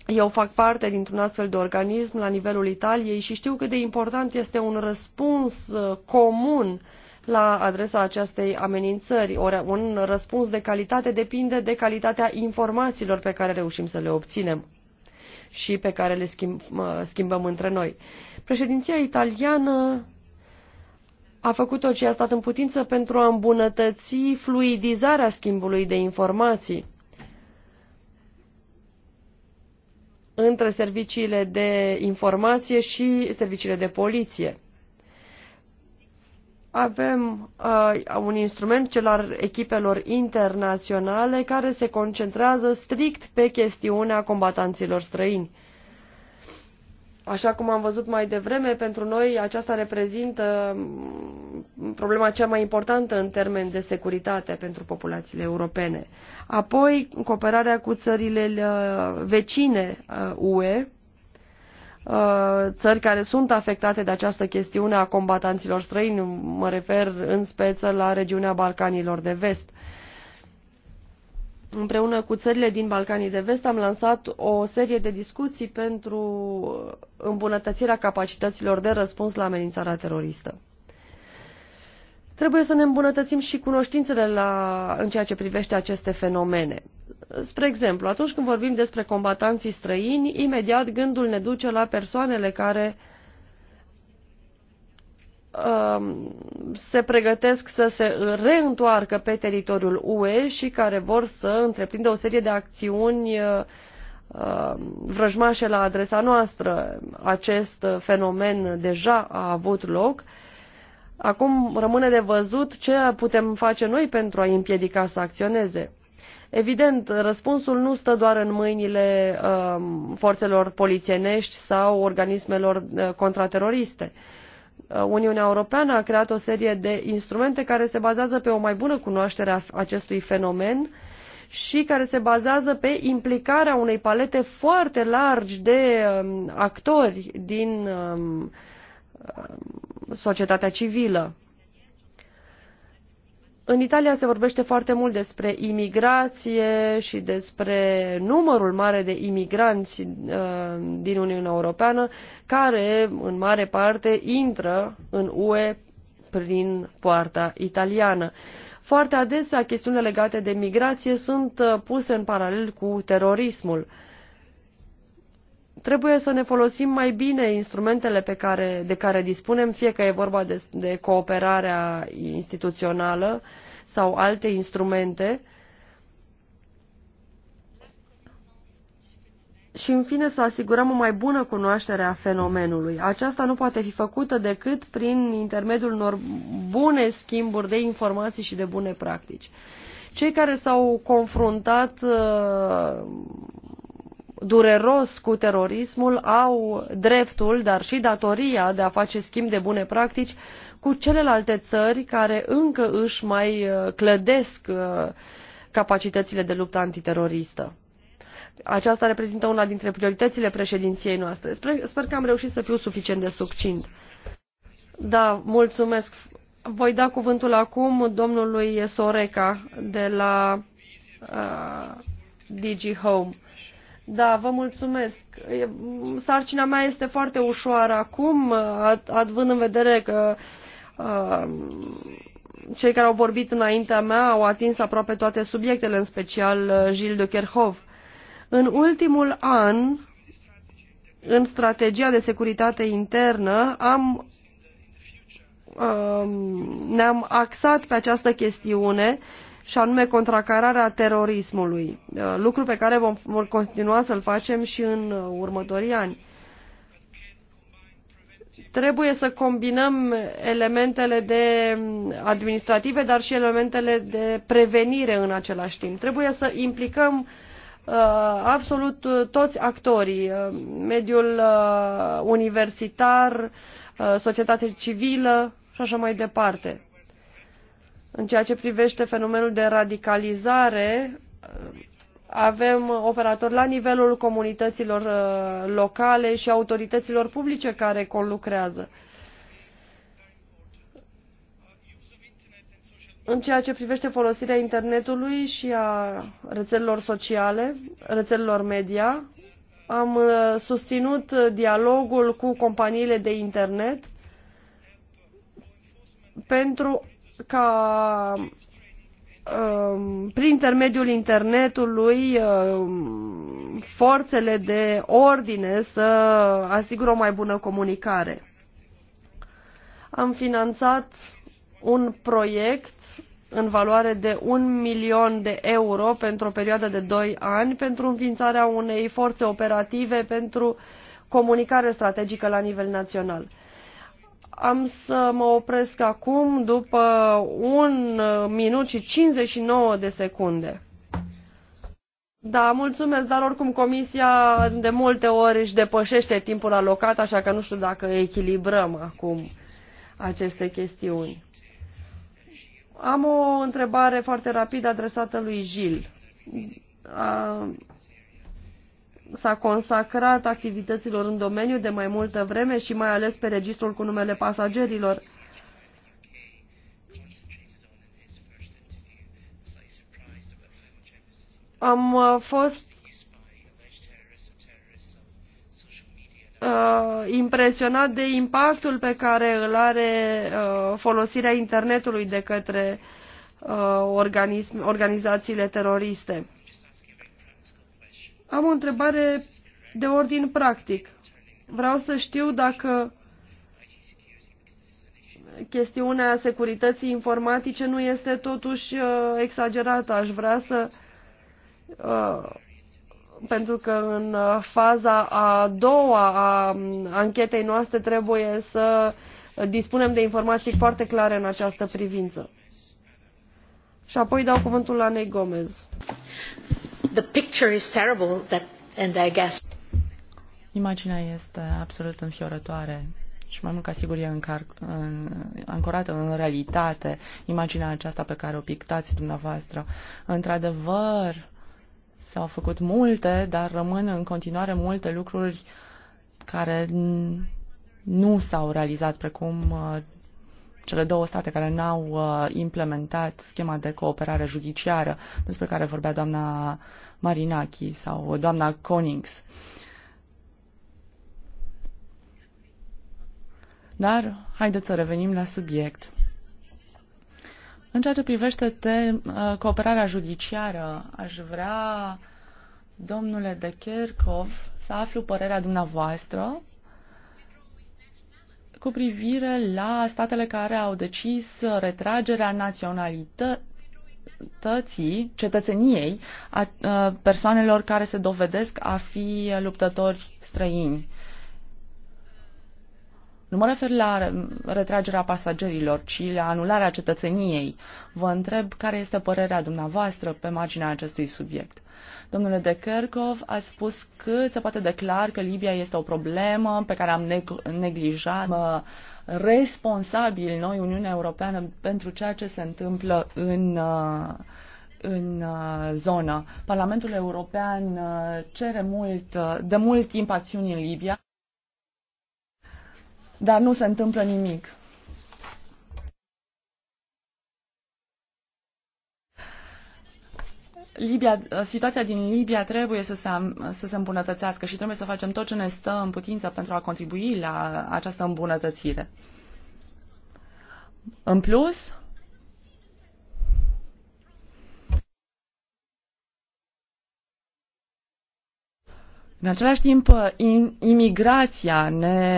Eu fac parte dintr-un astfel de organism la nivelul Italiei și știu cât de important este un răspuns uh, comun la adresa acestei amenințări. Ori un răspuns de calitate depinde de calitatea informațiilor pe care reușim să le obținem și pe care le schimb, schimbăm între noi. Președinția italiană a făcut tot ce a stat în putință pentru a îmbunătăți fluidizarea schimbului de informații între serviciile de informație și serviciile de poliție avem uh, un instrument cel al echipelor internaționale care se concentrează strict pe chestiunea combatanților străini. Așa cum am văzut mai devreme, pentru noi aceasta reprezintă mm, problema cea mai importantă în termen de securitate pentru populațiile europene. Apoi, cooperarea cu țările uh, vecine UE, uh, Uh, țări care sunt afectate de această chestiune a combatanților străini, mă refer în speță la regiunea Balcanilor de Vest. Împreună cu țările din Balcanii de Vest am lansat o serie de discuții pentru îmbunătățirea capacităților de răspuns la amenințarea teroristă. Trebuie să ne îmbunătățim și cunoștințele la, în ceea ce privește aceste fenomene. Spre exemplu, atunci când vorbim despre combatanții străini, imediat gândul ne duce la persoanele care um, se pregătesc să se reîntoarcă pe teritoriul UE și care vor să întreprindă o serie de acțiuni uh, um, vrăjmașe la adresa noastră. Acest fenomen deja a avut loc. Acum rămâne de văzut ce putem face noi pentru a împiedica să acționeze. Evident, răspunsul nu stă doar în mâinile um, forțelor polițienești sau organismelor uh, contrateroriste. Uh, Uniunea Europeană a creat o serie de instrumente care se bazează pe o mai bună cunoaștere a acestui fenomen și care se bazează pe implicarea unei palete foarte largi de um, actori din um, societatea civilă. În Italia se vorbește foarte mult despre imigrație și despre numărul mare de imigranți uh, din Uniunea Europeană care, în mare parte, intră în UE prin poarta italiană. Foarte adesea, chestiunile legate de migrație sunt uh, puse în paralel cu terorismul trebuie să ne folosim mai bine instrumentele pe care, de care dispunem, fie că e vorba de, de cooperarea instituțională sau alte instrumente. Și, în fine, să asigurăm o mai bună cunoaștere a fenomenului. Aceasta nu poate fi făcută decât prin intermediul unor bune schimburi de informații și de bune practici. Cei care s-au confruntat uh, dureros cu terorismul au dreptul, dar și datoria de a face schimb de bune practici cu celelalte țări care încă își mai uh, clădesc uh, capacitățile de luptă antiteroristă. Aceasta reprezintă una dintre prioritățile președinției noastre. Sper, sper că am reușit să fiu suficient de succint. Da, mulțumesc. Voi da cuvântul acum domnului Soreca de la uh, DG Home. Da, vă mulțumesc. Sarcina mea este foarte ușoară acum, având în vedere că uh, cei care au vorbit înaintea mea au atins aproape toate subiectele, în special uh, Gilles de Kerhov. În ultimul an, în strategia de securitate internă, am, uh, ne-am axat pe această chestiune uh, și anume contracararea terorismului, uh, lucru pe care vom, vom continua să-l facem și în uh, următorii ani. Trebuie să combinăm elementele de mm, administrative, dar și elementele de prevenire în același timp. Trebuie să implicăm uh, absolut uh, toți actorii, mediul universitar, societate civilă și așa mai departe. În ceea ce privește fenomenul de radicalizare, avem operatori la nivelul comunităților uh, locale și autorităților publice care conlucrează. În ceea ce privește folosirea internetului și a rețelelor sociale, rețelelor media, am uh, susținut dialogul cu companiile de internet pentru ca um, prin intermediul internetului um, forțele de ordine să asigură o mai bună comunicare. Am finanțat un proiect în valoare de un milion de euro pentru o perioadă de 2 ani pentru înființarea unei forțe operative pentru comunicare strategică la nivel național. Am să mă opresc acum după 1 minut și 59 de secunde. Da, mulțumesc, dar oricum comisia de multe ori își depășește timpul alocat, așa că nu știu dacă echilibrăm acum aceste chestiuni. Am o întrebare foarte rapidă adresată lui Gil s-a consacrat activităților în domeniu de mai multă vreme și mai ales pe registrul cu numele pasagerilor. Am uh, fost uh, impresionat de impactul pe care îl are uh, folosirea internetului de către uh, organizațiile teroriste. Am o întrebare de ordin practic. Vreau să știu dacă chestiunea securității informatice nu este totuși uh, exagerată. Aș vrea să... Uh, pentru că în uh, faza a doua a um, anchetei noastre trebuie să dispunem de informații foarte clare în această privință. Și apoi dau cuvântul la Ney Gomez. The picture is terrible that, and I guess... Imaginea este absolut înfiorătoare și mai mult ca sigur e încar, în, ancorată în realitate imaginea aceasta pe care o pictați dumneavoastră. Într-adevăr, s-au făcut multe, dar rămân în continuare multe lucruri care nu s-au realizat, precum uh, cele două state care n-au uh, implementat schema de cooperare judiciară despre care vorbea doamna Marinaki sau doamna Konings. Dar haideți să revenim la subiect. În ceea ce privește te, uh, cooperarea judiciară, aș vrea, domnule de Kerkov, să aflu părerea dumneavoastră cu privire la statele care au decis retragerea naționalității, cetățeniei a persoanelor care se dovedesc a fi luptători străini. Nu mă refer la retragerea pasagerilor, ci la anularea cetățeniei. Vă întreb care este părerea dumneavoastră pe marginea acestui subiect. Domnule de Kerkov, ați spus cât se poate declar că Libia este o problemă pe care am neg- neglijat responsabil noi, Uniunea Europeană, pentru ceea ce se întâmplă în uh, în uh, zonă. Parlamentul European uh, cere mult, de mult timp acțiuni în Libia, dar nu se întâmplă nimic. Libia, situația din Libia trebuie să se, să se îmbunătățească și trebuie să facem tot ce ne stă în putință pentru a contribui la această îmbunătățire. În plus, în același timp, imigrația ne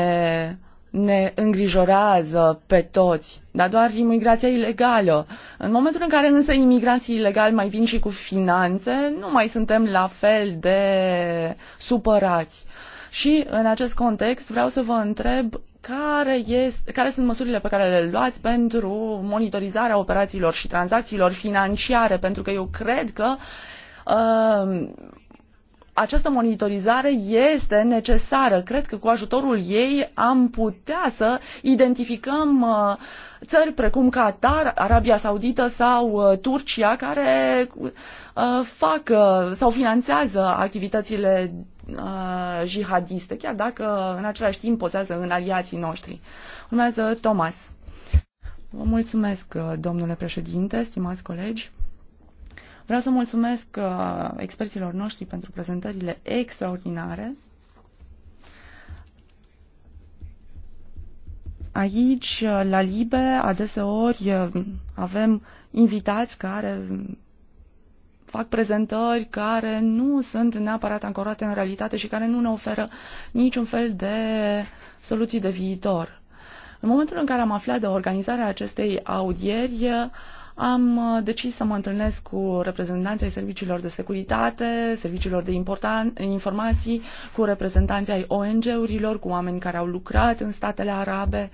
ne îngrijorează pe toți, dar doar imigrația ilegală. În momentul în care însă imigrații ilegali mai vin și cu finanțe, nu mai suntem la fel de supărați. Și în acest context vreau să vă întreb care, este, care sunt măsurile pe care le luați pentru monitorizarea operațiilor și tranzacțiilor financiare, pentru că eu cred că uh, această monitorizare este necesară. Cred că cu ajutorul ei am putea să identificăm uh, țări precum Qatar, Arabia Saudită sau uh, Turcia care uh, fac sau finanțează activitățile jihadiste, chiar dacă în același timp pozează în aliații noștri. Urmează Thomas. Vă mulțumesc, domnule președinte, stimați colegi. Vreau să mulțumesc uh, experților noștri pentru prezentările extraordinare. Aici, uh, la Libe, adeseori uh, avem invitați care fac prezentări care nu sunt neapărat ancorate în realitate și care nu ne oferă niciun fel de soluții de viitor. În momentul în care am aflat de organizarea acestei audieri, uh, am uh, decis să mă întâlnesc cu reprezentanții serviciilor de securitate, serviciilor de informații, cu reprezentanții ai ONG-urilor, cu oameni care au lucrat în statele arabe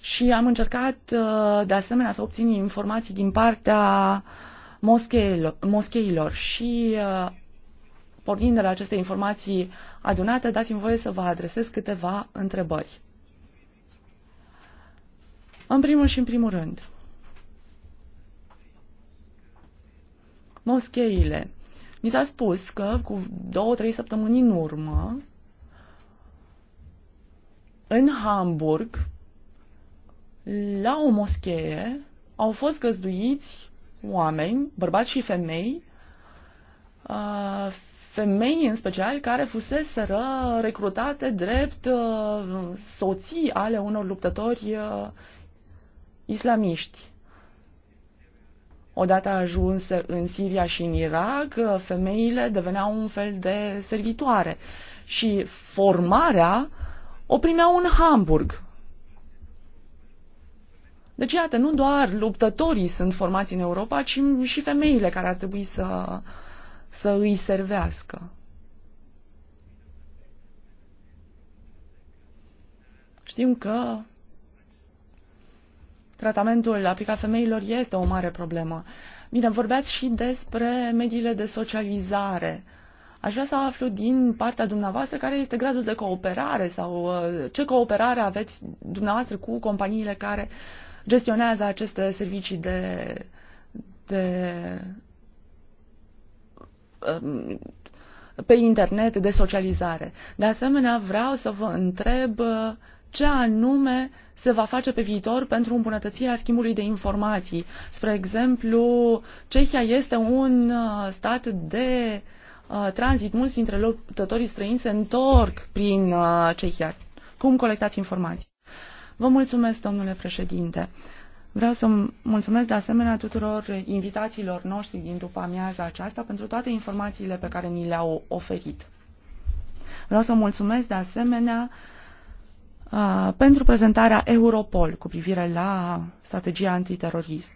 și am încercat uh, de asemenea să obțin informații din partea moscheilor, moscheilor și uh, pornind de la aceste informații adunate, dați-mi voie să vă adresez câteva întrebări. În primul și în primul rând, moscheile. Mi s-a spus că cu două, trei săptămâni în urmă, în Hamburg, la o moschee, au fost găzduiți oameni, bărbați și femei, uh, femei în special care fuseseră recrutate drept uh, soții ale unor luptători uh, islamiști. Odată ajunse în Siria și în Irak, femeile deveneau un fel de servitoare și formarea o primeau în Hamburg. Deci, iată, nu doar luptătorii sunt formați în Europa, ci și femeile care ar trebui să, să îi servească. Știm că tratamentul aplicat femeilor este o mare problemă. Bine, vorbeați și despre mediile de socializare. Aș vrea să aflu din partea dumneavoastră care este gradul de cooperare sau uh, ce cooperare aveți dumneavoastră cu companiile care gestionează aceste servicii de, de um, pe internet de socializare. De asemenea, vreau să vă întreb uh, ce anume se va face pe viitor pentru îmbunătățirea schimbului de informații. Spre exemplu, Cehia este un uh, stat de uh, tranzit. Mulți dintre luptătorii străini se întorc prin uh, Cehia. Cum colectați informații? Vă mulțumesc, domnule președinte. Vreau să mulțumesc de asemenea tuturor invitațiilor noștri din după amiaza aceasta pentru toate informațiile pe care ni le-au oferit. Vreau să mulțumesc de asemenea uh, Uh, pentru prezentarea Europol cu privire la strategia antiterorism.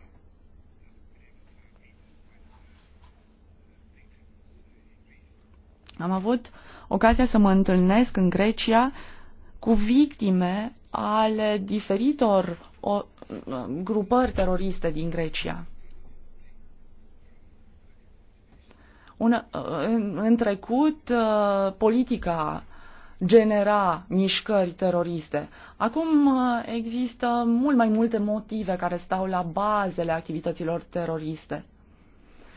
Am avut ocazia să mă întâlnesc în Grecia cu victime ale diferitor o, grupări teroriste din Grecia. Una, în, în trecut, uh, politica genera mișcări teroriste. Acum uh, există mult mai multe motive care stau la bazele activităților teroriste.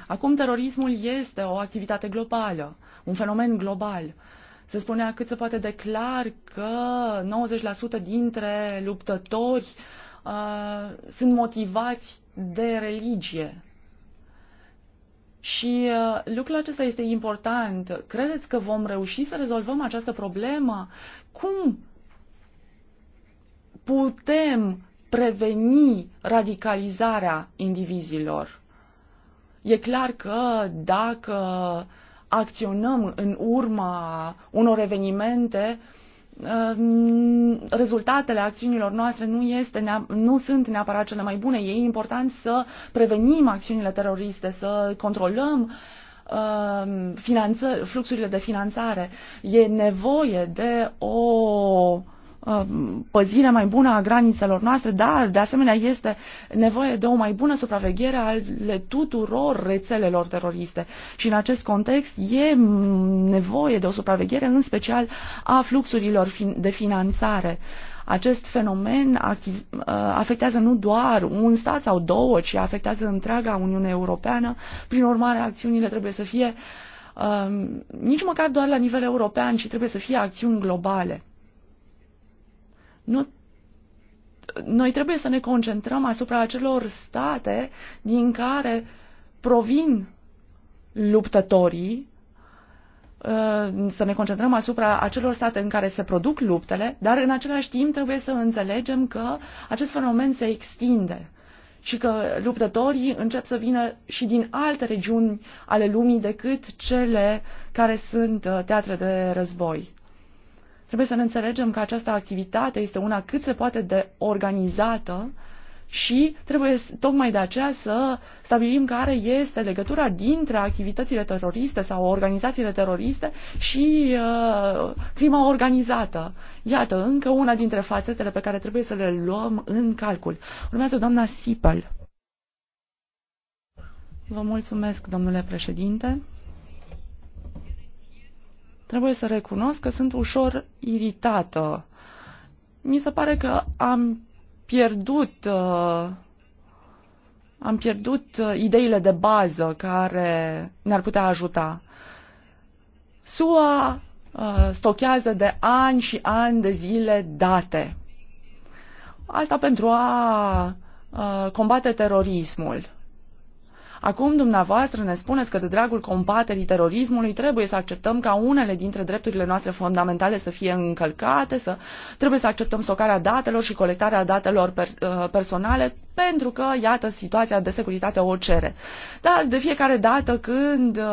Acum terorismul este o activitate globală, un fenomen global. Se spunea cât se poate de clar că 90% dintre luptători uh, sunt motivați de religie. Și uh, lucrul acesta este important. Credeți că vom reuși să rezolvăm această problemă? Cum putem preveni radicalizarea indivizilor? E clar că dacă acționăm în urma unor evenimente, uh, Uh, rezultatele acțiunilor noastre nu, este, nu sunt neapărat cele mai bune. E important să prevenim acțiunile teroriste, să controlăm uh, finanță, fluxurile de finanțare. E nevoie de o Uh, păzire mai bună a granițelor noastre, dar de asemenea este nevoie de o mai bună supraveghere ale tuturor rețelelor teroriste. Și în acest context e nevoie de o supraveghere în special a fluxurilor de finanțare acest fenomen activ, uh, afectează nu doar un stat sau două, ci afectează întreaga Uniune Europeană. Prin urmare, acțiunile trebuie să fie um, nici măcar doar la nivel european, ci trebuie să fie acțiuni globale. Nu noi trebuie să ne concentrăm asupra acelor state din care provin luptătorii, uh, să ne concentrăm asupra acelor state în care se produc luptele, dar în același timp trebuie să înțelegem că acest fenomen se extinde și că luptătorii încep să vină și din alte regiuni ale lumii decât cele care sunt uh, teatre de război. Trebuie să ne înțelegem că această activitate este una cât se poate de organizată și trebuie tocmai de aceea să stabilim care este legătura dintre activitățile teroriste sau organizațiile teroriste și uh, crima organizată. Iată, încă una dintre fațetele pe care trebuie să le luăm în calcul. Urmează doamna Sipal. Vă mulțumesc, domnule președinte. Trebuie să recunosc că sunt ușor iritată. Mi se pare că am pierdut uh, am pierdut uh, ideile de bază care ne-ar putea ajuta. SUA uh, stochează de ani și ani de zile date. Asta pentru a uh, combate terorismul. Acum dumneavoastră ne spuneți că de dragul combaterii terorismului trebuie să acceptăm ca unele dintre drepturile noastre fundamentale să fie încălcate, să trebuie să acceptăm stocarea datelor și colectarea datelor per, uh, personale pentru că, iată, situația de securitate o cere. Dar de fiecare dată când uh,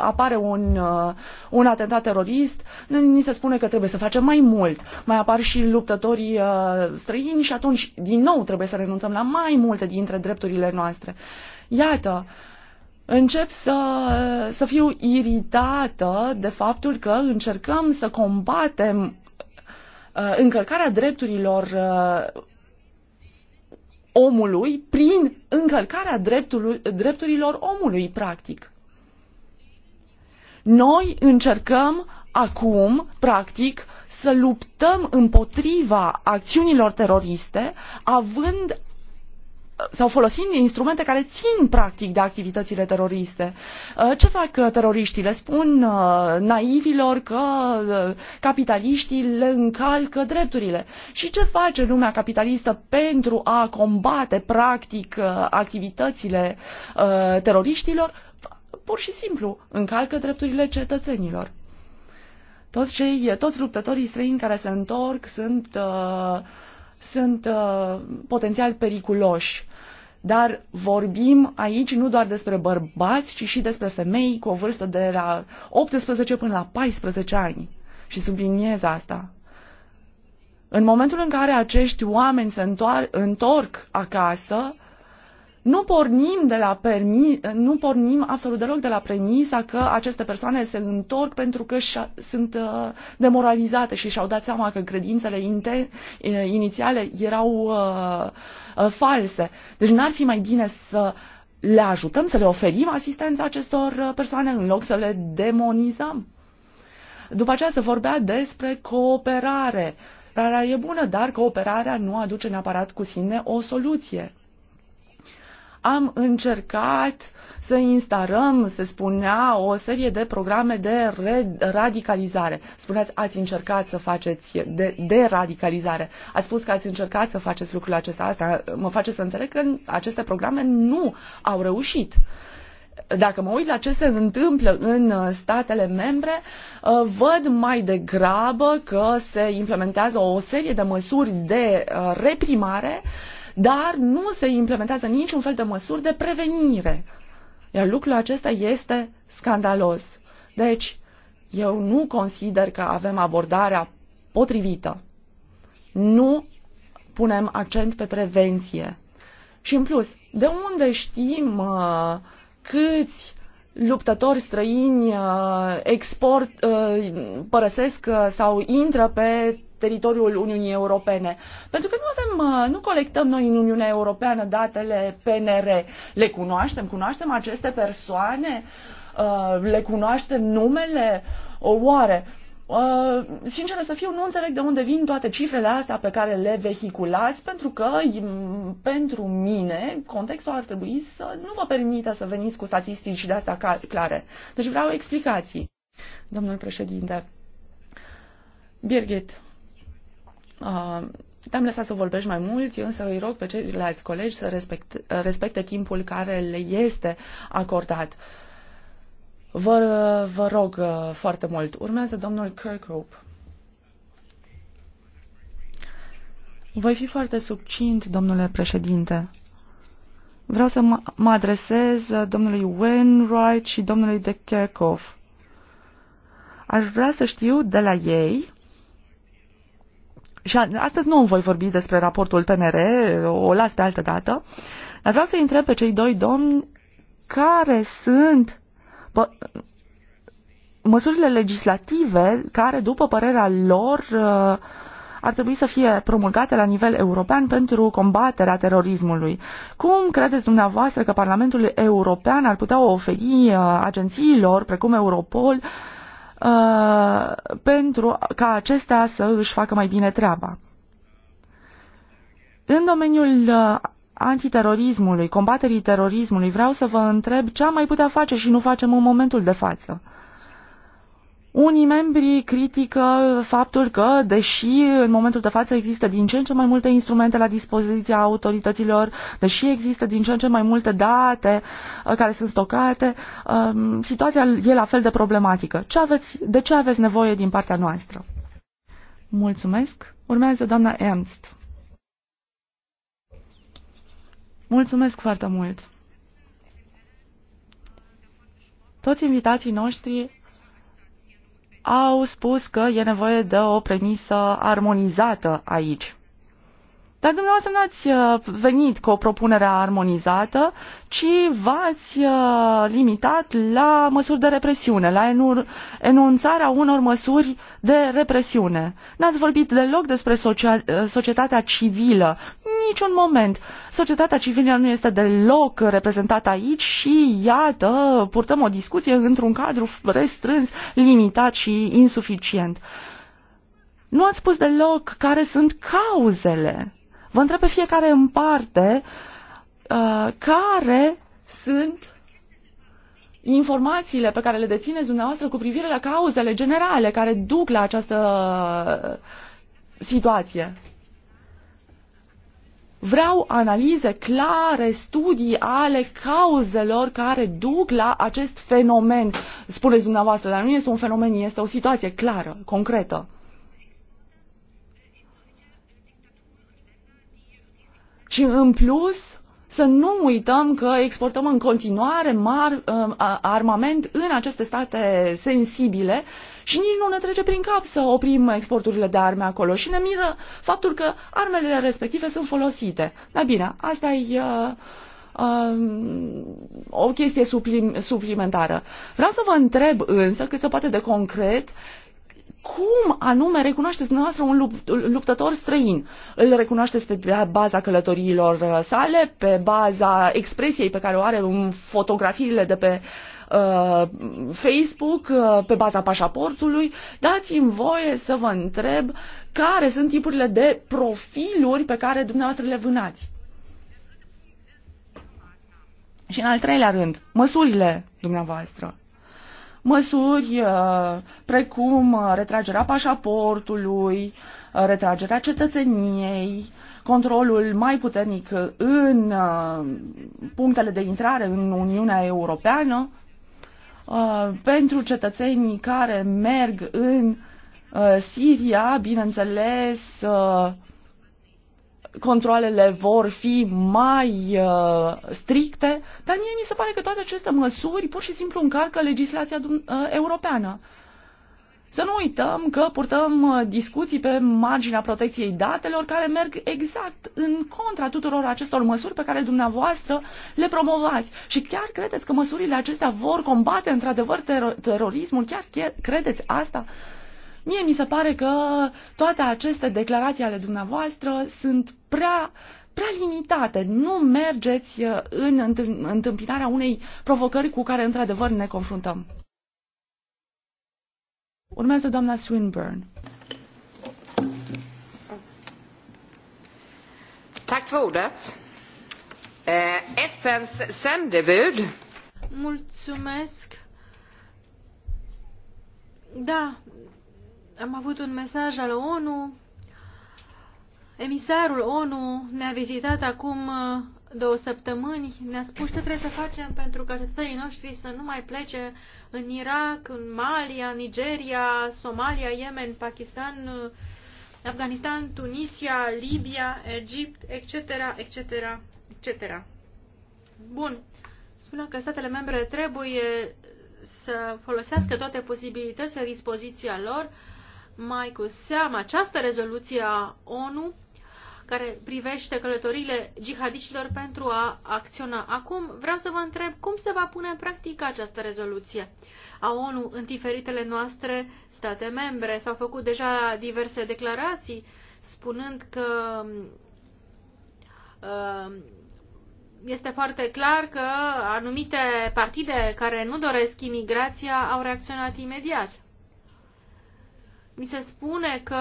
apare un, uh, un atentat terorist, ni se spune că trebuie să facem mai mult. Mai apar și luptătorii uh, străini și atunci din nou trebuie să renunțăm la mai multe dintre drepturile noastre. Iată, încep să, să fiu iritată de faptul că încercăm să combatem uh, încălcarea drepturilor uh, omului prin încălcarea drepturilor omului, practic. Noi încercăm acum, practic, să luptăm împotriva acțiunilor teroriste, având sau folosind instrumente care țin practic de activitățile teroriste. Uh, ce fac uh, teroriștii? Le spun uh, naivilor că capitaliștii le încalcă drepturile. Și ce face lumea capitalistă pentru a combate practic activitățile teroriștilor? Pur și simplu încalcă drepturile cetățenilor. Toți, cei, toți luptătorii străini care se întorc sunt uh, sunt uh, potențial periculoși. Dar vorbim aici nu doar despre bărbați, ci și despre femei cu o vârstă de la 18 până la 14 ani. Și subliniez asta. În momentul în care acești oameni se întorc acasă, uh, nu pornim, de la permi, nu pornim absolut deloc de la premisa că aceste persoane se întorc pentru că sunt uh, demoralizate și și-au dat seama că credințele inte, uh, inițiale erau uh, uh, false. Deci n-ar fi mai bine să le ajutăm, să le oferim asistența acestor persoane în loc să le demonizăm. După aceea se vorbea despre cooperare. Rara e bună, dar cooperarea nu aduce neapărat cu sine o soluție am încercat să instalăm, se spunea, o serie de programe de radicalizare. Spuneați, ați încercat să faceți de, de radicalizare. Ați spus că ați încercat să faceți lucrul acesta. Asta mă face să înțeleg că aceste programe nu au reușit dacă mă uit la ce se întâmplă în uh, statele membre, uh, văd mai degrabă că se implementează o serie de măsuri de uh, reprimare dar nu se implementează niciun fel de măsuri de prevenire. Iar lucrul acesta este scandalos. Deci, eu nu consider că avem abordarea potrivită. Nu punem accent pe prevenție. Și în plus, de unde știm uh, câți luptători străini uh, export, uh, părăsesc uh, sau intră pe teritoriul Uniunii Europene. Pentru că nu avem, uh, nu colectăm noi în Uniunea Europeană datele PNR. Le cunoaștem, cunoaștem aceste persoane, uh, le cunoaștem numele, oare. Uh, sincer să fiu, nu înțeleg de unde vin toate cifrele astea pe care le vehiculați, pentru că pentru mine contextul ar trebui să nu vă permită să veniți cu statistici de astea clare. Deci vreau explicații, domnul președinte. Birgit, Uh, Te-am lăsat să vorbești mai mulți, însă îi rog pe ceilalți colegi să respect, respecte timpul care le este acordat. Vă, vă rog uh, foarte mult. Urmează domnul Kirkhope. Voi fi foarte succint, domnule președinte. Vreau să mă adresez uh, domnului Wainwright și domnului de Kerkhoff. Aș vrea să știu de la ei și astăzi nu voi vorbi despre raportul PNR, o las pe altă dată, dar vreau să întreb pe cei doi domni care sunt măsurile legislative care, după părerea lor, uh, ar trebui să fie promulgate la nivel european pentru combaterea terorismului. Cum credeți dumneavoastră că Parlamentul European ar putea oferi uh, agențiilor, precum Europol, uh, Uh, pentru ca acestea să își facă mai bine treaba. În domeniul uh, antiterorismului, combaterii terorismului, vreau să vă întreb ce am mai putea face și nu facem în momentul de față. Uh, unii membri critică faptul că, deși în momentul de față există din ce în ce mai multe instrumente la dispoziția autorităților, deși există din ce în ce mai multe date uh, care sunt stocate, um, situația e la fel de problematică. Ce aveți, de ce aveți nevoie din partea noastră? Mulțumesc. Urmează doamna Ernst. Mulțumesc foarte mult. Toți invitații noștri au spus că e nevoie de o premisă armonizată aici. Dar dumneavoastră nu ați uh, venit cu o propunere armonizată, ci v-ați uh, limitat la măsuri de represiune, la enunțarea unor măsuri de represiune. N-ați vorbit deloc despre uh, societatea civilă, niciun moment. Societatea civilă nu este deloc reprezentată aici și, iată, purtăm o discuție într-un cadru restrâns, limitat și insuficient. Nu ați spus deloc care sunt cauzele Vă întreb pe fiecare în parte uh, care sunt informațiile pe care le dețineți dumneavoastră cu privire la cauzele generale care duc la această situație. Vreau analize clare, studii ale cauzelor care duc la acest fenomen. Spuneți dumneavoastră, dar nu este un fenomen, este o situație clară, concretă. Și în plus, să nu uităm că exportăm în continuare mar, uh, armament în aceste state sensibile și nici nu ne trece prin cap să oprim exporturile de arme acolo și ne miră faptul că armele respective sunt folosite. Dar bine, asta e uh, uh, o chestie suplim, suplimentară. Vreau să vă întreb însă cât se poate de concret cum anume recunoașteți dumneavoastră un luptător străin? Îl recunoașteți pe baza călătoriilor sale, pe baza expresiei pe care o are în fotografiile de pe uh, Facebook, uh, pe baza pașaportului? Dați-mi voie să vă întreb care sunt tipurile de profiluri pe care dumneavoastră le vânați. Și în al treilea rând, măsurile dumneavoastră măsuri uh, precum uh, retragerea pașaportului, uh, retragerea cetățeniei, controlul mai puternic în punctele de intrare în Uniunea Europeană pentru cetățenii care merg în Siria, bineînțeles, controlele vor fi mai uh, stricte, dar mie mi se pare că toate aceste măsuri pur și simplu încarcă legislația uh, europeană. Să nu uităm că purtăm uh, discuții pe marginea protecției datelor care merg exact în contra tuturor acestor măsuri pe care dumneavoastră le promovați. Și chiar credeți că măsurile acestea vor combate într-adevăr ter- terorismul? Chiar credeți asta? Uh, Mie mi se pare că toate aceste declarații ale dumneavoastră sunt prea prea limitate. Nu mergeți uh, în întâmpinarea unei provocări cu care într-adevăr ne confruntăm. Urmează doamna Swinburne. Tack för ordet. Eh, FNs sändebud. Mulțumesc. Da, am avut un mesaj al ONU. Emisarul ONU ne-a vizitat acum uh, două săptămâni, ne-a spus ce trebuie să facem pentru ca țării noștri să nu mai plece în Irak, în Malia, Nigeria, Somalia, Yemen, Pakistan, uh, Afganistan, Tunisia, Libia, Egipt, etc., etc., etc. Bun. Spunea că statele membre trebuie să folosească toate posibilitățile la dispoziția lor mai cu seamă această rezoluție a ONU care privește călătorile jihadiștilor pentru a acționa. Acum vreau să vă întreb cum se va pune în practică această rezoluție a ONU în diferitele noastre state membre. S-au făcut deja diverse declarații spunând că uh, este foarte clar că anumite partide care nu doresc imigrația au reacționat imediat. Mi se spune că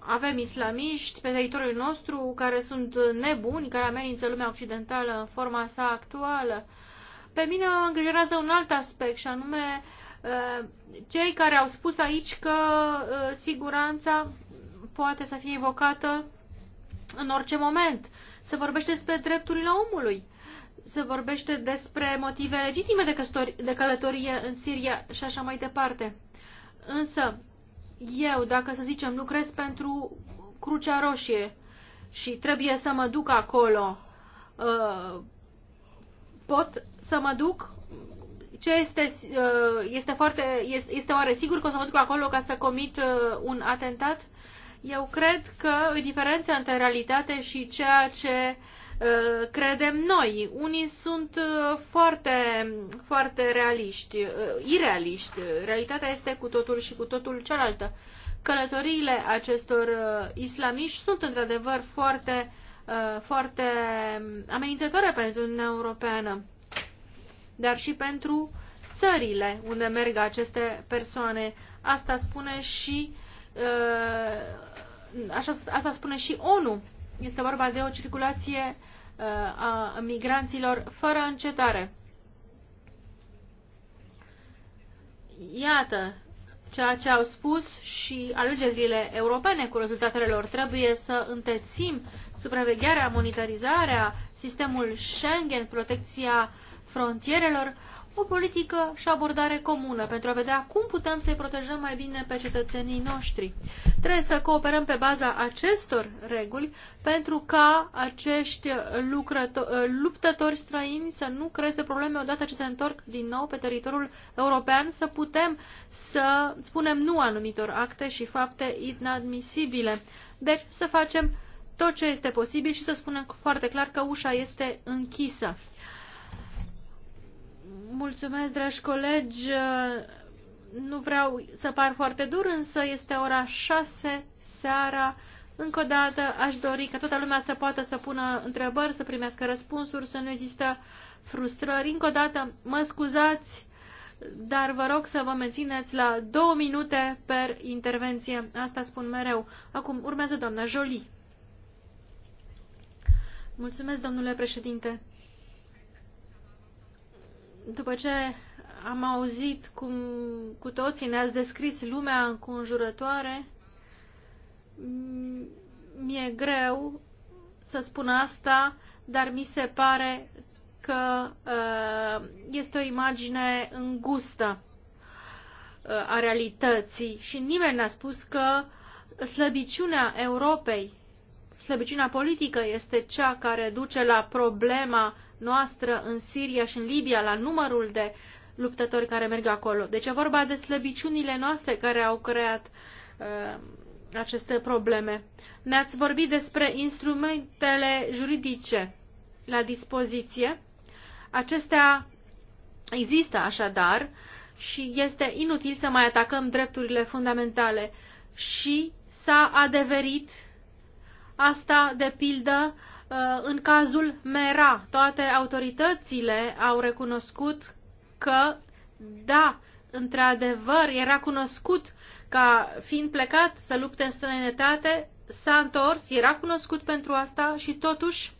avem islamiști pe teritoriul nostru care sunt nebuni, care amenință lumea occidentală în forma sa actuală. Pe mine mă îngrijorează un alt aspect și anume cei care au spus aici că siguranța poate să fie invocată în orice moment. Se vorbește despre drepturile omului, se vorbește despre motive legitime de, căstori, de călătorie în Siria și așa mai departe. Însă, eu, dacă să zicem, lucrez pentru Crucea Roșie și trebuie să mă duc acolo, uh, pot să mă duc? Ce este, uh, este foarte, este, este oare sigur că o să mă duc acolo ca să comit uh, un atentat? Eu cred că e diferență între realitate și ceea ce uh, Uh, credem noi. Unii sunt uh, foarte, foarte realiști, uh, irealiști. Realitatea este cu totul și cu totul cealaltă. Călătoriile acestor islamiști sunt într-adevăr foarte, foarte amenințătoare pentru Uniunea Europeană, dar și pentru țările unde merg aceste persoane. Asta spune și Așa, asta spune și ONU este vorba de o circulație uh, a migranților fără încetare. Iată ceea ce au spus și alegerile europene cu rezultatele lor. Trebuie să întețim supravegherea, monitorizarea, sistemul Schengen, protecția frontierelor o politică și abordare comună pentru a vedea cum putem să-i protejăm mai bine pe cetățenii noștri. Trebuie să cooperăm pe baza acestor reguli pentru ca acești luptători străini să nu creeze probleme odată ce se întorc din nou pe teritoriul european, să putem să spunem nu anumitor acte și fapte inadmisibile. Deci să facem tot ce este posibil și să spunem foarte clar că ușa este închisă. Mulțumesc, dragi colegi. Nu vreau să par foarte dur, însă este ora 6 seara. Încă o dată aș dori ca toată lumea să poată să pună întrebări, să primească răspunsuri, să nu există frustrări. Încă o dată mă scuzați, dar vă rog să vă mențineți la două minute per intervenție. Asta spun mereu. Acum urmează doamna Jolie. Mulțumesc, domnule președinte după ce am auzit cum cu toții ne-ați descris lumea înconjurătoare, mi-e greu să spun asta, dar mi se pare că uh, este o imagine îngustă uh, a realității și nimeni n-a spus că slăbiciunea Europei, slăbiciunea politică este cea care duce la problema noastră în Siria și în Libia la numărul de luptători care merg acolo. Deci e vorba de slăbiciunile noastre care au creat uh, aceste probleme. Ne-ați vorbit despre instrumentele juridice la dispoziție. Acestea există așadar și este inutil să mai atacăm drepturile fundamentale și s-a adeverit asta de pildă Uh, în cazul Mera, toate autoritățile au recunoscut că, da, într-adevăr, era cunoscut ca fiind plecat să lupte în străinătate, s-a întors, era cunoscut pentru asta și totuși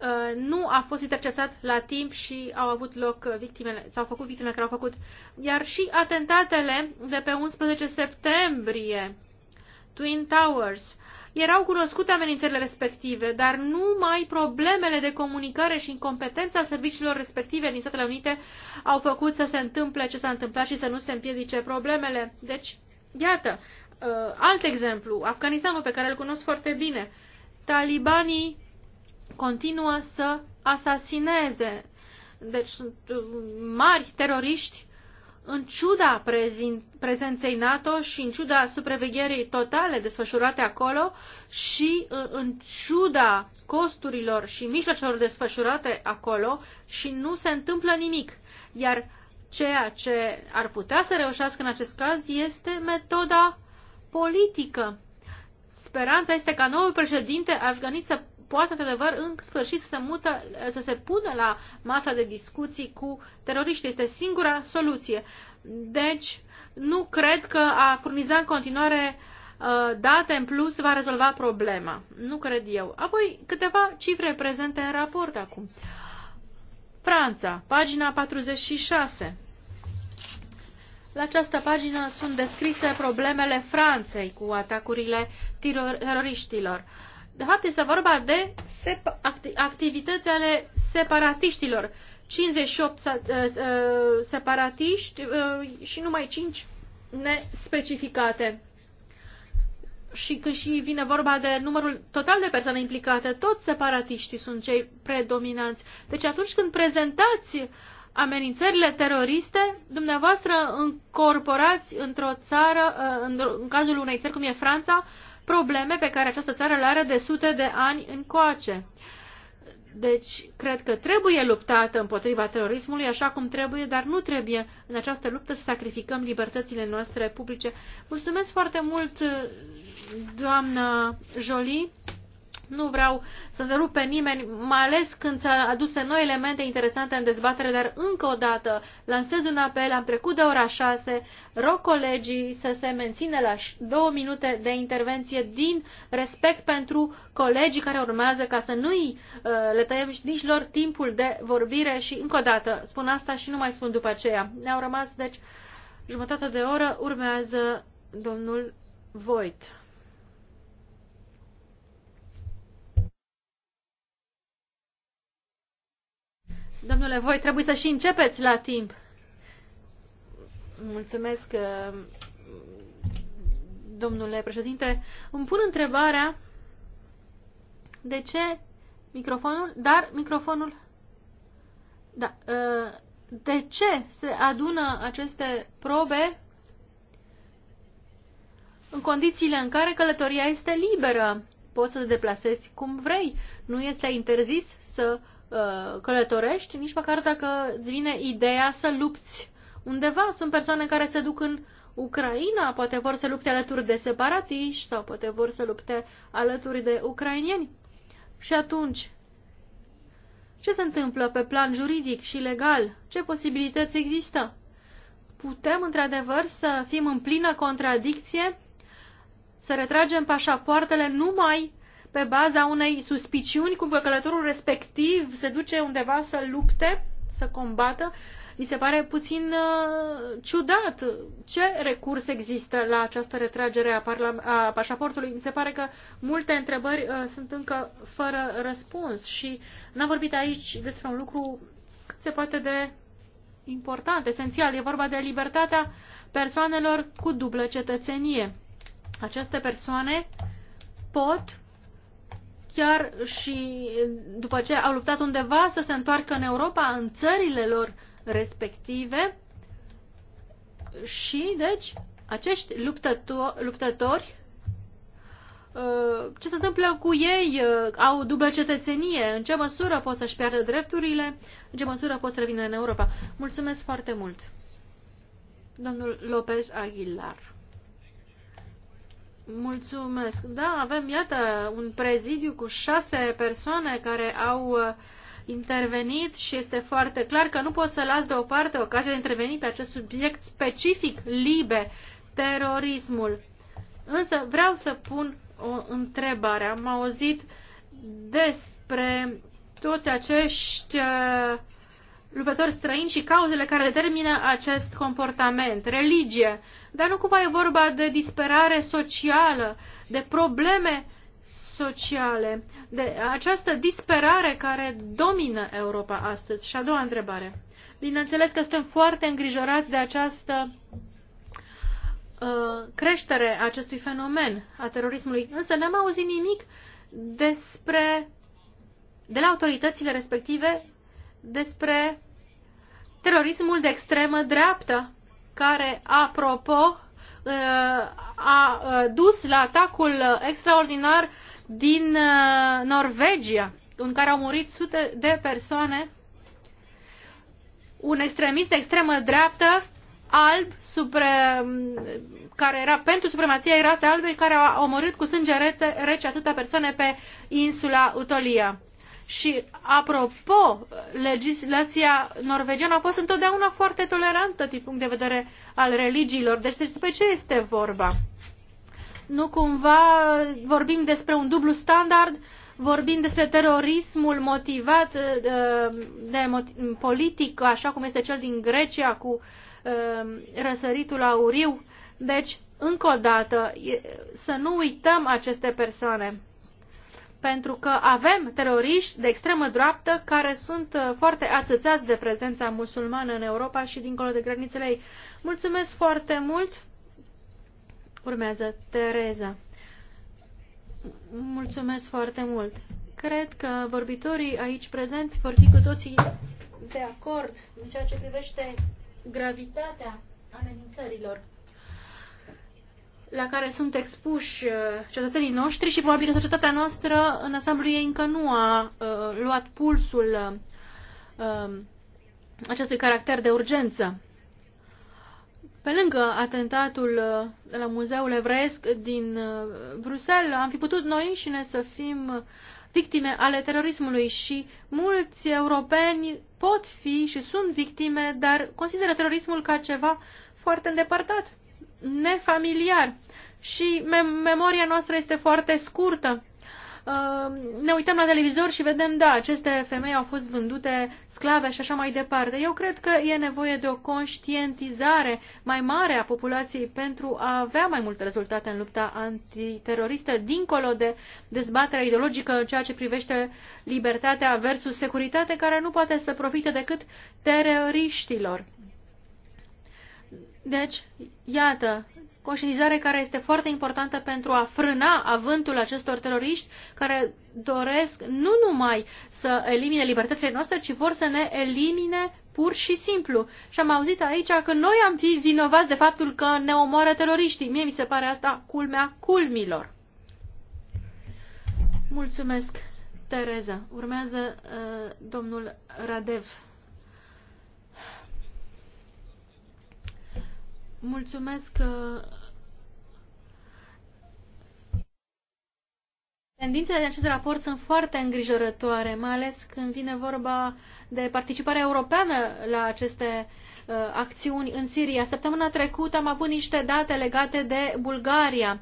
uh, nu a fost interceptat la timp și au avut loc victimele, s-au făcut victimele care au făcut. Iar și atentatele de pe 11 septembrie, Twin Towers, erau cunoscute amenințările respective, dar numai problemele de comunicare și incompetența serviciilor respective din Statele Unite au făcut să se întâmple ce s-a întâmplat și să nu se împiedice problemele. Deci, iată, uh, alt exemplu, Afganistanul pe care îl cunosc foarte bine. Talibanii continuă să asasineze. Deci sunt uh, mari teroriști în ciuda prezenței NATO și în ciuda supravegherii totale desfășurate acolo și uh, în ciuda costurilor și mijlocelor desfășurate acolo și nu se întâmplă nimic. Iar ceea ce ar putea să reușească în acest caz este metoda politică. Speranța este ca noul președinte afganit să poate, într-adevăr, în sfârșit să se, mută, să se pună la masa de discuții cu teroriștii. Este singura soluție. Deci, nu cred că a furniza în continuare uh, date în plus va rezolva problema. Nu cred eu. Apoi, câteva cifre prezente în raport acum. Franța, pagina 46. La această pagină sunt descrise problemele Franței cu atacurile teroriștilor. Uh, de fapt, este vorba de activități ale separatiștilor. 58 eh, eh, separatiști eh, și numai 5 nespecificate. Și când și vine vorba de numărul total de persoane implicate, toți separatiștii sunt cei predominanți. Deci atunci când prezentați amenințările teroriste, dumneavoastră încorporați într-o țară, în cazul unei țări cum e Franța, probleme pe care această țară le are de sute de ani încoace. Deci, cred că trebuie luptată împotriva terorismului așa cum trebuie, dar nu trebuie în această luptă să sacrificăm libertățile noastre publice. Mulțumesc foarte mult, doamna Jolie. Nu vreau să rup pe nimeni, mai ales când s-au adus noi elemente interesante în dezbatere, dar încă o dată lansez un apel, am trecut de ora 6, rog colegii să se mențină la două minute de intervenție din respect pentru colegii care urmează ca să nu-i uh, le tăiem nici lor timpul de vorbire și încă o dată spun asta și nu mai spun după aceea. Ne-au rămas, deci, jumătate de oră, urmează domnul Voit. Domnule, voi trebuie să și începeți la timp. Mulțumesc, uh, domnule președinte. Îmi pun întrebarea de ce microfonul, dar microfonul, da, uh, de ce se adună aceste probe în condițiile în care călătoria este liberă? Poți să te deplasezi cum vrei. Nu este interzis să Uh, călătorești, nici măcar dacă îți vine ideea să lupți undeva. Sunt persoane care se duc în Ucraina, poate vor să lupte alături de separatiști sau poate vor să lupte alături de ucrainieni. Și atunci, ce se întâmplă pe plan juridic și legal? Ce posibilități există? Putem, într-adevăr, să fim în plină contradicție, să retragem pașapoartele numai pe baza unei suspiciuni cum că călătorul respectiv se duce undeva să lupte, să combată, mi se pare puțin uh, ciudat ce recurs există la această retragere a, a pașaportului. Mi se pare că multe întrebări uh, sunt încă fără răspuns și n-am vorbit aici despre un lucru se poate de important, esențial. E vorba de libertatea persoanelor cu dublă cetățenie. Aceste persoane pot chiar și după ce au luptat undeva să se întoarcă în Europa, în țările lor respective. Și, deci, acești luptători, luptători uh, ce se întâmplă cu ei? Uh, au dublă cetățenie? În ce măsură pot să-și piardă drepturile? În ce măsură pot să revină în Europa? Mulțumesc foarte mult! Domnul Lopez Aguilar. Mulțumesc. Da, avem, iată, un prezidiu cu șase persoane care au uh, intervenit și este foarte clar că nu pot să las deoparte ocazia de interveni pe acest subiect specific, libe, terorismul. Însă vreau să pun o întrebare. Am auzit despre toți acești uh, luptători străini și cauzele care determină acest comportament, religie, dar nu cumva e vorba de disperare socială, de probleme sociale, de această disperare care domină Europa astăzi. Și a doua întrebare. Bineînțeles că suntem foarte îngrijorați de această uh, creștere a acestui fenomen a terorismului, însă n-am auzit nimic despre de la autoritățile respective despre terorismul de extremă dreaptă, care, apropo, uh, a uh, dus la atacul extraordinar din uh, Norvegia, în care au murit sute de persoane. Un extremist de extremă dreaptă, alb, supre, um, care era pentru supremația rasei albei, care a omorât cu sânge rece atâta persoane pe insula Utolia. Și, apropo, legislația norvegiană a fost întotdeauna foarte tolerantă din punct de vedere al religiilor. Deci despre ce este vorba? Nu cumva vorbim despre un dublu standard, vorbim despre terorismul motivat uh, de politic, așa cum este cel din Grecia cu uh, răsăritul auriu. Deci, încă o dată, să nu uităm aceste persoane pentru că avem teroriști de extremă dreaptă care sunt uh, foarte atățați de prezența musulmană în Europa și dincolo de granițele ei. Mulțumesc foarte mult! Urmează Tereza. Mulțumesc foarte mult! Cred că vorbitorii aici prezenți vor fi cu toții de acord în ceea ce privește gravitatea amenințărilor la care sunt expuși uh, cetățenii noștri și probabil că societatea noastră în ansamblu ei încă nu a uh, luat pulsul uh, um, acestui caracter de urgență. Pe lângă atentatul de la Muzeul Evreiesc din Bruxelles, am fi putut noi și ne să fim victime ale terorismului și mulți europeni pot fi și sunt victime, dar consideră terorismul ca ceva foarte îndepărtat nefamiliar și mem- memoria noastră este foarte scurtă. Uh, ne uităm la televizor și vedem, da, aceste femei au fost vândute sclave și așa mai departe. Eu cred că e nevoie de o conștientizare mai mare a populației pentru a avea mai multe rezultate în lupta antiteroristă, dincolo de dezbaterea ideologică în ceea ce privește libertatea versus securitate, care nu poate să profite decât teroriștilor. Deci, iată, conștientizare care este foarte importantă pentru a frâna avântul acestor teroriști care doresc nu numai să elimine libertățile noastre, ci vor să ne elimine pur și simplu. Și am auzit aici că noi am fi vinovați de faptul că ne omoară teroriștii. Mie mi se pare asta culmea culmilor. Mulțumesc, Tereza. Urmează uh, domnul Radev. Mulțumesc. Uh, tendințele din acest raport sunt foarte îngrijorătoare, mai ales când vine vorba de participarea europeană la aceste uh, acțiuni în Siria. Săptămâna trecută am avut niște date legate de Bulgaria.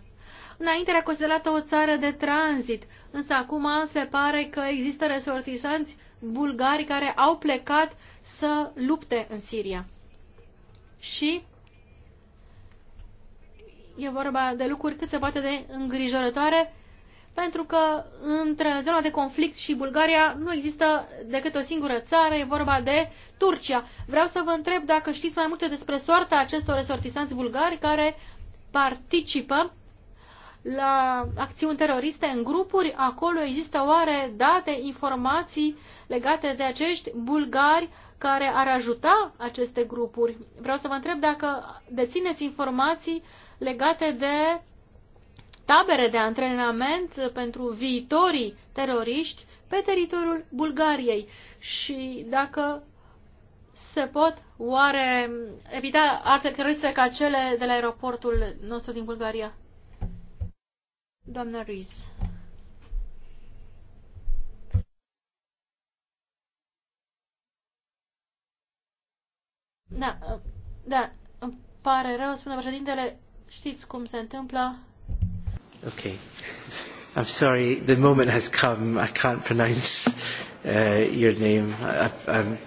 Înainte era considerată o țară de tranzit, însă acum se pare că există resortisanți bulgari care au plecat să lupte în Siria. Și E vorba de lucruri cât se poate de îngrijorătoare, pentru că între zona de conflict și Bulgaria nu există decât o singură țară, e vorba de Turcia. Vreau să vă întreb dacă știți mai multe despre soarta acestor resortisanți bulgari care participă la acțiuni teroriste în grupuri. Acolo există oare date, informații legate de acești bulgari care ar ajuta aceste grupuri? Vreau să vă întreb dacă dețineți informații legate de tabere de antrenament pentru viitorii teroriști pe teritoriul Bulgariei și dacă se pot oare evita arte teroriste ca cele de la aeroportul nostru din Bulgaria? Doamna Ruiz. Da, da, îmi pare rău, spune președintele, Știți cum se întâmplă? Ok. I'm sorry, the moment has come. I can't pronounce uh, your name. I, I'm,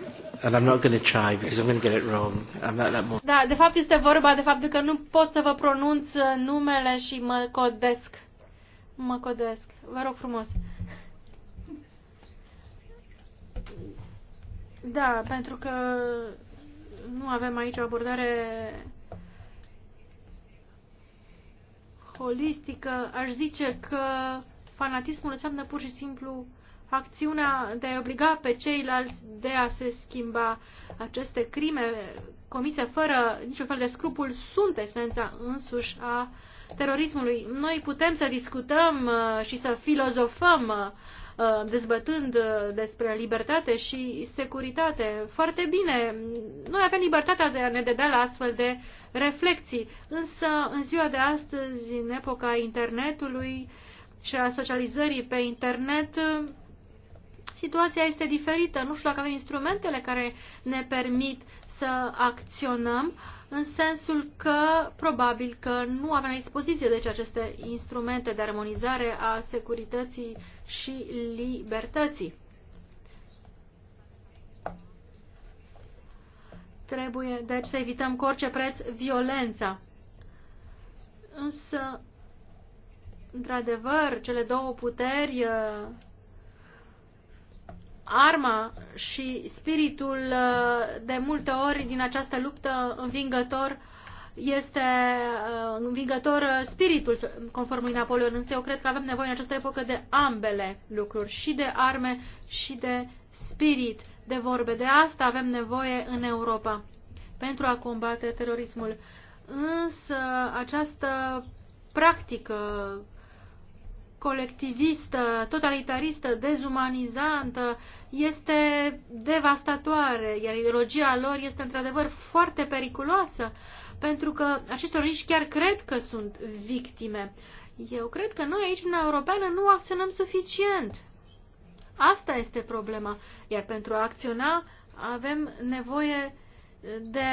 and I'm not going to try because I'm going to get it wrong. I'm at that moment. Da, de fapt este vorba de fapt că nu pot să vă pronunț uh, numele și mă codesc. Mă codesc. Vă rog frumos. Da, pentru că nu avem aici o abordare holistică, aș zice că fanatismul înseamnă pur și simplu acțiunea de a obliga pe ceilalți de a se schimba. Aceste crime comise fără niciun fel de scrupul sunt esența însuși a terorismului. Noi putem să discutăm uh, și să filozofăm uh, Uh, dezbătând uh, despre libertate și securitate. Foarte bine, noi avem libertatea de a ne dedea la astfel de reflexii, însă în ziua de astăzi, în epoca internetului și a socializării pe internet, uh, situația este diferită. Nu știu dacă avem instrumentele care ne permit să acționăm în sensul că probabil că nu avem la dispoziție deci aceste instrumente de armonizare a securității și libertății. Trebuie, deci, să evităm cu orice preț violența. Însă, într-adevăr, cele două puteri, uh, arma și spiritul, uh, de multe ori, din această luptă învingător, este uh, învingător uh, spiritul, conform lui Napoleon, însă eu cred că avem nevoie în această epocă de ambele lucruri, și de arme, și de spirit, de vorbe. De asta avem nevoie în Europa pentru a combate terorismul. Însă această practică colectivistă, totalitaristă, dezumanizantă, este devastatoare, iar ideologia lor este într-adevăr foarte periculoasă pentru că acești teroriști chiar cred că sunt victime. Eu cred că noi aici, în Europeană, nu acționăm suficient. Asta este problema. Iar pentru a acționa avem nevoie de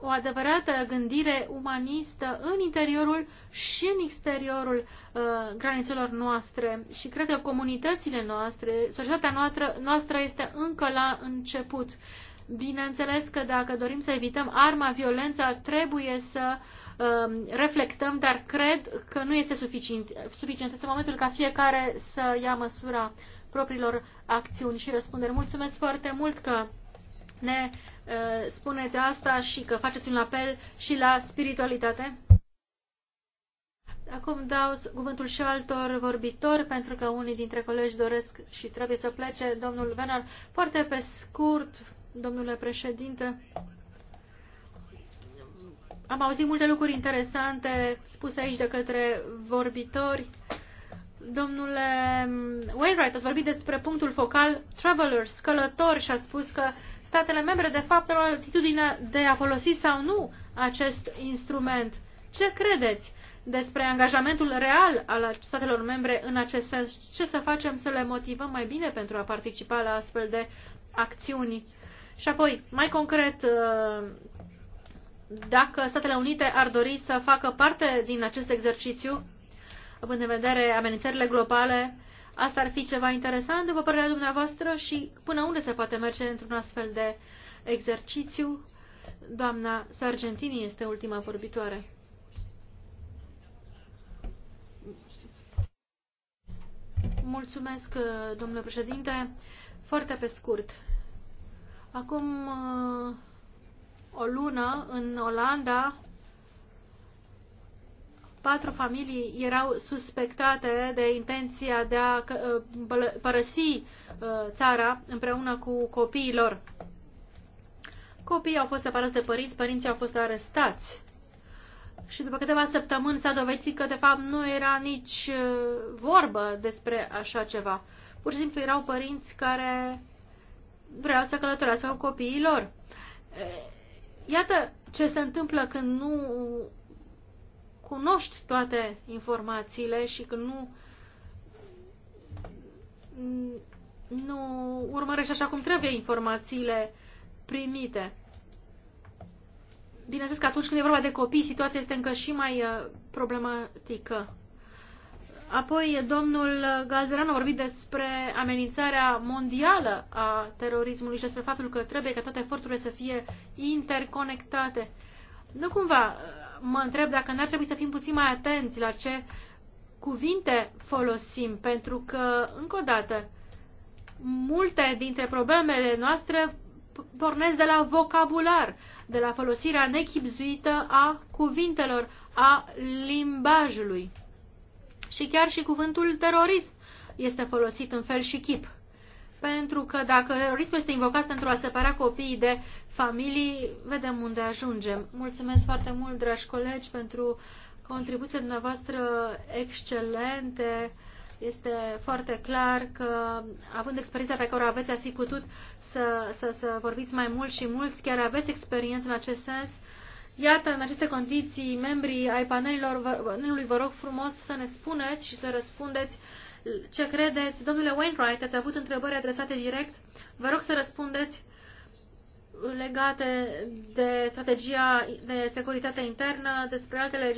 o adevărată gândire umanistă în interiorul și în exteriorul uh, granițelor noastre și cred că comunitățile noastre, societatea noastră, noastră este încă la început. Bineînțeles că dacă dorim să evităm arma, violența, trebuie să um, reflectăm, dar cred că nu este suficient. suficient. Este momentul ca fiecare să ia măsura propriilor acțiuni și răspunderi. Mulțumesc foarte mult că ne uh, spuneți asta și că faceți un apel și la spiritualitate. Acum dau cuvântul și altor vorbitori, pentru că unii dintre colegi doresc și trebuie să plece. Domnul Venar, foarte pe scurt, domnule președinte. Am auzit multe lucruri interesante spuse aici de către vorbitori. Domnule Wainwright, ați vorbit despre punctul focal travelers, călători, și ați spus că statele membre, de fapt, au atitudine de a folosi sau nu acest instrument. Ce credeți despre angajamentul real al statelor membre în acest sens? Ce să facem să le motivăm mai bine pentru a participa la astfel de acțiuni? Și apoi, mai concret, uh, dacă Statele Unite ar dori să facă parte din acest exercițiu, având în vedere amenințările globale, asta ar fi ceva interesant, după părerea dumneavoastră, și până unde se poate merge într-un astfel de exercițiu? Doamna Sargentini este ultima vorbitoare. Mulțumesc, uh, domnule președinte. Foarte pe scurt. Acum uh, o lună, în Olanda, patru familii erau suspectate de intenția de a uh, părăsi uh, țara împreună cu copiilor. Copiii au fost separați de părinți, părinții au fost arestați. Și după câteva săptămâni s-a dovedit că, de fapt, nu era nici vorbă despre așa ceva. Pur și simplu erau părinți care vreau să călătorească cu copiii lor. Iată ce se întâmplă când nu cunoști toate informațiile și când nu nu urmărești așa cum trebuie informațiile primite. Bineînțeles că atunci când e vorba de copii, situația este încă și mai problematică. Apoi, domnul Galzeran a vorbit despre amenințarea mondială a terorismului și despre faptul că trebuie ca toate eforturile să fie interconectate. Nu cumva mă întreb dacă n-ar trebui să fim puțin mai atenți la ce cuvinte folosim, pentru că, încă o dată, multe dintre problemele noastre pornesc de la vocabular, de la folosirea nechipzuită a cuvintelor, a limbajului și chiar și cuvântul terorism este folosit în fel și chip. Pentru că dacă terorismul este invocat pentru a separa copiii de familii, vedem unde ajungem. Mulțumesc foarte mult, dragi colegi, pentru contribuțiile dumneavoastră excelente. Este foarte clar că, având experiența pe care o aveți, ați fi putut să, să, să vorbiți mai mult și mulți, chiar aveți experiență în acest sens. Iată, în aceste condiții, membrii ai panelilor, panelului vă rog frumos să ne spuneți și să răspundeți ce credeți. Domnule Wainwright, ați avut întrebări adresate direct. Vă rog să răspundeți legate de strategia de securitate internă, despre alte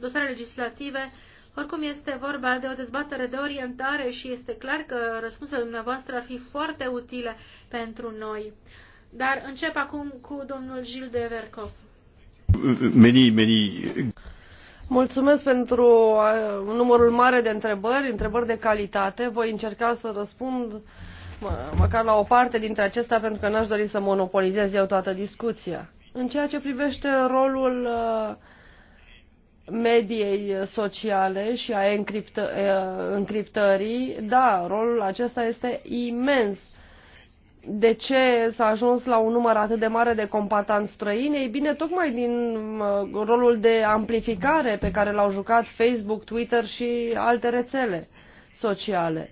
dosare legislative. Oricum este vorba de o dezbatere de orientare și este clar că răspunsurile dumneavoastră ar fi foarte utile pentru noi. Dar încep acum cu domnul Gilles de Vercoff. Many, many... Mulțumesc pentru numărul mare de întrebări, întrebări de calitate. Voi încerca să răspund mă, măcar la o parte dintre acestea, pentru că n-aș dori să monopolizez eu toată discuția. În ceea ce privește rolul mediei sociale și a încriptă, încriptării, da, rolul acesta este imens de ce s-a ajuns la un număr atât de mare de combatanți străini? Ei bine, tocmai din rolul de amplificare pe care l-au jucat Facebook, Twitter și alte rețele sociale.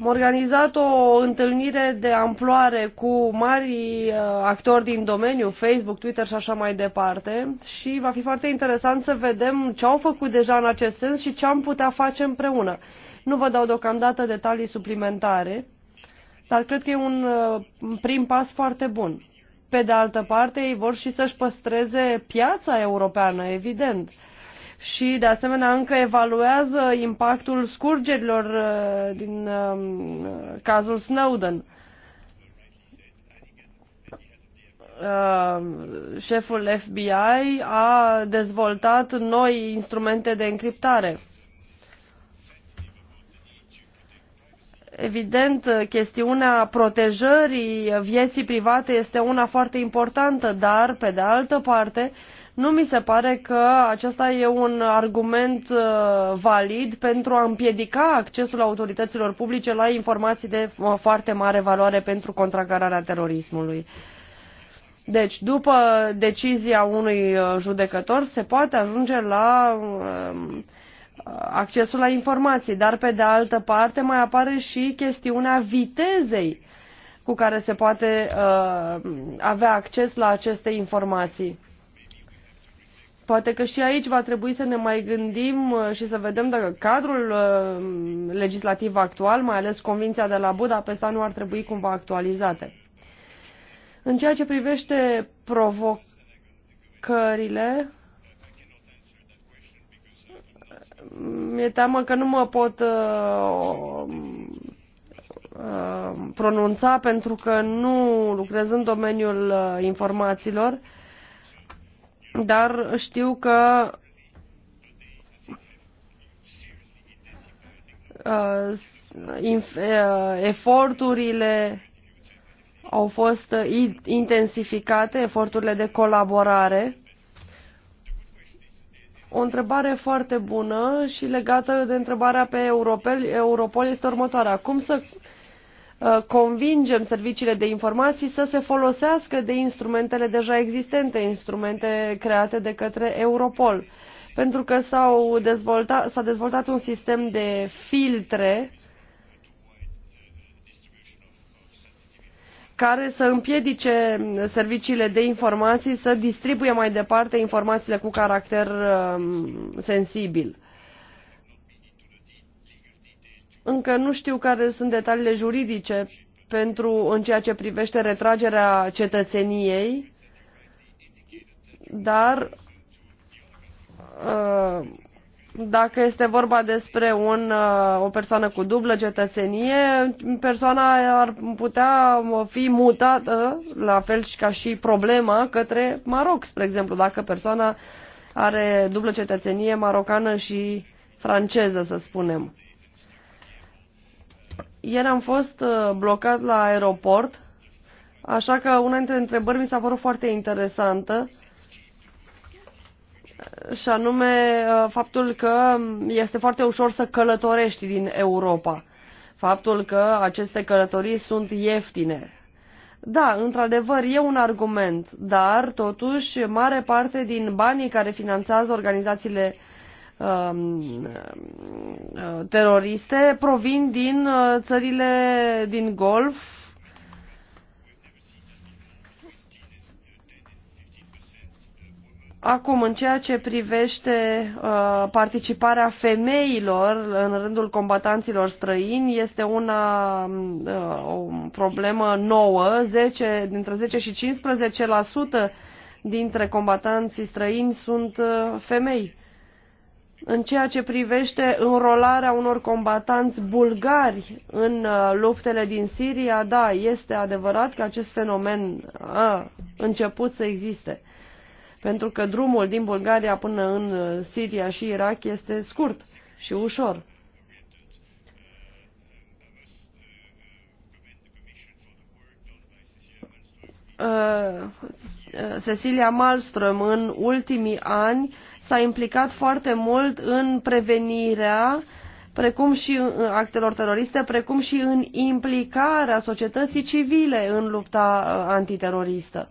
Am organizat o întâlnire de amploare cu mari ă, actori din domeniu, Facebook, Twitter și așa mai departe și va fi foarte interesant să vedem ce au făcut deja în acest sens și ce am putea face împreună. Nu vă dau deocamdată detalii suplimentare, dar cred că e uh, un prim pas foarte bun. Pe de altă parte, ei vor și să-și păstreze piața europeană, evident. Și, de asemenea, încă evaluează impactul scurgerilor uh, din um, cazul Snowden. Uh, șeful FBI a dezvoltat noi instrumente de încriptare. Evident, chestiunea protejării vieții private este una foarte importantă, dar, pe de altă parte, nu mi se pare că acesta e un argument uh, valid pentru a împiedica accesul autorităților publice la informații de uh, foarte mare valoare pentru contracararea terorismului. Deci, după decizia unui uh, judecător, se poate ajunge la accesul la informații, dar pe de altă parte mai apare și chestiunea vitezei cu care se poate uh, avea acces la aceste informații. Poate că și aici va trebui să ne mai gândim uh, și să vedem dacă cadrul uh, legislativ actual, mai ales Convinția de la Budapesta, nu ar trebui cumva actualizate. În ceea ce privește provocările, mi-e teamă că nu mă pot uh, uh, pronunța pentru că nu lucrez în domeniul uh, informațiilor, dar știu că uh, uh, eforturile au fost intensificate, eforturile de colaborare o întrebare foarte bună și legată de întrebarea pe Europol, Europol este următoarea. Cum să uh, convingem serviciile de informații să se folosească de instrumentele deja existente, instrumente create de către Europol. Pentru că s-a dezvoltat, dezvoltat un sistem de filtre care să împiedice serviciile de informații să distribuie mai departe informațiile cu caracter um, sensibil. Încă nu știu care sunt detaliile juridice pentru în ceea ce privește retragerea cetățeniei, dar uh, dacă este vorba despre un, uh, o persoană cu dublă cetățenie, persoana ar putea fi mutată, la fel și ca și problema, către Maroc, spre exemplu, dacă persoana are dublă cetățenie marocană și franceză, să spunem. Ieri am fost uh, blocat la aeroport, așa că una dintre întrebări mi s-a părut foarte interesantă și anume uh, faptul că este foarte ușor să călătorești din Europa. Faptul că aceste călătorii sunt ieftine. Da, într-adevăr, e un argument, dar totuși mare parte din banii care finanțează organizațiile um, uh, teroriste provin din uh, țările din Golf, Acum, în ceea ce privește uh, participarea femeilor în rândul combatanților străini, este una, uh, o problemă nouă. 10, dintre 10 și 15% dintre combatanții străini sunt uh, femei. În ceea ce privește înrolarea unor combatanți bulgari în uh, luptele din Siria, da, este adevărat că acest fenomen a început să existe pentru că drumul din Bulgaria până în uh, Siria și Irak este scurt și ușor. Uh, Cecilia Malmström în ultimii ani s-a implicat foarte mult în prevenirea precum și uh, actelor teroriste, precum și în implicarea societății civile în lupta antiteroristă.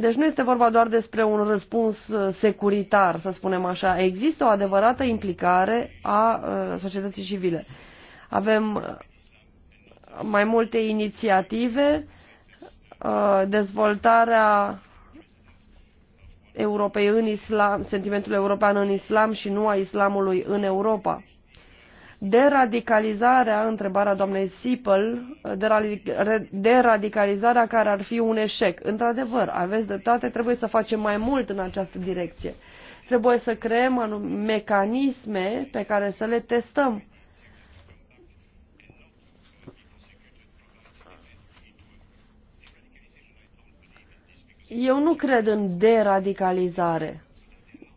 Deci nu este vorba doar despre un răspuns uh, securitar, să spunem așa. Există o adevărată implicare a uh, societății civile. Avem uh, mai multe inițiative, dezvoltarea Europei în islam, sentimentul european în islam și nu a islamului în Europa deradicalizarea, întrebarea doamnei Sipel, deradicalizarea care ar fi un eșec. Într-adevăr, aveți dreptate, trebuie să facem mai mult în această direcție. Trebuie să creăm mecanisme pe care să le testăm. Eu nu cred în deradicalizare,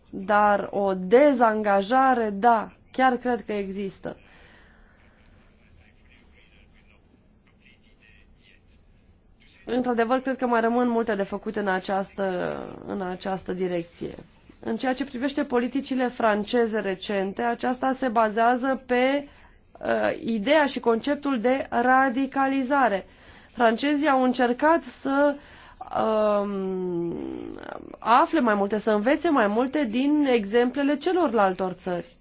dar o dezangajare, da, Chiar cred că există. Într-adevăr, cred că mai rămân multe de făcut în această, în această direcție. În ceea ce privește politicile franceze recente, aceasta se bazează pe uh, ideea și conceptul de radicalizare. Francezii au încercat să uh, afle mai multe, să învețe mai multe din exemplele celorlaltor țări.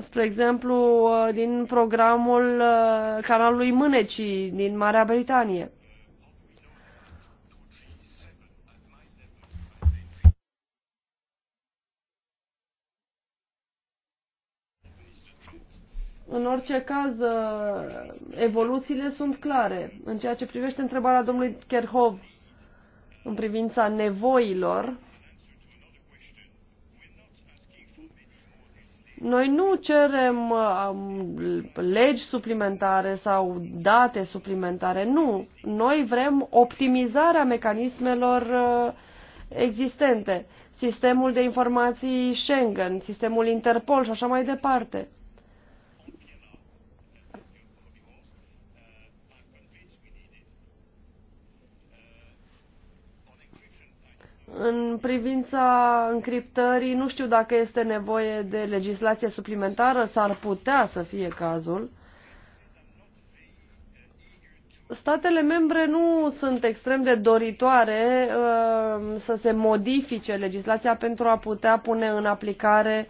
spre exemplu, uh, din programul uh, canalului Mânecii din Marea Britanie. În orice caz, uh, evoluțiile sunt clare. În ceea ce privește întrebarea domnului Kerhov în privința nevoilor, Noi nu cerem um, legi suplimentare sau date suplimentare, nu. Noi vrem optimizarea mecanismelor uh, existente, sistemul de informații Schengen, sistemul Interpol și așa mai departe. În privința încriptării, nu știu dacă este nevoie de legislație suplimentară, s-ar putea să fie cazul. Statele membre nu sunt extrem de doritoare uh, să se modifice legislația pentru a putea pune în aplicare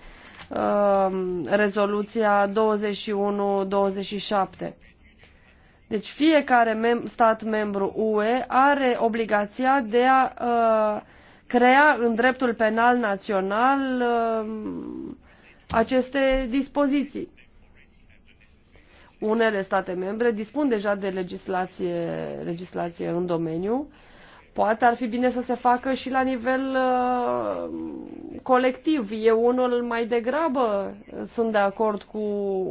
uh, rezoluția 21-27. Deci fiecare mem stat membru UE are obligația de a uh, crea în dreptul penal național um, aceste dispoziții. Unele state membre dispun deja de legislație, legislație în domeniu. Poate ar fi bine să se facă și la nivel uh, colectiv. Eu unul mai degrabă sunt de acord cu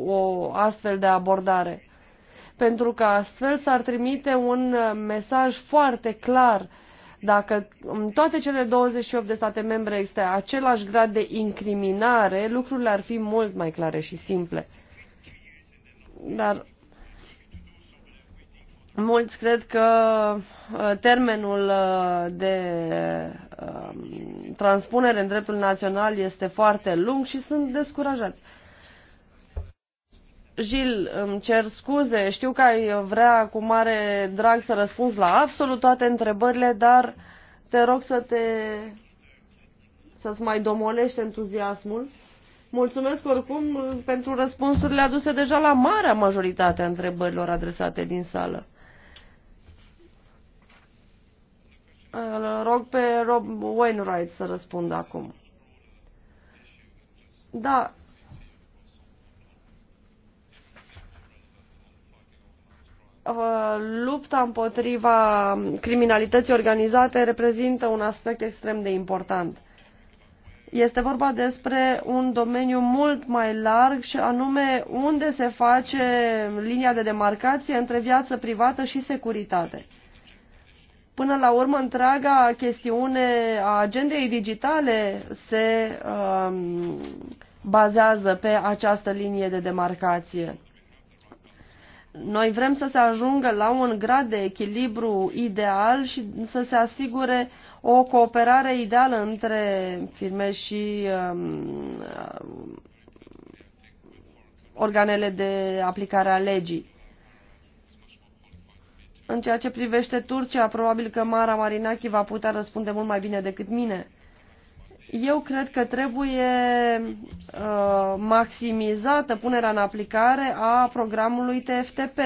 o astfel de abordare. Pentru că astfel s-ar trimite un mesaj foarte clar uh, dacă în toate cele 28 de state membre este același grad de incriminare, lucrurile ar fi mult mai clare și simple. Dar mulți cred că uh, termenul uh, de uh, transpunere în dreptul național este foarte lung și sunt descurajați. Gil, îmi cer scuze, știu că ai vrea cu mare drag să răspunzi la absolut toate întrebările, dar te rog să te... să-ți mai domolești entuziasmul. Mulțumesc oricum pentru răspunsurile aduse deja la marea majoritate a întrebărilor adresate din sală. Îl rog pe Rob Wainwright să răspundă acum. Da, Uh, lupta împotriva criminalității organizate reprezintă un aspect extrem de important. Este vorba despre un domeniu mult mai larg și anume unde se face linia de demarcație între viață privată și securitate. Până la urmă, întreaga chestiune a agendei digitale se um, bazează pe această linie de demarcație. Noi vrem să se ajungă la un grad de echilibru ideal și să se asigure o cooperare ideală între firme și um, uh, organele de aplicare a legii. În ceea ce privește Turcia, probabil că Mara Marinachi va putea răspunde mult mai bine decât mine. Eu cred că trebuie uh, maximizată punerea în aplicare a programului TFTP.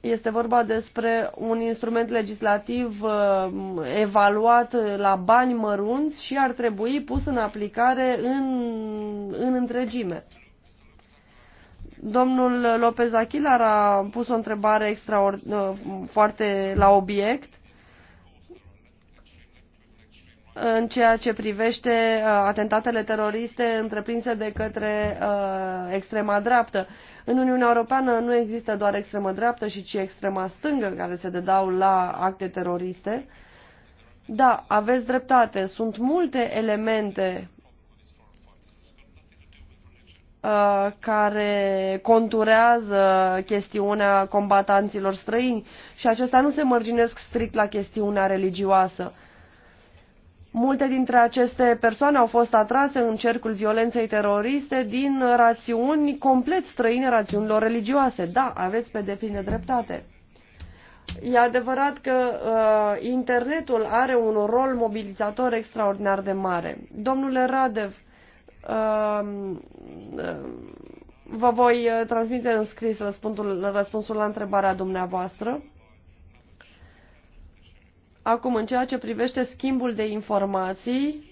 Este vorba despre un instrument legislativ uh, evaluat la bani mărunți și ar trebui pus în aplicare în, în întregime. Domnul Lopez Achilar a pus o întrebare extraor- uh, foarte la obiect în ceea ce privește uh, atentatele teroriste întreprinse de către uh, extrema dreaptă. În Uniunea Europeană nu există doar extrema dreaptă, și ci extrema stângă care se dedau la acte teroriste. Da, aveți dreptate. Sunt multe elemente uh, care conturează chestiunea combatanților străini și acestea nu se mărginesc strict la chestiunea religioasă Multe dintre aceste persoane au fost atrase în cercul violenței teroriste din rațiuni complet străine rațiunilor religioase. Da, aveți pe deplină dreptate. E adevărat că uh, internetul are un rol mobilizator extraordinar de mare. Domnule Radev, uh, uh, vă voi uh, transmite în scris răspunsul, răspunsul la întrebarea dumneavoastră. Acum, în ceea ce privește schimbul de informații,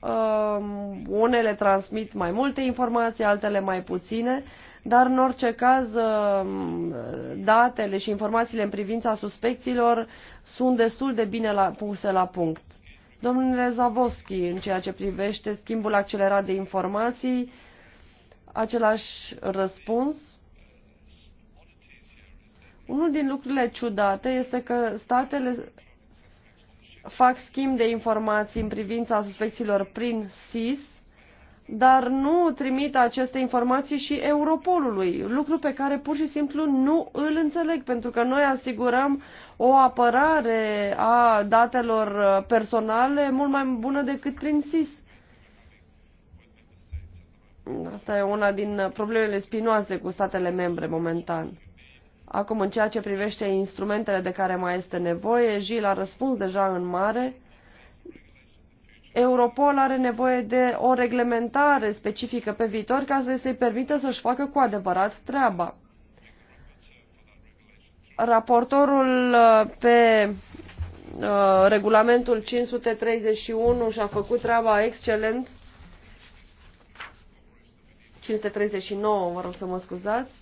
um, unele transmit mai multe informații, altele mai puține, dar în orice caz um, datele și informațiile în privința suspecțiilor sunt destul de bine la, puse la punct. Domnule Zavoschi, în ceea ce privește schimbul accelerat de informații, același răspuns. Unul din lucrurile ciudate este că statele fac schimb de informații în privința suspecțiilor prin SIS, dar nu trimit aceste informații și Europolului, lucru pe care pur și simplu nu îl înțeleg, pentru că noi asigurăm o apărare a datelor personale mult mai bună decât prin SIS. Asta e una din problemele spinoase cu statele membre momentan. Acum, în ceea ce privește instrumentele de care mai este nevoie, Jil a răspuns deja în mare. Europol are nevoie de o reglementare specifică pe viitor ca să se permită să-și facă cu adevărat treaba. Raportorul uh, pe uh, regulamentul 531 și-a făcut treaba excelent. 539, vă rog să mă scuzați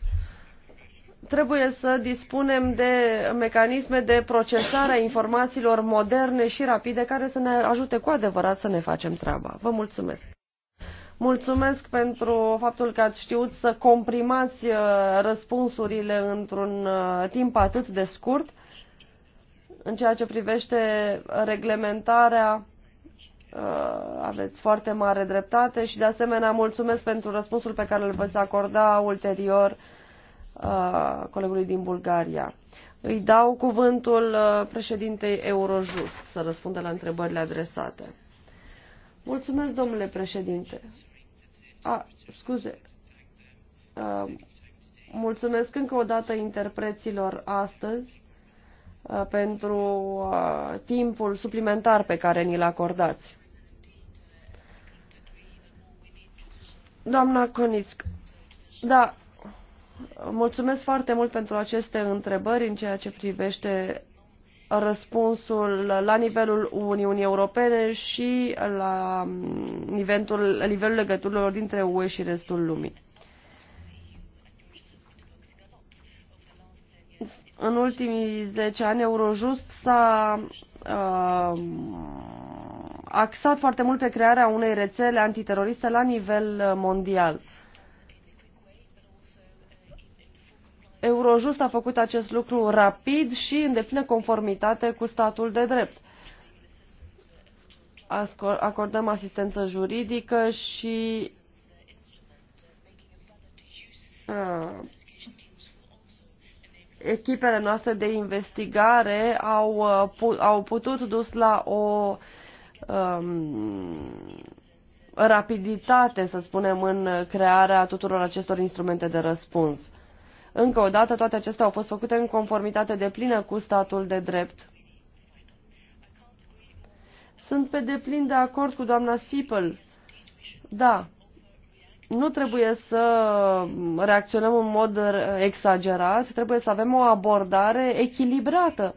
trebuie să dispunem de mecanisme de procesare a informațiilor moderne și rapide care să ne ajute cu adevărat să ne facem treaba. Vă mulțumesc! Mulțumesc pentru faptul că ați știut să comprimați uh, răspunsurile într-un uh, timp atât de scurt în ceea ce privește reglementarea uh, aveți foarte mare dreptate și de asemenea mulțumesc pentru răspunsul pe care îl veți acorda ulterior colegului din Bulgaria. Îi dau cuvântul uh, președintei Eurojust să răspundă la întrebările adresate. Mulțumesc, domnule președinte. A, scuze. A, mulțumesc încă o dată interpreților astăzi a, pentru a, timpul suplimentar pe care ni-l acordați. Doamna Conițc, da, Mulțumesc foarte mult pentru aceste întrebări în ceea ce privește răspunsul la nivelul Uniunii Europene și la nivelul, mm, la nivelul legăturilor dintre UE și restul lumii. În ultimii 10 ani, Eurojust s-a uh, axat foarte mult pe crearea unei rețele antiteroriste la nivel uh, mondial. Eurojust a făcut acest lucru rapid și în deplină conformitate cu statul de drept. Acordăm asistență juridică și uh, echipele noastre de investigare au, au putut dus la o um, rapiditate, să spunem, în crearea tuturor acestor instrumente de răspuns. Încă o dată, toate acestea au fost făcute în conformitate de plină cu statul de drept. Sunt pe deplin de acord cu doamna Sipel. Da, nu trebuie să reacționăm în mod exagerat, trebuie să avem o abordare echilibrată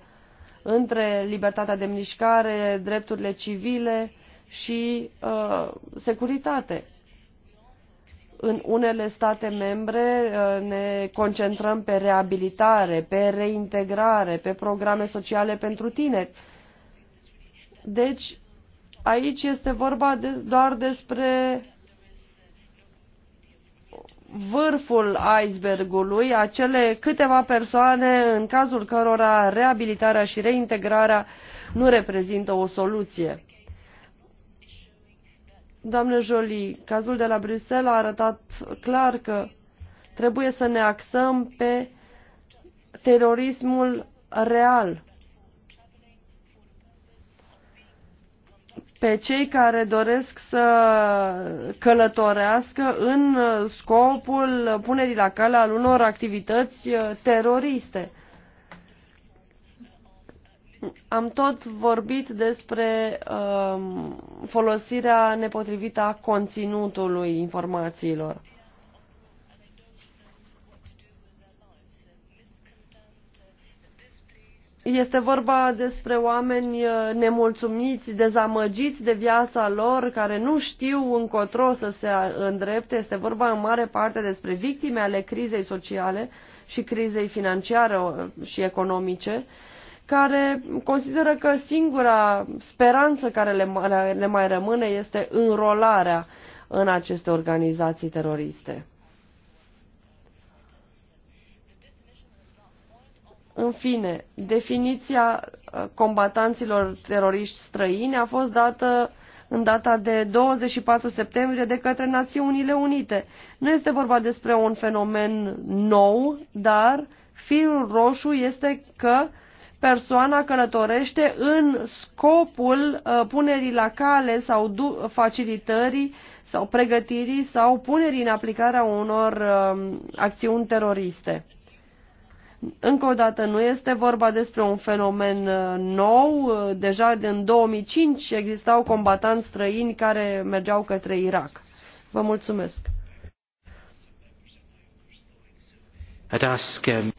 între libertatea de mișcare, drepturile civile și uh, securitate. În unele state membre uh, ne concentrăm pe reabilitare, pe reintegrare, pe programe sociale pentru tineri. Deci, aici este vorba de, doar despre vârful icebergului, acele câteva persoane în cazul cărora reabilitarea și reintegrarea nu reprezintă o soluție. Doamnă Jolie, cazul de la Bruxelles a arătat clar că trebuie să ne axăm pe terorismul real, pe cei care doresc să călătorească în scopul punerii la cale al unor activități uh, teroriste am tot vorbit despre um, folosirea nepotrivită a conținutului informațiilor. Este vorba despre oameni uh, nemulțumiți, dezamăgiți de viața lor, care nu știu încotro să se uh, îndrepte. Este vorba în mare parte despre victime ale crizei sociale și crizei financiare uh, și economice care consideră că singura speranță care le, le mai rămâne este înrolarea în aceste organizații teroriste. În fine, definiția uh, combatanților teroriști străini a fost dată în data de 24 septembrie de către Națiunile Unite. Nu este vorba despre un fenomen nou, dar firul roșu este că uh, persoana călătorește în scopul uh, punerii la cale sau facilitării sau pregătirii sau punerii în aplicarea unor uh, acțiuni teroriste. Încă o dată, nu este vorba despre un fenomen uh, nou. Uh, deja din 2005 existau combatanți străini care mergeau către Irak. Vă mulțumesc. I'd ask, um...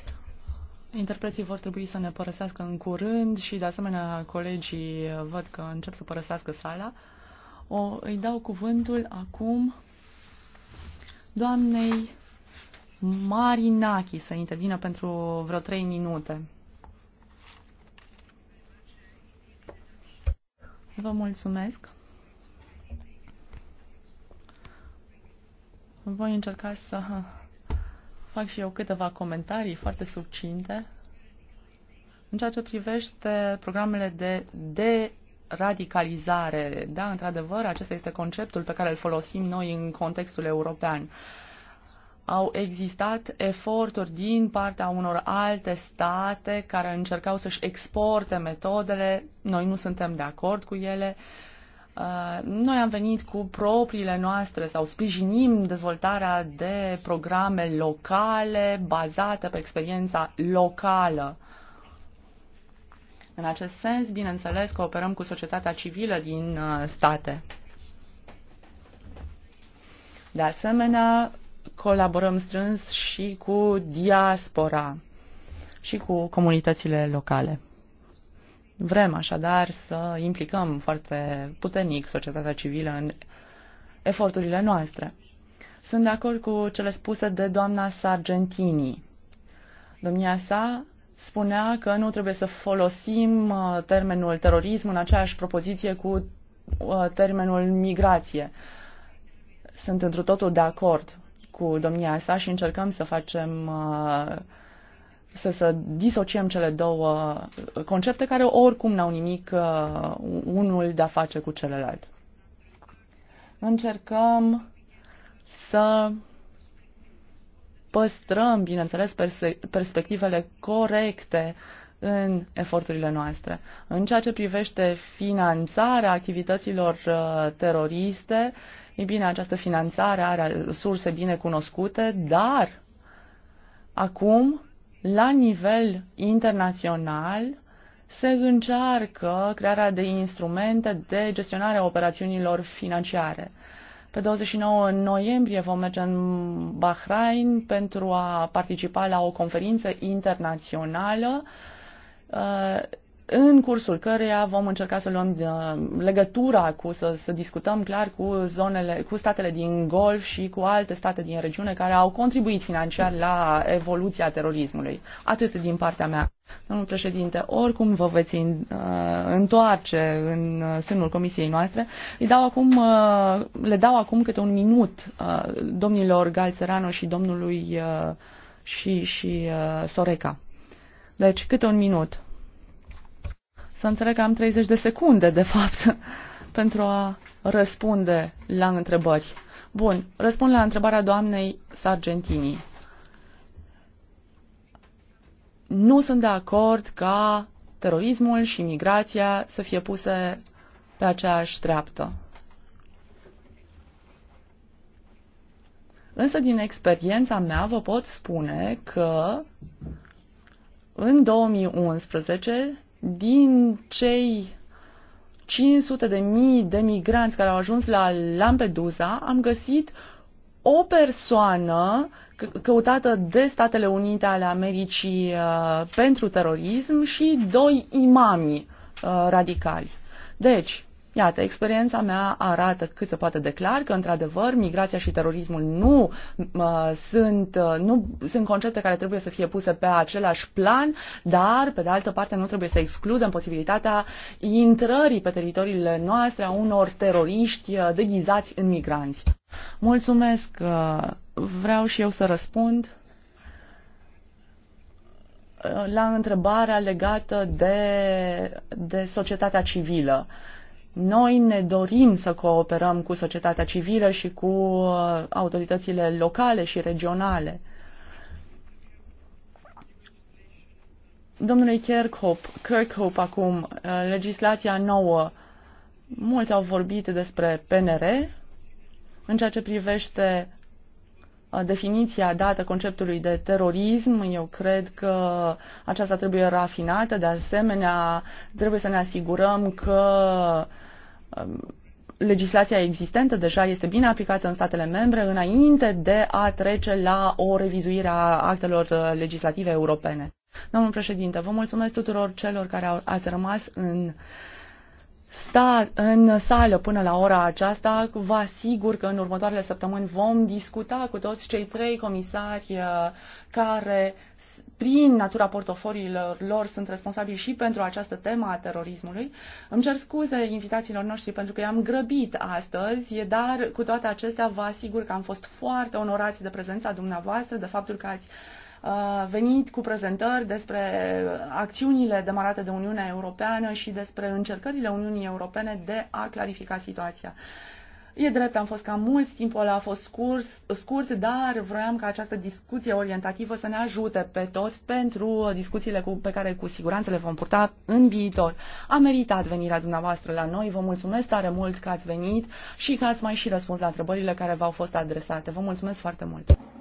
Interpreții vor trebui să ne părăsească în curând și, de asemenea, colegii văd că încep să părăsească sala. O, îi dau cuvântul acum doamnei Marinaki să intervină pentru vreo trei minute. Vă mulțumesc. Voi încerca să fac și eu câteva comentarii foarte subcinte în ceea ce privește programele de, de radicalizare. Da, într-adevăr, acesta este conceptul pe care îl folosim noi în contextul european. Au existat eforturi din partea unor alte state care încercau să-și exporte metodele. Noi nu suntem de acord cu ele. Uh, Uh, noi am venit cu propriile noastre sau sprijinim dezvoltarea de programe locale bazate pe experiența locală. În acest sens, bineînțeles, cooperăm cu societatea civilă din uh, state. De asemenea, colaborăm strâns și cu diaspora și cu comunitățile locale. Vrem așadar să implicăm foarte puternic societatea civilă în eforturile noastre. Sunt de acord cu cele spuse de doamna Sargentini. Domnia sa spunea că nu trebuie să folosim uh, termenul terorism în aceeași propoziție cu uh, termenul migrație. Sunt într totul de acord cu domnia sa și încercăm să facem uh, să, să disociem cele două concepte care oricum n-au nimic uh, unul de-a face cu celălalt. Încercăm să păstrăm, bineînțeles, pers perspectivele corecte în eforturile noastre. În ceea ce privește finanțarea activităților uh, teroriste, ei bine, această finanțare are surse bine cunoscute, dar acum la nivel internațional se încearcă crearea de instrumente de gestionare a operațiunilor financiare. Pe 29 noiembrie vom merge în Bahrain pentru a participa la o conferință internațională uh, în cursul căreia vom încerca să luăm uh, legătura cu, să, să discutăm clar cu zonele, cu statele din Golf și cu alte state din regiune care au contribuit financiar la evoluția terorismului. Atât din partea mea. Domnul președinte, oricum vă veți uh, întoarce în uh, sânul comisiei noastre, îi dau acum, uh, le dau acum câte un minut uh, domnilor Galțerano și domnului uh, și, și uh, Soreca. Deci câte un minut. Să înțeleg că am 30 de secunde, de fapt, pentru a răspunde la întrebări. Bun, răspund la întrebarea doamnei Sargentini. Nu sunt de acord ca terorismul și migrația să fie puse pe aceeași treaptă. Însă din experiența mea vă pot spune că în 2011 din cei 500 de mii de migranți care au ajuns la Lampedusa, am găsit o persoană căutată de Statele Unite ale Americii uh, pentru terorism și doi imami uh, radicali. Deci, Iată, experiența mea arată cât se poate de clar că, într-adevăr, migrația și terorismul nu, uh, sunt, uh, nu sunt concepte care trebuie să fie puse pe același plan, dar, pe de altă parte, nu trebuie să excludem posibilitatea intrării pe teritoriile noastre a unor teroriști uh, deghizați în migranți. Mulțumesc! Uh, vreau și eu să răspund uh, la întrebarea legată de, de societatea civilă. Uh, noi ne dorim să cooperăm cu societatea civilă și cu uh, autoritățile locale și regionale. Domnule Kirkhope, Kirkhope acum, uh, legislația nouă, mulți au vorbit despre PNR, în ceea ce privește Uh, definiția dată conceptului de terorism. Eu cred că aceasta trebuie rafinată. De asemenea, trebuie să ne asigurăm că um, legislația existentă deja este bine aplicată în statele membre înainte de a trece la o revizuire a actelor uh, legislative europene. Domnul președinte, vă mulțumesc tuturor celor care ați rămas în sta în sală până la ora aceasta, vă asigur că în următoarele săptămâni vom discuta cu toți cei trei comisari uh, care, prin natura portofoliilor lor, sunt responsabili și pentru această temă a terorismului. Îmi cer scuze invitațiilor noștri pentru că i-am grăbit astăzi, dar cu toate acestea vă asigur că am fost foarte onorați de prezența dumneavoastră, de faptul că ați venit cu prezentări despre acțiunile demarate de Uniunea Europeană și despre încercările Uniunii Europene de a clarifica situația. E drept, am fost cam mulți, timpul a fost scurs, scurt, dar vroiam ca această discuție orientativă să ne ajute pe toți pentru discuțiile cu, pe care cu siguranță le vom purta în viitor. A meritat venirea dumneavoastră la noi, vă mulțumesc tare mult că ați venit și că ați mai și răspuns la întrebările care v-au fost adresate. Vă mulțumesc foarte mult!